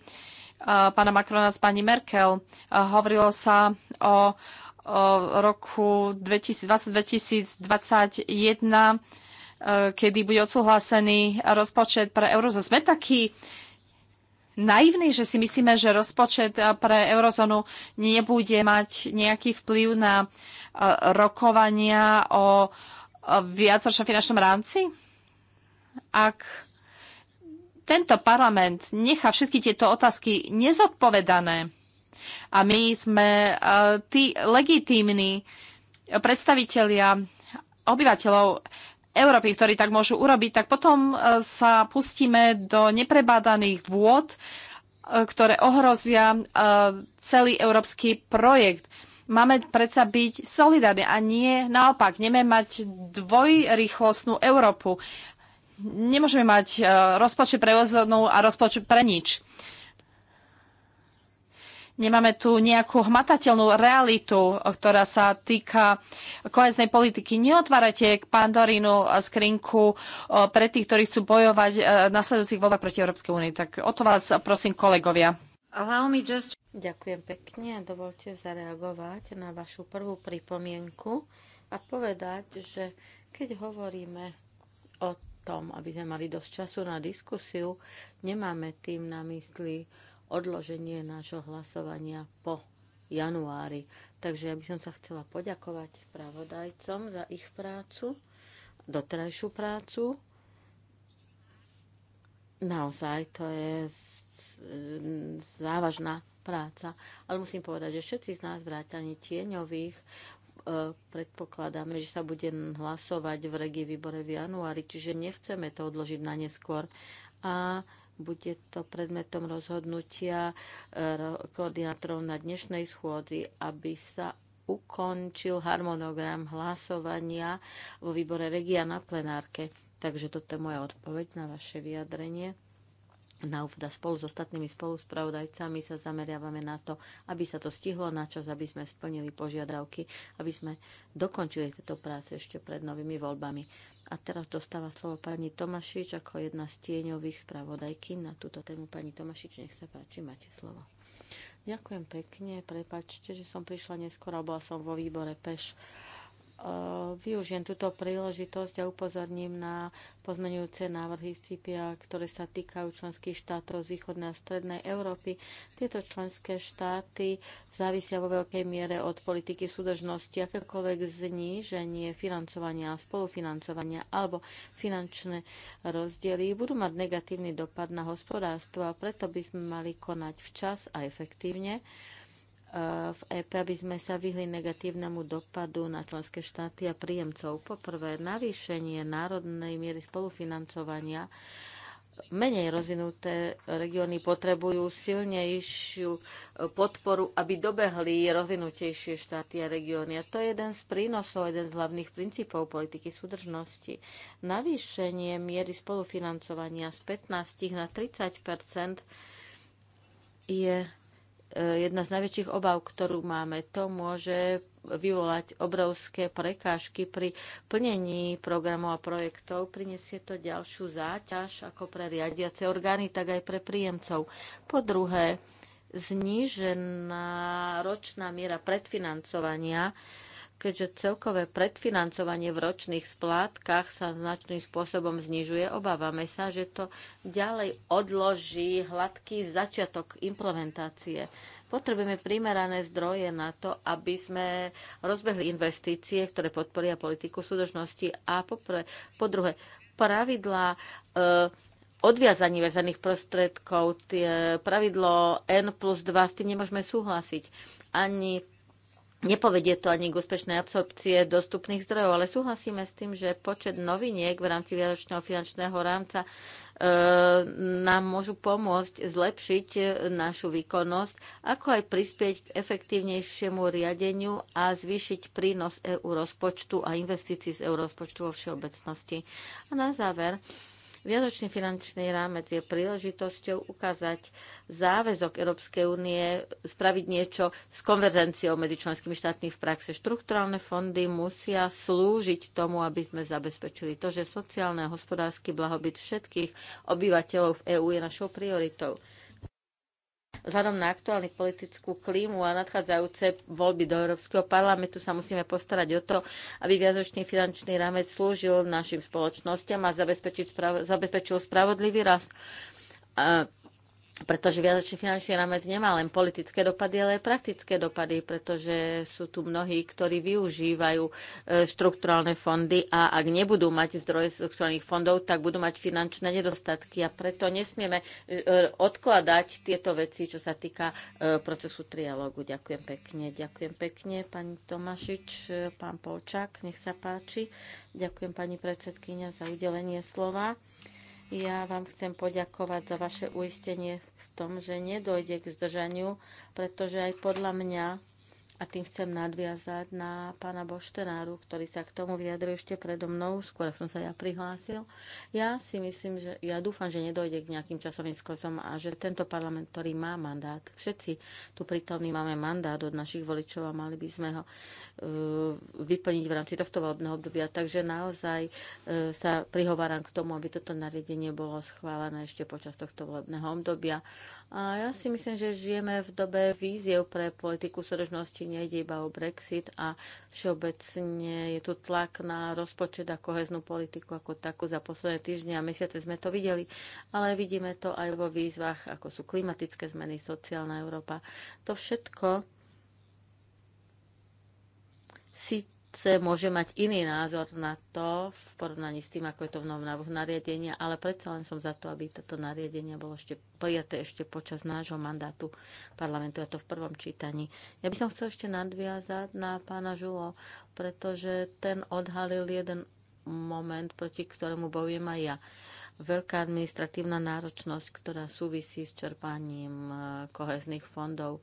pána Macrona s pani Merkel. Hovorilo sa o roku 2020-2021, eh, kedy bude odsúhlasený rozpočet pre eurozónu. Sme takí naivní, že si myslíme, že rozpočet pre eurozónu nebude mať nejaký vplyv na eh, rokovania o viacročnom finančnom rámci? Ak tento parlament nechá všetky tieto otázky nezodpovedané, a my sme e, tí legitímni predstavitelia obyvateľov Európy, ktorí tak môžu urobiť, tak potom e, sa pustíme do neprebádaných vôd, e, ktoré ohrozia celý európsky projekt máme predsa byť solidárni a nie naopak. Nemáme mať dvojrychlostnú Európu. Nemôžeme mať rozpočet pre a rozpočet pre nič. Nemáme tu nejakú hmatateľnú realitu, ktorá sa týka koheznej politiky. Neotvárate Pandorínu skrinku eh, pre tých, ktorí chcú bojovať eh, v nasledujúcich voľbách proti Európskej únii. Tak o to vás prosím, kolegovia. Just... Ďakujem pekne a dovolte zareagovať na vašu prvú pripomienku a povedať, že keď hovoríme o tom, aby sme mali dosť času na diskusiu, nemáme tým na mysli odloženie nášho hlasovania po januári. Takže ja by som sa chcela poďakovať spravodajcom za ich prácu, doterajšiu prácu. Naozaj to je závažná práca. Ale musím povedať, že všetci z nás vrátane tieňových e, predpokladáme, že sa bude hlasovať v regi výbore v januári, čiže nechceme to odložiť na neskôr. A bude to predmetom rozhodnutia e, koordinátorov na dnešnej schôdzi, aby sa ukončil harmonogram hlasovania vo výbore regia na plenárke. Takže toto je moja odpoveď na vaše vyjadrenie na UFDA teda spolu s ostatnými spoluspravodajcami sa zameriavame na to, aby sa to stihlo na čas, aby sme splnili požiadavky, aby sme dokončili tieto práce ešte pred novými voľbami. A teraz dostáva slovo pani Tomašič ako jedna z tieňových spravodajky na túto tému. Pani Tomašič, nech sa páči, máte slovo. Ďakujem pekne, prepačte, že som prišla neskôr, bola som vo výbore PEŠ. Eh, využijem túto príležitosť a upozorním na pozmenujúce návrhy v CIPIA, ktoré sa týkajú členských štátov z východnej a strednej Európy. Tieto členské štáty závisia vo veľkej miere od politiky súdržnosti. Akékoľvek zníženie financovania, spolufinancovania alebo finančné rozdiely budú mať negatívny dopad na hospodárstvo a preto by sme mali konať včas a efektívne Eh, v EP, aby sme sa vyhli negatívnemu dopadu na členské štáty a príjemcov. Poprvé, navýšenie národnej miery spolufinancovania. Menej rozvinuté regióny potrebujú silnejšiu eh, podporu, aby dobehli rozvinutejšie štáty a regióny. A to je jeden z prínosov, jeden z hlavných princípov politiky súdržnosti. Navýšenie miery spolufinancovania z 15 na 30 je Eh, jedna z najväčších obav, ktorú máme. To môže vyvolať obrovské prekážky pri plnení programov a projektov. Prinesie to ďalšiu záťaž ako pre riadiace orgány, tak aj pre príjemcov. Po druhé, znížená ročná miera predfinancovania keďže celkové predfinancovanie v ročných splátkach sa značným spôsobom znižuje, obávame sa, že to ďalej odloží hladký začiatok implementácie. Potrebujeme primerané zdroje na to, aby sme rozbehli investície, ktoré podporia politiku súdržnosti a poprvé, po druhé pravidlá e, odviazaní väzených prostredkov, tie pravidlo N plus 2, s tým nemôžeme súhlasiť. Ani Nepovedie to ani k úspešnej absorpcie dostupných zdrojov, ale súhlasíme s tým, že počet noviniek v rámci viadočného finančného rámca e, nám môžu pomôcť zlepšiť e, našu výkonnosť, ako aj prispieť k efektívnejšiemu riadeniu a zvýšiť prínos EU rozpočtu a investícií z EU rozpočtu vo všeobecnosti. A na záver, Vianočný finančný rámec je príležitosťou ukázať záväzok Európskej únie spraviť niečo s konverzenciou medzi členskými štátmi v praxe. Štrukturálne fondy musia slúžiť tomu, aby sme zabezpečili to, že sociálne a hospodársky blahobyt všetkých obyvateľov v EÚ je našou prioritou. Vzhľadom na aktuálnu politickú klímu a nadchádzajúce voľby do Európskeho parlamentu sa musíme postarať o to, aby viacročný finančný rámec slúžil našim spoločnosťam a zabezpečil spravodlivý rast. A pretože viazačný finančný rámec nemá len politické dopady, ale aj praktické dopady, pretože sú tu mnohí, ktorí využívajú e, štrukturálne fondy a ak nebudú mať zdroje štrukturálnych fondov, tak budú mať finančné nedostatky a preto nesmieme e, odkladať tieto veci, čo sa týka e, procesu trialógu. Ďakujem pekne. Ďakujem pekne, pani Tomašič, pán Polčák, nech sa páči. Ďakujem pani predsedkynia za udelenie slova. Ja vám chcem poďakovať za vaše uistenie v tom, že nedojde k zdržaniu, pretože aj podľa mňa a tým chcem nadviazať na pána Boštenáru, ktorý sa k tomu vyjadril ešte predo mnou, skôr som sa ja prihlásil. Ja si myslím, že ja dúfam, že nedojde k nejakým časovým sklesom a že tento parlament, ktorý má mandát, všetci tu prítomní máme mandát od našich voličov a mali by sme ho uh, vyplniť v rámci tohto voľbného obdobia. Takže naozaj uh, sa prihováram k tomu, aby toto nariadenie bolo schválené ešte počas tohto voľbného obdobia. A ja si myslím, že žijeme v dobe víziev pre politiku súdržnosti. Nejde iba o Brexit a všeobecne je tu tlak na rozpočet a koheznú politiku ako takú. Za posledné týždne a mesiace sme to videli, ale vidíme to aj vo výzvach, ako sú klimatické zmeny, sociálna Európa. To všetko si chce, môže mať iný názor na to v porovnaní s tým, ako je to v novom návrhu nariadenia, ale predsa len som za to, aby toto nariadenie bolo ešte prijaté ešte počas nášho mandátu parlamentu, a to v prvom čítaní. Ja by som chcel ešte nadviazať na pána Žulo, pretože ten odhalil jeden moment, proti ktorému bojujem aj ja. Veľká administratívna náročnosť, ktorá súvisí s čerpaním eh, kohezných fondov.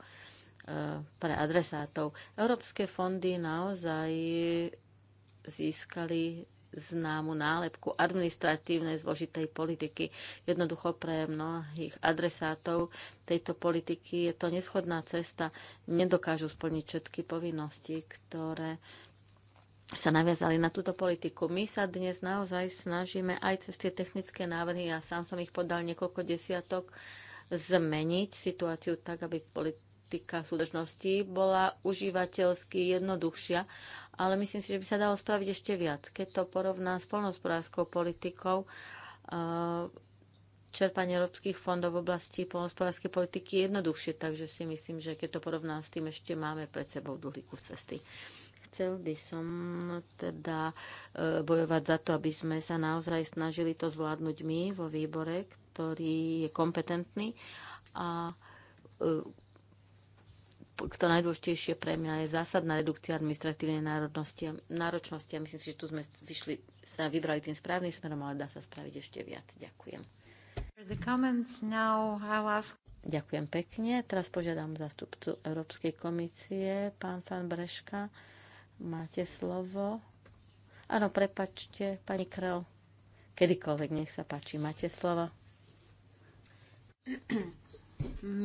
Eh, pre adresátov. Európske fondy naozaj získali známu nálepku administratívnej zložitej politiky. Jednoducho pre mnohých adresátov tejto politiky je to neschodná cesta. Nedokážu splniť všetky povinnosti, ktoré sa naviazali na túto politiku. My sa dnes naozaj snažíme aj cez tie technické návrhy, ja sám som ich podal niekoľko desiatok, zmeniť situáciu tak, aby praktika súdržnosti bola užívateľsky jednoduchšia, ale myslím si, že by sa dalo spraviť ešte viac. Keď to porovná s polnohospodárskou politikou, eh, čerpanie európskych fondov v oblasti polnohospodárskej politiky je jednoduchšie, takže si myslím, že keď to porovná s tým, ešte máme pred sebou dlhý kus cesty. Chcel by som teda eh, bojovať za to, aby sme sa naozaj snažili to zvládnuť my vo výbore, ktorý je kompetentný a eh, to najdôležitejšie pre mňa je zásadná redukcia administratívnej náročnosti a myslím si, že tu sme vyšli, sa vybrali tým správnym smerom, ale dá sa spraviť ešte viac. Ďakujem. Ďakujem pekne. Teraz požiadam zástupcu Európskej komisie, pán Fan Breška. Máte slovo. Áno, prepačte, pani Krel. Kedykoľvek, nech sa páči, máte slovo. [CLEARS THROAT]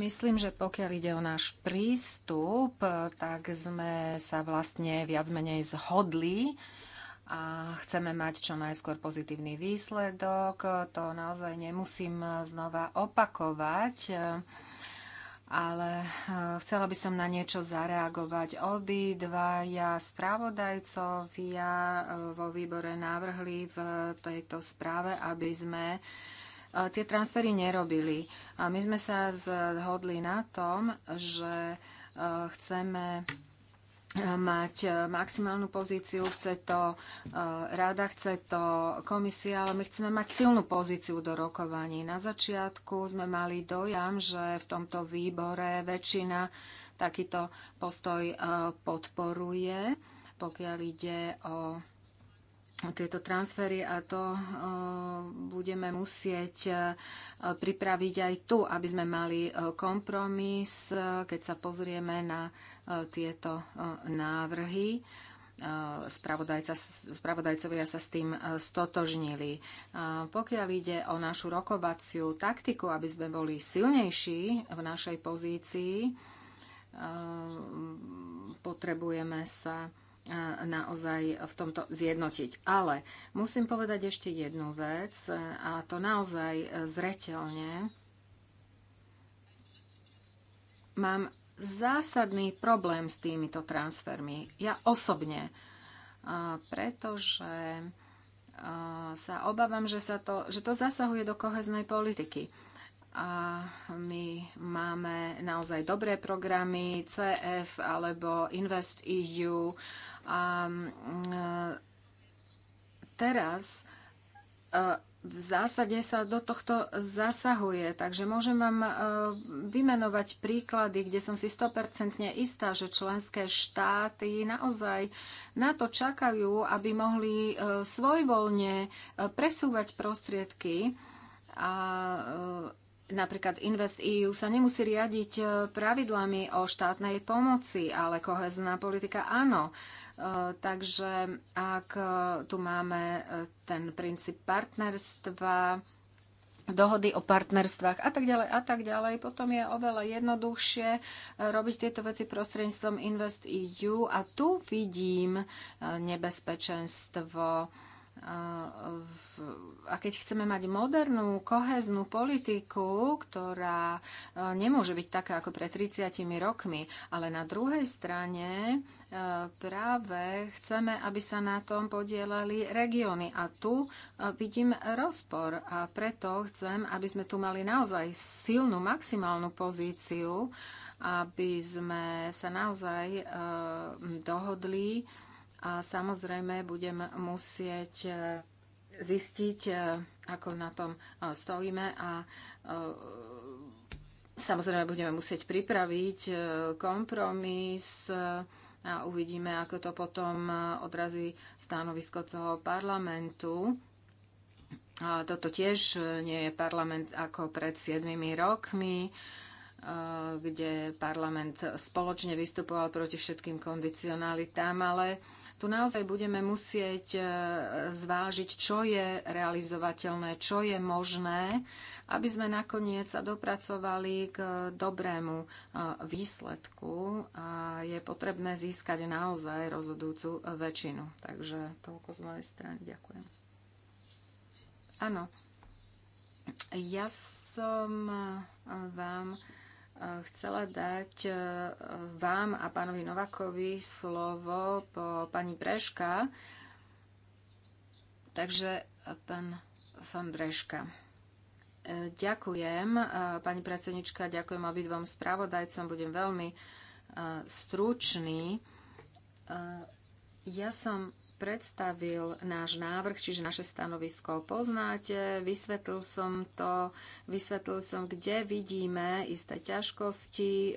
Myslím, že pokiaľ ide o náš prístup, tak sme sa vlastne viac menej zhodli a chceme mať čo najskôr pozitívny výsledok. To naozaj nemusím znova opakovať ale e, chcela by som na niečo zareagovať. Obi ja správodajcovia e, vo výbore navrhli v tejto správe, aby sme tie transfery nerobili. A my sme sa zhodli na tom, že e, chceme e, mať e, maximálnu pozíciu, chce to rada, chce to komisia, ale my chceme mať silnú pozíciu do rokovaní. Na začiatku sme mali dojam, že v tomto výbore väčšina takýto postoj podporuje, pokiaľ ide o tieto transfery a to budeme musieť pripraviť aj tu, aby sme mali kompromis, keď sa pozrieme na tieto návrhy. Spravodajcovia sa s tým stotožnili. Pokiaľ ide o našu rokovaciu taktiku, aby sme boli silnejší v našej pozícii, potrebujeme sa naozaj v tomto zjednotiť. Ale musím povedať ešte jednu vec, a to naozaj zreteľne. Mám zásadný problém s týmito transfermi. Ja osobne, pretože sa obávam, že, sa to, že to zasahuje do koheznej politiky a my máme naozaj dobré programy CF alebo Invest EU a mm, e, teraz e, v zásade sa do tohto zasahuje. Takže môžem vám e, vymenovať príklady, kde som si 100% istá, že členské štáty naozaj na to čakajú, aby mohli svojvoľne presúvať prostriedky a Napríklad Invest EU sa nemusí riadiť pravidlami o štátnej pomoci, ale kohezná politika áno. Eh, takže ak eh, tu máme eh, ten princíp partnerstva, dohody o partnerstvách a tak ďalej a tak ďalej. Potom je oveľa jednoduchšie robiť tieto veci prostredníctvom InvestEU a tu vidím nebezpečenstvo a keď chceme mať modernú, koheznú politiku, ktorá e, nemôže byť taká ako pred 30 rokmi, ale na druhej strane e, práve chceme, aby sa na tom podielali regióny. A tu e, vidím rozpor a preto chcem, aby sme tu mali naozaj silnú, maximálnu pozíciu, aby sme sa naozaj dohodli, a samozrejme budem musieť e, zistiť, e, ako na tom e, stojíme a samozrejme budeme musieť pripraviť kompromis a uvidíme, ako to potom odrazí stanovisko celého parlamentu. A toto tiež nie je parlament ako pred 7 rokmi, kde parlament spoločne vystupoval proti všetkým kondicionalitám, ale tu naozaj budeme musieť e, zvážiť, čo je realizovateľné, čo je možné, aby sme nakoniec sa dopracovali k dobrému e, výsledku a je potrebné získať naozaj rozhodujúcu väčšinu. Takže toľko z mojej strany. Ďakujem. Áno, ja som e, vám chcela dať e, vám a pánovi Novakovi slovo po pani Breška. Takže pán von Breška. E, ďakujem, e, pani predsednička, ďakujem obidvom spravodajcom, budem veľmi stručný. Ja som predstavil náš návrh, čiže naše stanovisko poznáte, vysvetlil som to, vysvetlil som, kde vidíme isté ťažkosti e,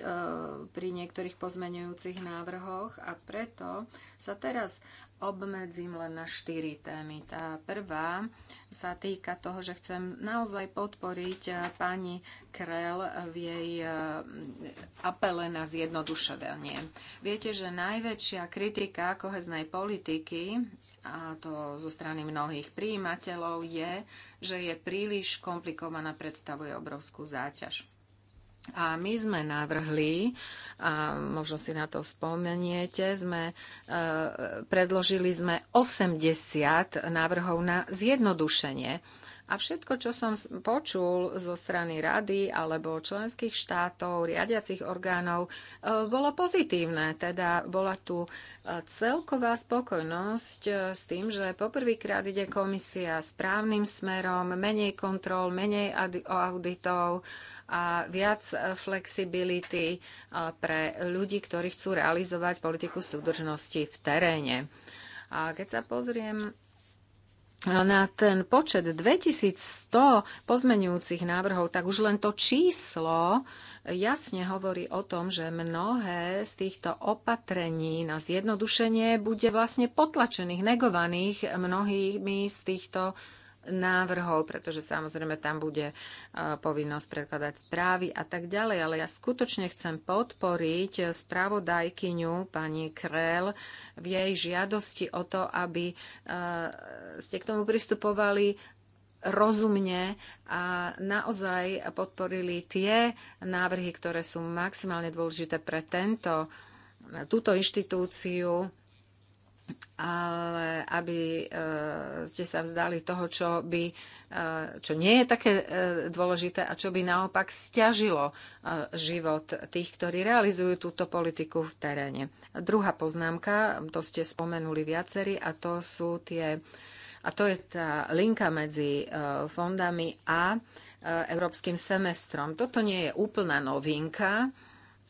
pri niektorých pozmeňujúcich návrhoch a preto sa teraz obmedzím len na štyri témy. Tá prvá sa týka toho, že chcem naozaj podporiť eh, pani Krell v jej eh, apele na zjednodušovanie. Viete, že najväčšia kritika koheznej politiky, a to zo strany mnohých príjimateľov, je, že je príliš komplikovaná, predstavuje obrovskú záťaž. A my sme navrhli, a možno si na to spomeniete, sme, e, predložili sme 80 návrhov na zjednodušenie a všetko, čo som počul zo strany rady alebo členských štátov, riadiacich orgánov, e, bolo pozitívne. Teda bola tu e, celková spokojnosť e, s tým, že poprvýkrát ide komisia správnym smerom, menej kontrol, menej auditov a viac flexibility pre ľudí, ktorí chcú realizovať politiku súdržnosti v teréne. A keď sa pozriem na ten počet 2100 pozmenujúcich návrhov, tak už len to číslo jasne hovorí o tom, že mnohé z týchto opatrení na zjednodušenie bude vlastne potlačených, negovaných mnohými z týchto návrhov, pretože samozrejme tam bude e, povinnosť prekladať správy a tak ďalej. Ale ja skutočne chcem podporiť spravodajkyňu pani Krell v jej žiadosti o to, aby e, ste k tomu pristupovali rozumne a naozaj podporili tie návrhy, ktoré sú maximálne dôležité pre tento, túto inštitúciu ale aby eh, ste sa vzdali toho, čo, by, eh, čo nie je také eh, dôležité a čo by naopak stiažilo život tých, ktorí realizujú túto politiku v teréne. Druhá poznámka, to ste spomenuli viacerí, a to sú tie a to je tá linka medzi fondami a európskym semestrom. Toto nie je úplná novinka,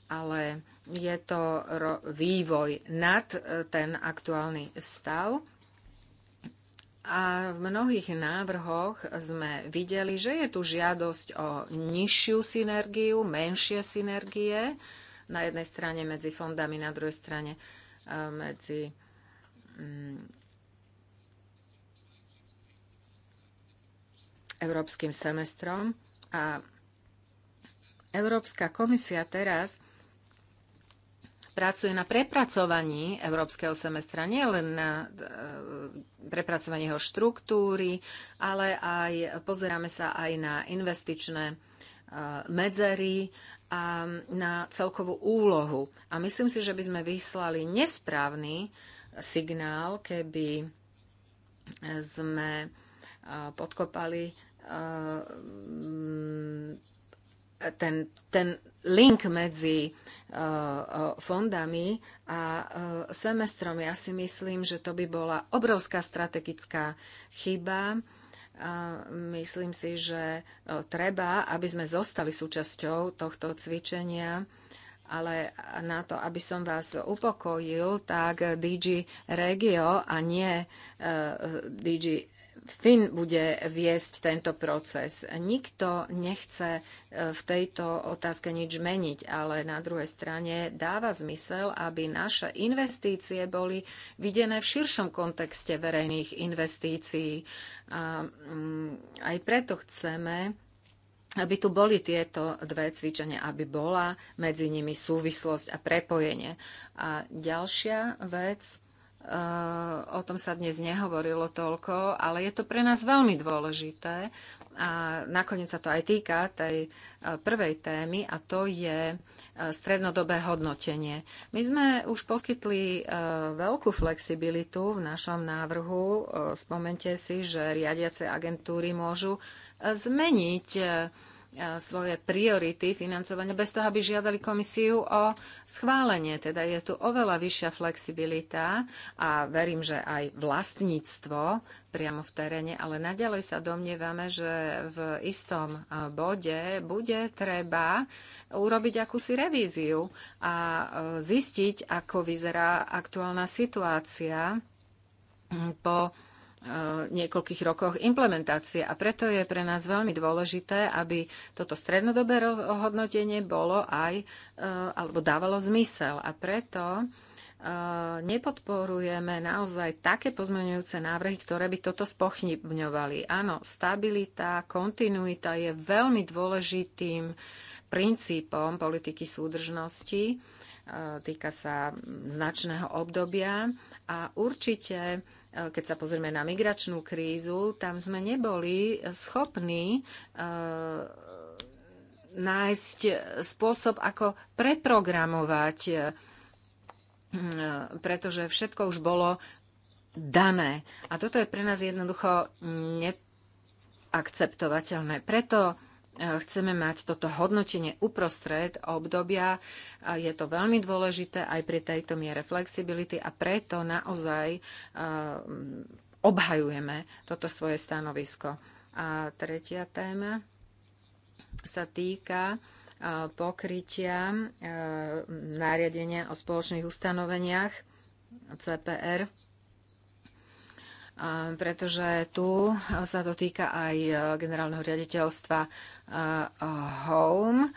ale je to vývoj nad e, ten aktuálny stav. A v mnohých návrhoch sme videli, že je tu žiadosť o nižšiu synergiu, menšie synergie na jednej strane medzi fondami, na druhej strane e, medzi mm, európskym semestrom. A Európska komisia teraz pracuje na prepracovaní európskeho semestra, nielen na e, prepracovanie jeho štruktúry, ale aj pozeráme sa aj na investičné e, medzery a na celkovú úlohu. A myslím si, že by sme vyslali nesprávny signál, keby sme e, podkopali ten, ten link medzi uh, uh, fondami a uh, semestrom. Ja si myslím, že to by bola obrovská strategická chyba. Myslím si, že treba, aby sme zostali súčasťou tohto cvičenia, ale na to, aby som vás upokojil, tak DG Regio a nie DG Fin bude viesť tento proces. Nikto nechce e, v tejto otázke nič meniť, ale na druhej strane dáva zmysel, aby naše investície boli videné v širšom kontexte verejných investícií. A mm, aj preto chceme, aby tu boli tieto dve cvičenia, aby bola medzi nimi súvislosť a prepojenie. A ďalšia vec, O tom sa dnes nehovorilo toľko, ale je to pre nás veľmi dôležité a nakoniec sa to aj týka tej e, prvej témy a to je e, strednodobé hodnotenie. My sme už poskytli e, veľkú flexibilitu v našom návrhu. Spomente si, že riadiace agentúry môžu zmeniť svoje priority financovania bez toho, aby žiadali komisiu o schválenie. Teda je tu oveľa vyššia flexibilita a verím, že aj vlastníctvo priamo v teréne, ale naďalej sa domnievame, že v istom bode bude treba urobiť akúsi revíziu a zistiť, ako vyzerá aktuálna situácia po niekoľkých rokoch implementácie. A preto je pre nás veľmi dôležité, aby toto strednodobé hodnotenie bolo aj, e, alebo dávalo zmysel. A preto e, nepodporujeme naozaj také pozmeňujúce návrhy, ktoré by toto spochybňovali. Áno, stabilita, kontinuita je veľmi dôležitým princípom politiky súdržnosti. E, týka sa značného obdobia a určite, e, keď sa pozrieme na migračnú krízu, tam sme neboli schopní e, nájsť spôsob, ako preprogramovať, e, pretože všetko už bolo dané. A toto je pre nás jednoducho neakceptovateľné. Preto E, chceme mať toto hodnotenie uprostred obdobia. E, je to veľmi dôležité aj pri tejto miere flexibility a preto naozaj e, obhajujeme toto svoje stanovisko. A tretia téma sa týka pokrytia nariadenia o spoločných ustanoveniach CPR pretože tu e, sa to týka aj e, generálneho riaditeľstva e, Home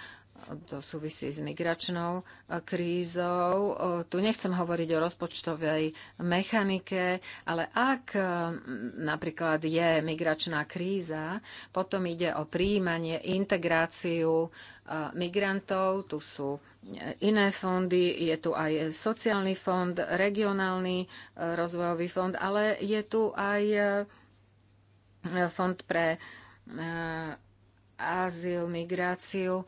to súvisí s migračnou e, krízou. E, tu nechcem hovoriť o rozpočtovej mechanike, ale ak e, napríklad je migračná kríza, potom ide o príjmanie, integráciu migrantov, tu sú iné fondy, je tu aj sociálny fond, regionálny rozvojový fond, ale je tu aj fond pre azyl, migráciu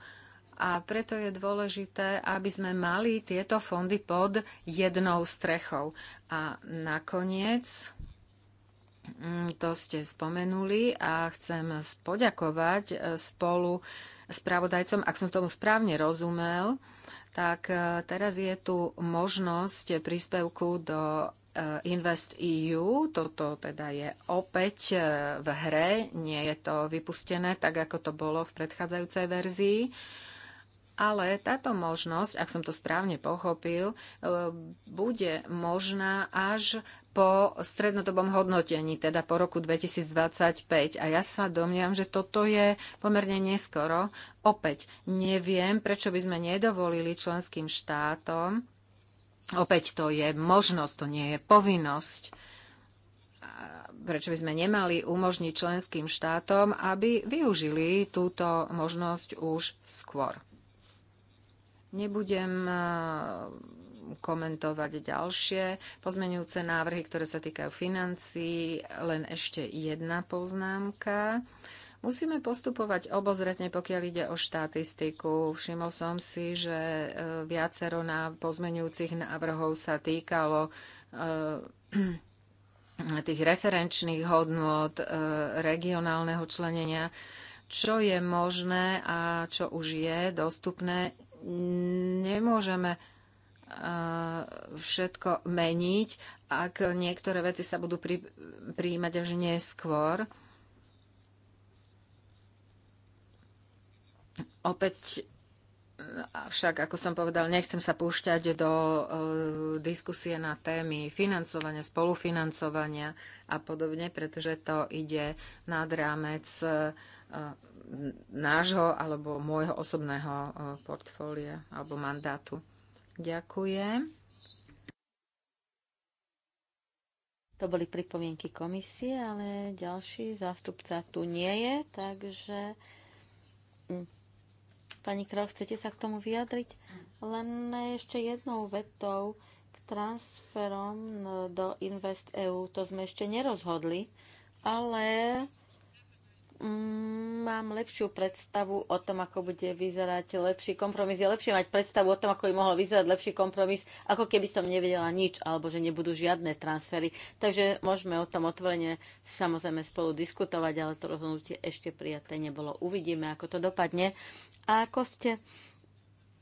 a preto je dôležité, aby sme mali tieto fondy pod jednou strechou. A nakoniec, mm, to ste spomenuli a chcem poďakovať e, spolu spravodajcom, ak som tomu správne rozumel, tak e, teraz je tu možnosť príspevku do e, Invest EU, toto teda je opäť v hre, nie je to vypustené tak, ako to bolo v predchádzajúcej verzii. Ale táto možnosť, ak som to správne pochopil, e, bude možná až po strednodobom hodnotení, teda po roku 2025. A ja sa domnievam, že toto je pomerne neskoro. Opäť neviem, prečo by sme nedovolili členským štátom. Opäť to je možnosť, to nie je povinnosť prečo by sme nemali umožniť členským štátom, aby využili túto možnosť už skôr. Nebudem eh, komentovať ďalšie pozmenujúce návrhy, ktoré sa týkajú financií. Len ešte jedna poznámka. Musíme postupovať obozretne, pokiaľ ide o štatistiku. Všimol som si, že eh, viacero na pozmenujúcich návrhov sa týkalo eh, [CLEARS THROAT] tých referenčných hodnôt regionálneho členenia, čo je možné a čo už je dostupné nemôžeme eh, všetko meniť, ak niektoré veci sa budú pri, prijímať až neskôr. Opäť, eh, však ako som povedal, nechcem sa púšťať do uh, diskusie na témy financovania, spolufinancovania a podobne, pretože to ide nad rámec uh, nášho alebo môjho osobného e, portfólia alebo mandátu. Ďakujem. To boli pripomienky komisie, ale ďalší zástupca tu nie je, takže hm, pani Král, chcete sa k tomu vyjadriť? Len ešte jednou vetou k transferom e, do Invest EU. To sme ešte nerozhodli, ale Mm, mám lepšiu predstavu o tom, ako bude vyzerať lepší kompromis. Je lepšie mať predstavu o tom, ako by mohol vyzerať lepší kompromis, ako keby som nevedela nič, alebo že nebudú žiadne transfery. Takže môžeme o tom otvorene samozrejme spolu diskutovať, ale to rozhodnutie ešte prijaté nebolo. Uvidíme, ako to dopadne. A ako ste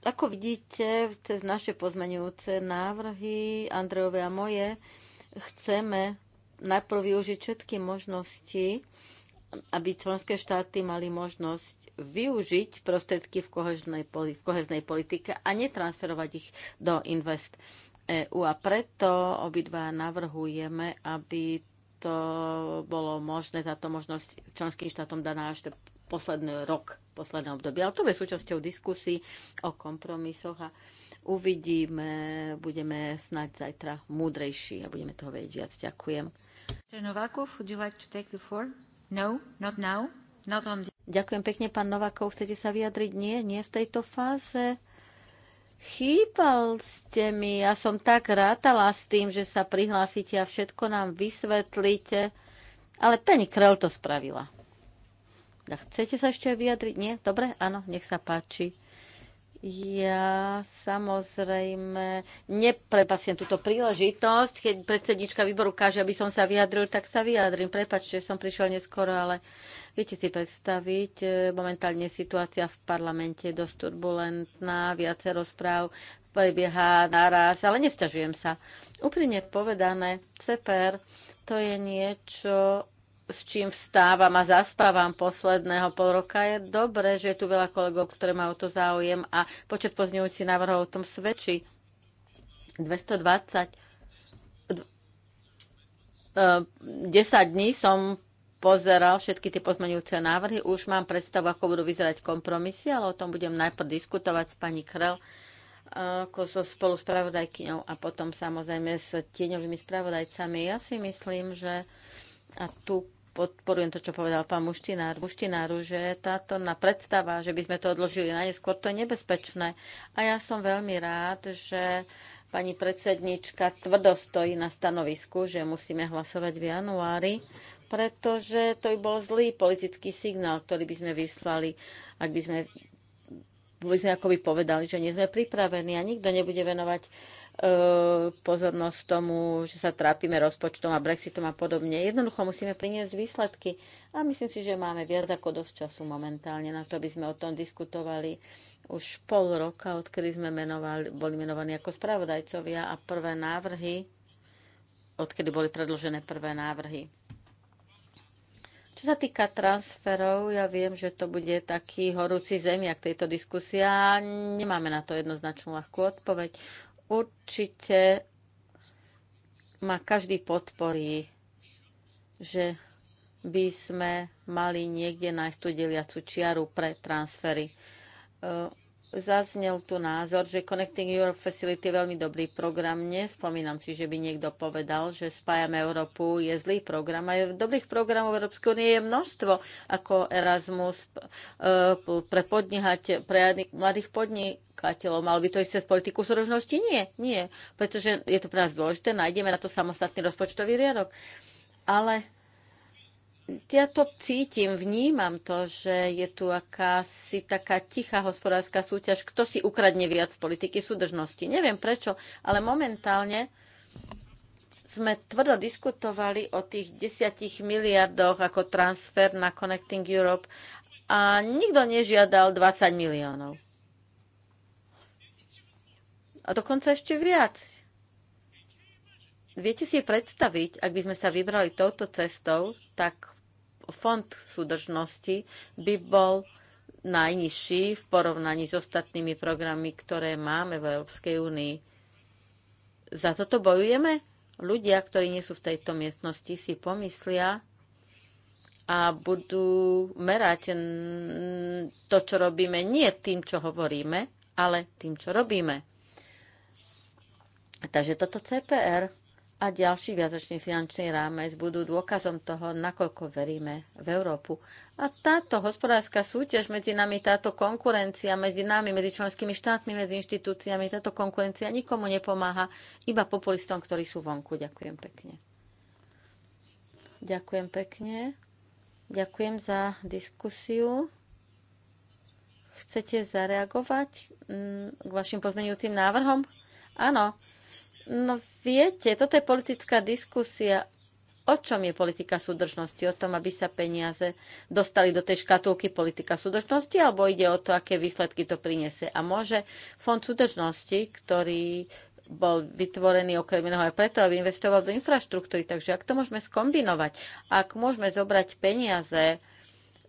ako vidíte, cez naše pozmenujúce návrhy, Andrejové a moje, chceme najprv využiť všetky možnosti, aby členské štáty mali možnosť využiť prostriedky v koheznej, v koheznej politike a netransferovať ich do Invest EU. A preto obidva navrhujeme, aby to bolo možné, táto možnosť členským štátom daná až posledný rok, posledné obdobie. Ale to je súčasťou diskusí o kompromisoch a uvidíme, budeme snáď zajtra múdrejší a budeme toho vedieť viac. Ďakujem. Mr. Novakov, would you like to take the floor? No, not now. Not on the... Ďakujem pekne, pán Novakov. Chcete sa vyjadriť? Nie, nie v tejto fáze. Chýbal ste mi. Ja som tak rátala s tým, že sa prihlásite a všetko nám vysvetlíte. Ale pani Krel to spravila. Chcete sa ešte vyjadriť? Nie? Dobre? Áno, nech sa páči. Ja samozrejme neprepasiem túto príležitosť. Keď predsednička výboru káže, aby som sa vyjadril, tak sa vyjadrím. Prepačte, som prišiel neskoro, ale viete si predstaviť, e, momentálne situácia v parlamente je dosť turbulentná, viacero správ prebieha naraz, ale nestažujem sa. Úprimne povedané, CPR to je niečo, s čím vstávam a zaspávam posledného pol roka. Je dobré, že je tu veľa kolegov, ktoré majú to záujem a počet pozňujúcich návrhov o tom svedčí. 220. 10 e, dní som pozeral všetky tie pozmeňujúce návrhy. Už mám predstavu, ako budú vyzerať kompromisy, ale o tom budem najprv diskutovať s pani Krel e, ako so spoluspravodajkyňou a potom samozrejme s tieňovými spravodajcami. Ja si myslím, že a tu podporujem to, čo povedal pán Muštinár, Muštináru, že táto na predstava, že by sme to odložili na neskôr, to je nebezpečné. A ja som veľmi rád, že pani predsednička tvrdo stojí na stanovisku, že musíme hlasovať v januári, pretože to by bol zlý politický signál, ktorý by sme vyslali, ak by sme, by sme akoby povedali, že nie sme pripravení a nikto nebude venovať E, pozornosť tomu, že sa trápime rozpočtom a Brexitom a podobne. Jednoducho musíme priniesť výsledky a myslím si, že máme viac ako dosť času momentálne na to, aby sme o tom diskutovali už pol roka, odkedy sme menovali, boli menovaní ako spravodajcovia a prvé návrhy, odkedy boli predložené prvé návrhy. Čo sa týka transferov, ja viem, že to bude taký horúci zemiak tejto diskusia. Nemáme na to jednoznačnú ľahkú odpoveď. Určite ma každý podporí, že by sme mali niekde nájsť tú deliacu čiaru pre transfery. E, zaznel tu názor, že Connecting Europe Facility je veľmi dobrý program. Nespomínam si, že by niekto povedal, že Spájame Európu je zlý program. A dobrých programov Európskej únie je množstvo, ako Erasmus e, pre, podnihať, pre mladých podnikov podnikateľov. Mal by to ísť cez politiku súrožnosti? Nie, nie. Pretože je to pre nás dôležité, nájdeme na to samostatný rozpočtový riadok. Ale ja to cítim, vnímam to, že je tu akási taká tichá hospodárska súťaž, kto si ukradne viac politiky súdržnosti. Neviem prečo, ale momentálne sme tvrdo diskutovali o tých desiatich miliardoch ako transfer na Connecting Europe a nikto nežiadal 20 miliónov. A dokonca ešte viac. Viete si predstaviť, ak by sme sa vybrali touto cestou, tak fond súdržnosti by bol najnižší v porovnaní s ostatnými programy, ktoré máme v Európskej únii. Za toto bojujeme? Ľudia, ktorí nie sú v tejto miestnosti, si pomyslia a budú merať to, čo robíme, nie tým, čo hovoríme, ale tým, čo robíme. Takže toto CPR a ďalší viazačný finančný rámec budú dôkazom toho, nakoľko veríme v Európu. A táto hospodárska súťaž medzi nami, táto konkurencia medzi nami, medzi členskými štátmi, medzi inštitúciami, táto konkurencia nikomu nepomáha, iba populistom, ktorí sú vonku. Ďakujem pekne. Ďakujem pekne. Ďakujem za diskusiu. Chcete zareagovať mm, k vašim pozmenujúcim návrhom? Áno. No viete, toto je politická diskusia. O čom je politika súdržnosti? O tom, aby sa peniaze dostali do tej škatulky politika súdržnosti, alebo ide o to, aké výsledky to priniesie. A môže fond súdržnosti, ktorý bol vytvorený okrem iného aj preto, aby investoval do infraštruktúry. Takže ak to môžeme skombinovať, ak môžeme zobrať peniaze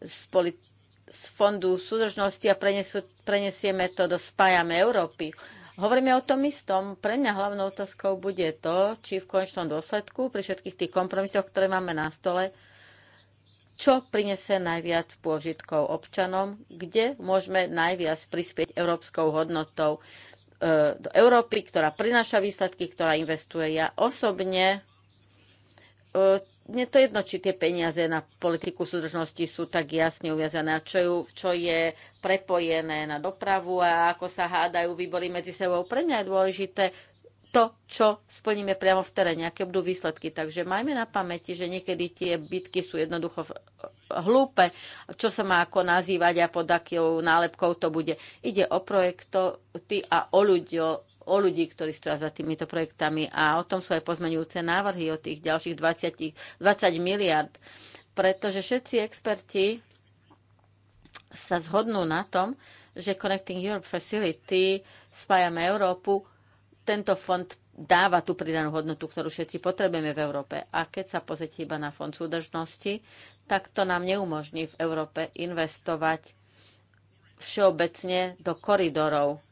z, z fondu súdržnosti a prenesieme to do Spájame Európy, Hovoríme o tom istom. Pre mňa hlavnou otázkou bude to, či v konečnom dôsledku pri všetkých tých kompromisoch, ktoré máme na stole, čo prinese najviac pôžitkov občanom, kde môžeme najviac prispieť európskou hodnotou e, do Európy, ktorá prináša výsledky, ktorá investuje. Ja osobne e, mne to jedno, či tie peniaze na politiku súdržnosti sú tak jasne uviazané, čo, ju, čo je prepojené na dopravu a ako sa hádajú výbory medzi sebou. Pre mňa je dôležité to, čo splníme priamo v teréne, aké budú výsledky. Takže majme na pamäti, že niekedy tie bitky sú jednoducho hlúpe, čo sa má ako nazývať a pod akou nálepkou to bude. Ide o projekty a o ľudí, o, o ľudí, ktorí stoja za týmito projektami a o tom sú aj pozmeňujúce návrhy o tých ďalších 20, 20 miliard, pretože všetci experti sa zhodnú na tom, že Connecting Europe Facility spájame Európu tento fond dáva tú pridanú hodnotu, ktorú všetci potrebujeme v Európe. A keď sa pozrite iba na fond súdržnosti, tak to nám neumožní v Európe investovať všeobecne do koridorov.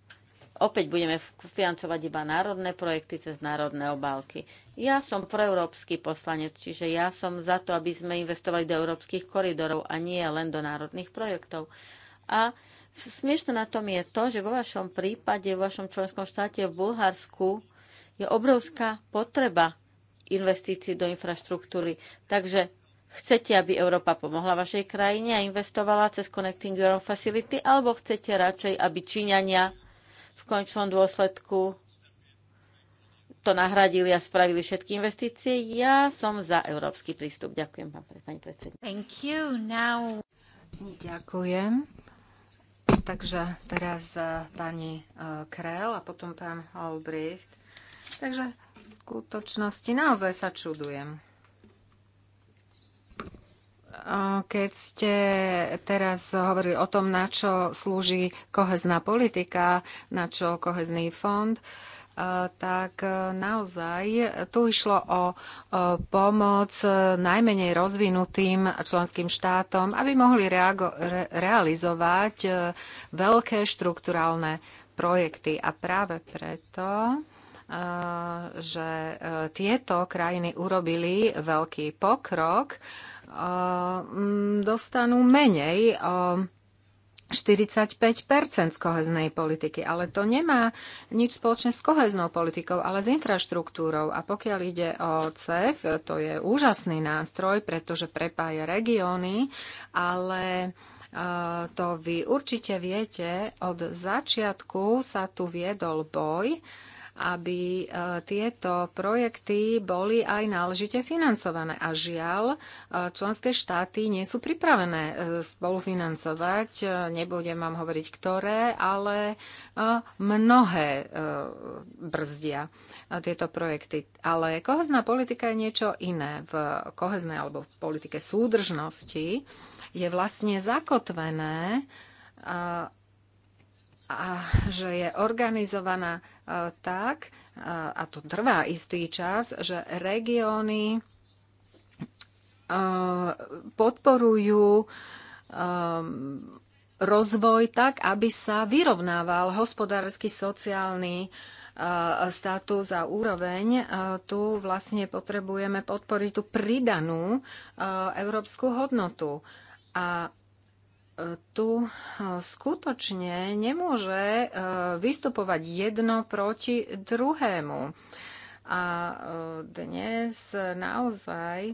Opäť budeme financovať iba národné projekty cez národné obálky. Ja som proeurópsky poslanec, čiže ja som za to, aby sme investovali do európskych koridorov a nie len do národných projektov. A Smiešne na tom je to, že vo vašom prípade, vo vašom členskom štáte v Bulharsku je obrovská potreba investícií do infraštruktúry. Takže chcete, aby Európa pomohla vašej krajine a investovala cez Connecting Europe Facility, alebo chcete radšej, aby Číňania v končnom dôsledku to nahradili a spravili všetky investície. Ja som za európsky prístup. Ďakujem vám, pani predsedníčka. Now... Ďakujem. Takže teraz e, pani e, Krell a potom pán Olbricht. Takže v skutočnosti naozaj sa čudujem. Keď ste teraz hovorili o tom, na čo slúži kohezná politika, na čo kohezný fond, uh, tak e, naozaj e, tu išlo o e, pomoc najmenej rozvinutým členským štátom, aby mohli reago- re- realizovať veľké štrukturálne projekty. A práve preto že tieto krajiny urobili veľký pokrok, dostanú menej 45 z koheznej politiky, ale to nemá nič spoločné s koheznou politikou, ale s infraštruktúrou. A pokiaľ ide o CEF, to je úžasný nástroj, pretože prepája regióny, ale e, to vy určite viete, od začiatku sa tu viedol boj aby e, tieto projekty boli aj náležite financované. A žiaľ, e, členské štáty nie sú pripravené e, spolufinancovať, nebudem vám hovoriť ktoré, ale mnohé brzdia tieto projekty. Ale kohezná politika je niečo iné. V koheznej alebo v politike súdržnosti je vlastne zakotvené a že je organizovaná e, tak, e, a to trvá istý čas, že regióny e, podporujú rozvoj tak, aby sa vyrovnával hospodársky, sociálny status a úroveň. Tu vlastne potrebujeme podporiť tú pridanú európsku hodnotu. A tu e, skutočne nemôže e, vystupovať jedno proti druhému. A e, dnes naozaj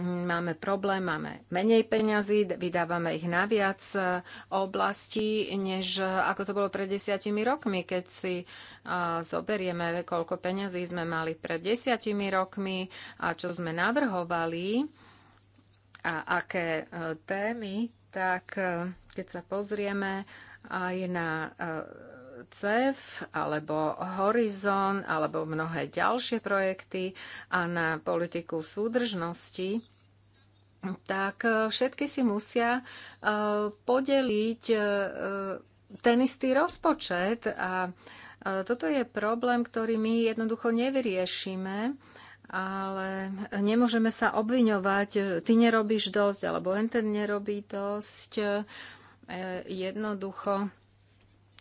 máme problém, máme menej peňazí, vydávame ich na viac oblastí, než ako to bolo pred desiatimi rokmi, keď si zoberieme, koľko peňazí sme mali pred desiatimi rokmi a čo sme navrhovali a aké témy tak e, keď sa pozrieme aj na e, CEF alebo Horizon alebo mnohé ďalšie projekty a na politiku súdržnosti, tak e, všetky si musia podeliť ten istý rozpočet a toto je problém, ktorý my jednoducho nevyriešime ale nemôžeme sa obviňovať, ty nerobíš dosť, alebo ten nerobí dosť. E, jednoducho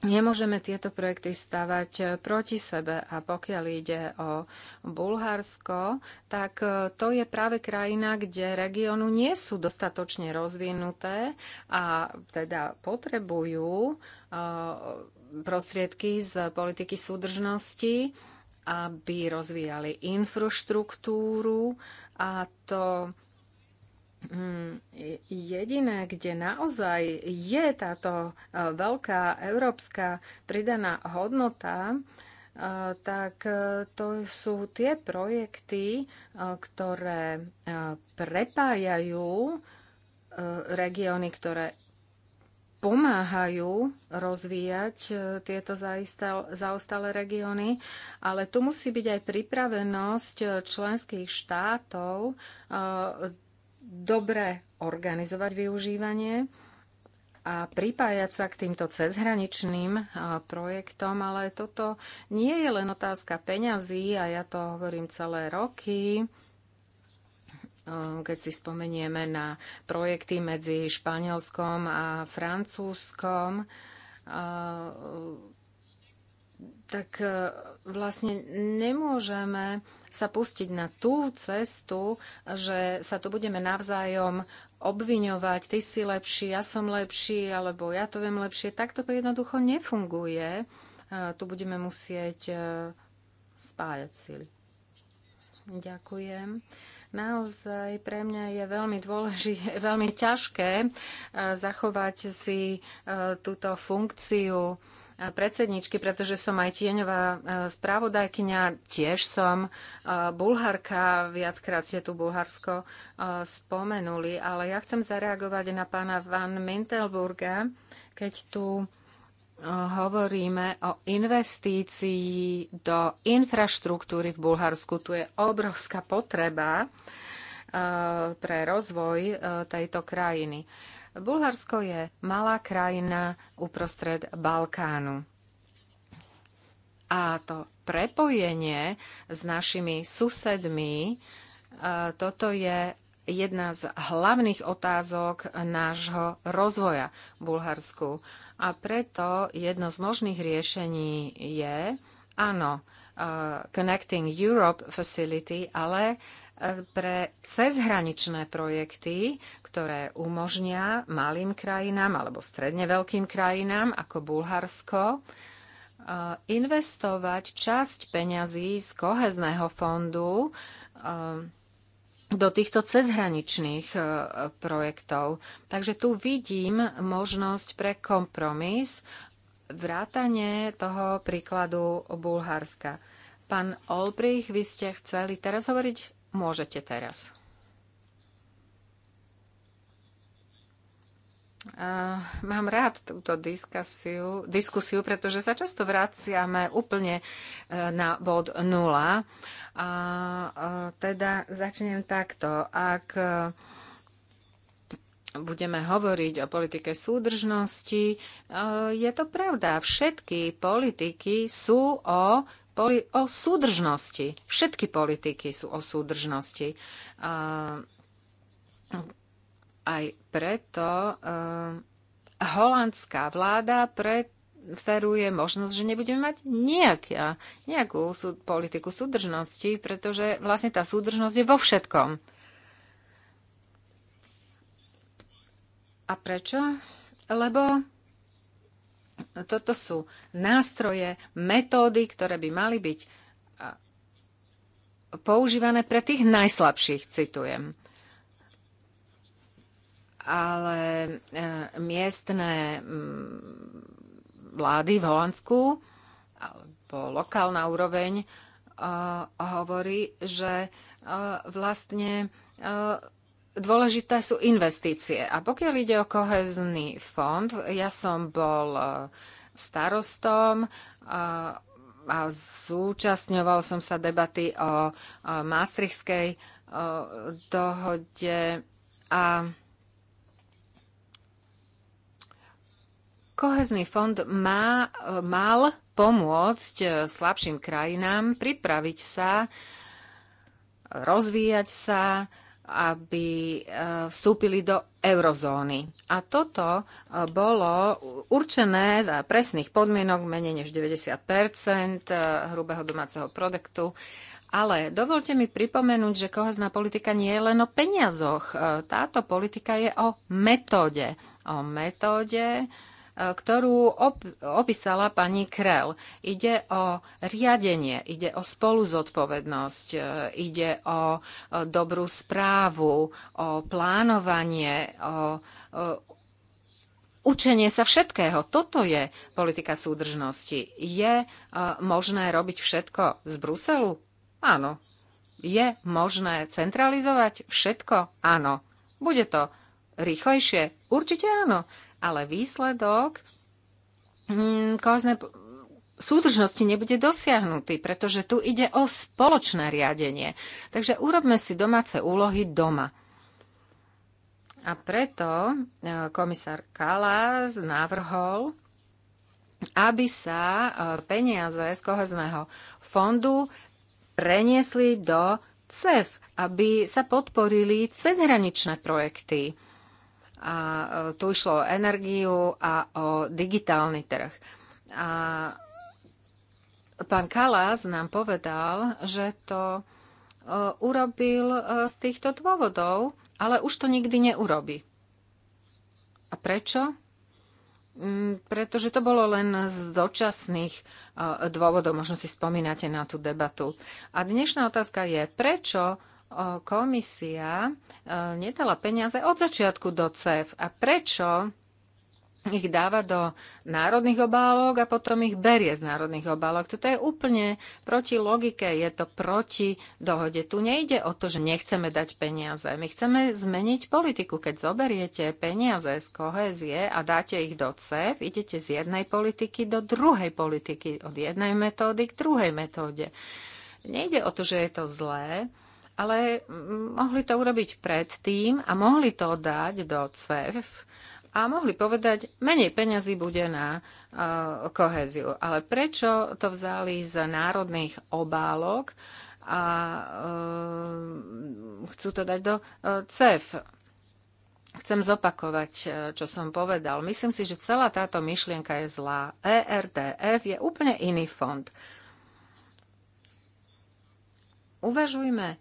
Nemôžeme tieto projekty stavať e, proti sebe a pokiaľ ide o Bulharsko, tak e, to je práve krajina, kde regiónu nie sú dostatočne rozvinuté a teda potrebujú prostriedky z politiky súdržnosti aby rozvíjali infraštruktúru a to mm, jediné, kde naozaj je táto e, veľká európska pridaná hodnota, e, tak e, to sú tie projekty, ktoré prepájajú regióny, ktoré pomáhajú rozvíjať e, tieto zaostalé regióny, ale tu musí byť aj pripravenosť e, členských štátov e, dobre organizovať využívanie a pripájať sa k týmto cezhraničným projektom, ale toto nie je len otázka peňazí a ja to hovorím celé roky. Ehm, keď si spomenieme na projekty medzi Španielskom a Francúzskom, ehm, tak e, vlastne nemôžeme sa pustiť na tú cestu, že sa tu budeme navzájom obviňovať, ty si lepší, ja som lepší, alebo ja to viem lepšie. Takto to jednoducho nefunguje. Ehm, tu budeme musieť spájať sily. Ďakujem. Naozaj pre mňa je veľmi, dôležité, [LAUGHS] veľmi ťažké eh, zachovať si eh, túto funkciu eh, predsedničky, pretože som aj tieňová správodajkynia, tiež som bulharka, viackrát ste tu Bulharsko spomenuli, ale ja chcem zareagovať na pána Van Mintelburga, keď tu hovoríme o investícii do infraštruktúry v Bulharsku. Tu je obrovská potreba eh, pre rozvoj eh, tejto krajiny. Bulharsko je malá krajina uprostred Balkánu. A to prepojenie s našimi susedmi, eh, toto je jedna z hlavných otázok nášho rozvoja v Bulharsku. A preto jedno z možných riešení je, áno, eh, Connecting Europe Facility, ale eh, pre cezhraničné projekty, ktoré umožnia malým krajinám alebo stredne veľkým krajinám ako Bulharsko eh, investovať časť peňazí z kohezného fondu do týchto cezhraničných e, projektov. Takže tu vidím možnosť pre kompromis vrátanie toho príkladu Bulharska. Pán Olbrich, vy ste chceli teraz hovoriť? Môžete teraz. Eh, mám rád túto diskusiu, diskusiu, pretože sa často vraciame úplne eh, na bod nula. A, eh, teda začnem takto. Ak budeme hovoriť o politike súdržnosti, je to pravda. Všetky politiky sú o, poli- o súdržnosti. Všetky politiky sú o súdržnosti aj preto eh, holandská vláda preferuje možnosť, že nebudeme mať nejaká, nejakú súd, politiku súdržnosti, pretože vlastne tá súdržnosť je vo všetkom. A prečo? Lebo toto sú nástroje, metódy, ktoré by mali byť eh, používané pre tých najslabších, citujem ale e, miestne mm, vlády v Holandsku alebo lokálna úroveň e, hovorí, že e, vlastne dôležité sú investície. A pokiaľ ide o kohezný fond, ja som bol starostom a zúčastňoval som sa debaty o maastrichtskej dohode a Kohezný fond má, mal pomôcť e, slabším krajinám pripraviť sa, rozvíjať sa, aby e, vstúpili do eurozóny. A toto e, bolo určené za presných podmienok menej než 90 hrubého domáceho produktu. Ale dovolte mi pripomenúť, že kohezná politika nie je len o peniazoch. Táto politika je o metóde. O metóde, ktorú op- opísala pani Krell. Ide o riadenie, ide o spoluzodpovednosť, e, ide o e, dobrú správu, o plánovanie, o e, učenie sa všetkého. Toto je politika súdržnosti. Je možné robiť všetko z Bruselu? Áno. Je možné centralizovať všetko? Áno. Bude to rýchlejšie? Určite áno ale výsledok hm, súdržnosti nebude dosiahnutý, pretože tu ide o spoločné riadenie. Takže urobme si domáce úlohy doma. A preto e, komisár Kalas navrhol, aby sa e, peniaze z kohezného fondu preniesli do CEF, aby sa podporili cezhraničné projekty a e, tu išlo o energiu a o digitálny trh. A pán Kalás nám povedal, že to e, urobil e, z týchto dôvodov, ale už to nikdy neurobi. A prečo? Mm, pretože to bolo len z dočasných dôvodov, možno si spomínate na tú debatu. A dnešná otázka je, prečo komisia nedala peniaze od začiatku do CEF. A prečo ich dáva do národných obálok a potom ich berie z národných obálok. Toto je úplne proti logike, je to proti dohode. Tu nejde o to, že nechceme dať peniaze. My chceme zmeniť politiku. Keď zoberiete peniaze z kohézie a dáte ich do CEF, idete z jednej politiky do druhej politiky, od jednej metódy k druhej metóde. Nejde o to, že je to zlé, ale mohli to urobiť predtým a mohli to dať do CEF a mohli povedať, menej peňazí bude na uh, e, koheziu. Ale prečo to vzali z národných obálok a uh, chcú to dať do uh, e, CEF? Chcem zopakovať, čo som povedal. Myslím si, že celá táto myšlienka je zlá. ERTF je úplne iný fond. Uvažujme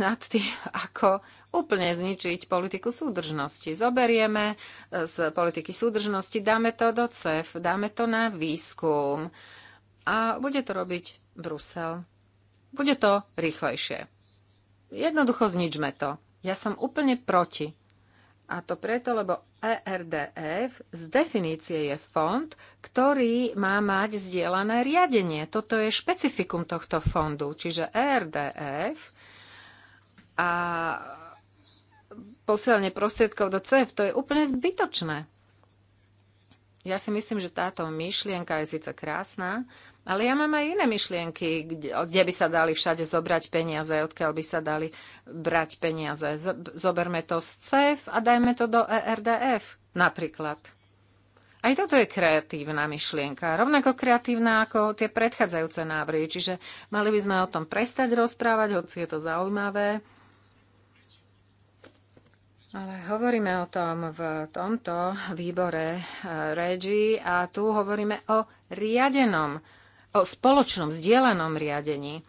nad tým, ako úplne zničiť politiku súdržnosti. Zoberieme e, z politiky súdržnosti, dáme to do CEF, dáme to na výskum a bude to robiť Brusel. Bude to rýchlejšie. Jednoducho zničme to. Ja som úplne proti. A to preto, lebo ERDF e z definície je fond, ktorý má mať zdieľané riadenie. Toto je špecifikum tohto fondu. Čiže ERDF e a posielanie prostriedkov do CEF, to je úplne zbytočné. Ja si myslím, že táto myšlienka je síce krásna, ale ja mám aj iné myšlienky, kde, kde by sa dali všade zobrať peniaze, odkiaľ by sa dali brať peniaze. Zoberme to z CEF a dajme to do ERDF napríklad. Aj toto je kreatívna myšlienka, rovnako kreatívna ako tie predchádzajúce návrhy, čiže mali by sme o tom prestať rozprávať, hoci je to zaujímavé ale hovoríme o tom v tomto výbore eh, REGI a tu hovoríme o riadenom, o spoločnom, zdieľanom riadení.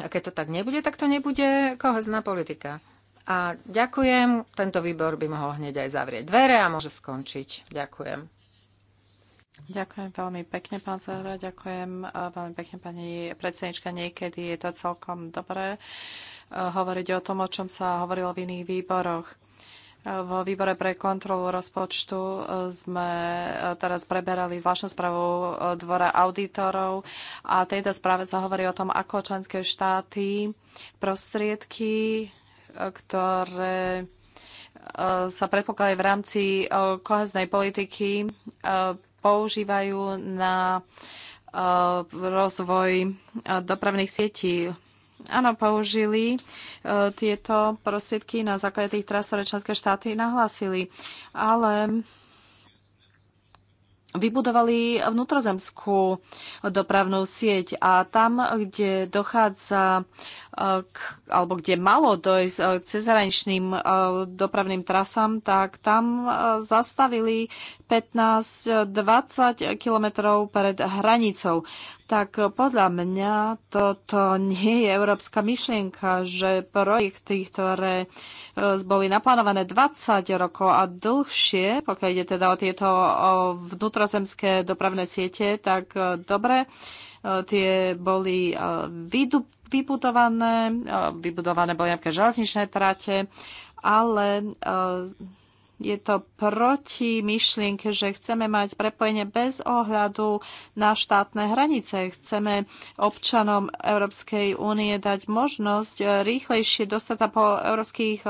A keď to tak nebude, tak to nebude kohezná politika. A ďakujem, tento výbor by mohol hneď aj zavrieť dvere a môže skončiť. Ďakujem. Ďakujem veľmi pekne, pán Zahra, ďakujem eh, veľmi pekne, pani predsednička. Niekedy je to celkom dobré Eh, hovoriť o tom, o čom sa hovorilo v iných výboroch. Eh, vo výbore pre kontrolu rozpočtu eh, sme teraz preberali zvláštnu správu Dvora auditorov a tejto správe sa hovorí o tom, ako členské štáty prostriedky, ktoré sa predpokladajú v rámci koheznej politiky, používajú na rozvoj dopravných sietí Áno, použili uh, tieto prostriedky na základe tých trás, ktoré členské štáty nahlásili. Ale vybudovali vnútrozemskú dopravnú sieť a tam, kde dochádza Eh, k, alebo kde malo dojsť eh, k cezhraničným eh, dopravným trasám, tak tam zastavili 15-20 kilometrov pred hranicou. Tak podľa mňa toto nie je európska myšlienka, že projekty, ktoré boli naplánované 20 rokov a dlhšie, pokiaľ ide teda o tieto vnútrozemské dopravné siete, tak dobre, tie boli vydupnuté vybudované, e, vybudované boli nejaké železničné trate, ale e, je to proti myšlienke, že chceme mať prepojenie bez ohľadu na štátne hranice. Chceme občanom Európskej únie dať možnosť e, rýchlejšie dostať sa po európskych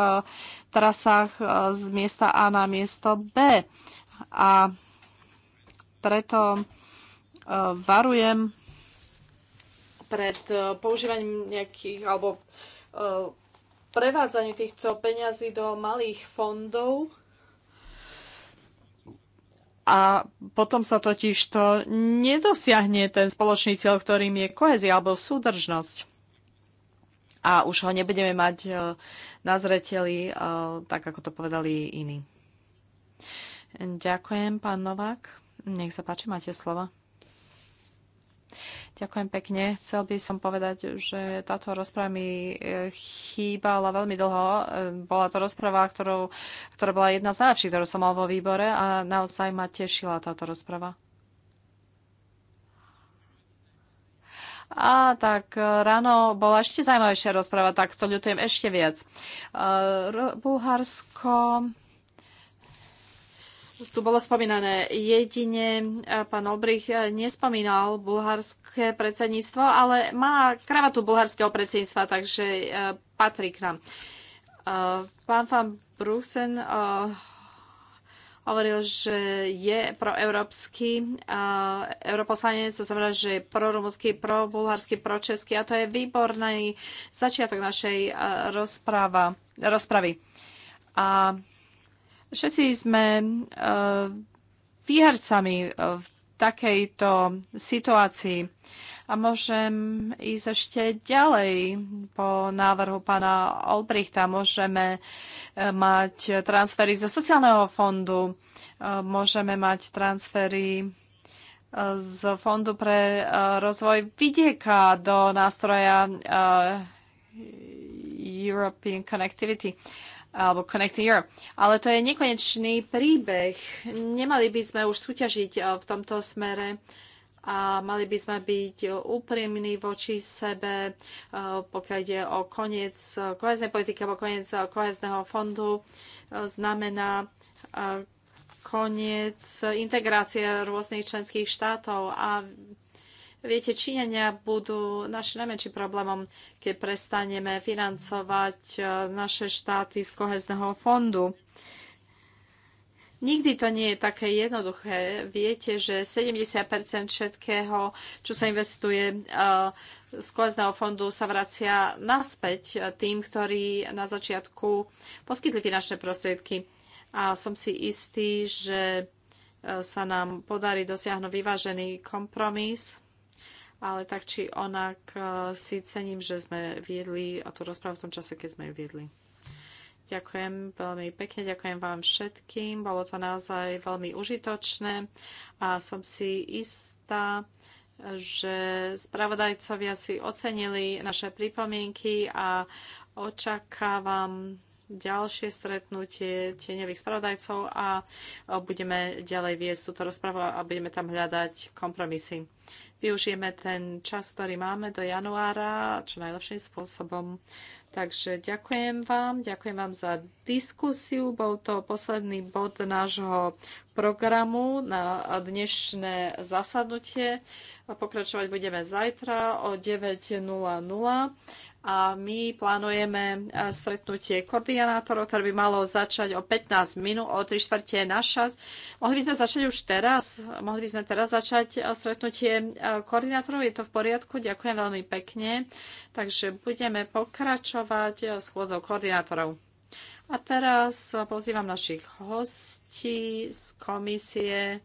trasách z miesta A na miesto B. A preto varujem pred e, používaním nejakých alebo e, prevádzaním týchto peňazí do malých fondov. A potom sa totiž to nedosiahne ten spoločný cieľ, ktorým je kohezia alebo súdržnosť. A už ho nebudeme mať e, na zreteli, tak ako to povedali iní. Ďakujem, pán Novák. Nech sa páči, máte slovo. Ďakujem pekne. Chcel by som povedať, že táto rozpráva mi e, chýbala veľmi dlho. E, bola to rozpráva, ktorú, ktorá bola jedna z najlepších, ktorú som mal vo výbore a naozaj ma tešila táto rozpráva. A tak e, ráno bola ešte zaujímavejšia rozpráva, tak to ľutujem ešte viac. Bulharsko tu bolo spomínané. Jedine e, pán Olbrich e, nespomínal bulharské predsedníctvo, ale má kravatu bulharského predsedníctva, takže e, patrí k nám. Pán Van Brusen hovoril, že je proeurópsky europoslanec, to znamená, že je prorumúnsky, probulharsky, pročesky a to je výborný začiatok našej rozpráva, rozpravy. A Všetci sme e, výhercami e, v takejto situácii. A môžem ísť ešte ďalej po návrhu pána Olbrichta. Môžeme e, mať transfery zo sociálneho fondu, môžeme mať transfery z Fondu pre rozvoj vidieka do nástroja European Connectivity alebo Connecting Europe. Ale to je nekonečný príbeh. Nemali by sme už súťažiť eh, v tomto smere a mali by sme byť úprimní voči sebe, eh, pokiaľ ide o koniec eh, koheznej politiky alebo koniec kohezného fondu. Znamená koniec integrácie rôznych členských štátov a Viete, Číňania budú našim najmenším problémom, keď prestaneme financovať e, naše štáty z kohezného fondu. Nikdy to nie je také jednoduché. Viete, že 70 všetkého, čo sa investuje e, z kohezného fondu, sa vracia naspäť e, tým, ktorí na začiatku poskytli finančné prostriedky. A som si istý, že sa nám podarí dosiahnuť vyvážený kompromis ale tak či onak eh, si cením, že sme viedli a tú rozprávu v tom čase, keď sme ju viedli. Ďakujem veľmi pekne, ďakujem vám všetkým. Bolo to naozaj veľmi užitočné a som si istá, že spravodajcovia si ocenili naše pripomienky a očakávam ďalšie stretnutie tieňových spravodajcov a budeme ďalej viesť túto rozpravu a budeme tam hľadať kompromisy. Využijeme ten čas, ktorý máme do januára čo najlepším spôsobom. Takže ďakujem vám, ďakujem vám za diskusiu. Bol to posledný bod nášho programu na dnešné zasadnutie. Pokračovať budeme zajtra o 9.00 a my plánujeme e, stretnutie koordinátorov, ktoré by malo začať o 15 minút, o 3 čtvrte na 6. Mohli by sme začať už teraz, mohli by sme teraz začať e, stretnutie e, koordinátorov, je to v poriadku, ďakujem veľmi pekne. Takže budeme pokračovať s chôdzou koordinátorov. A teraz pozývam našich hostí z komisie.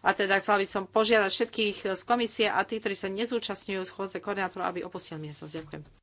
A teda chcela by som požiadať všetkých z komisie a tí, ktorí sa nezúčastňujú chôdze koordinátorov, aby opustili miestnosť. Ďakujem.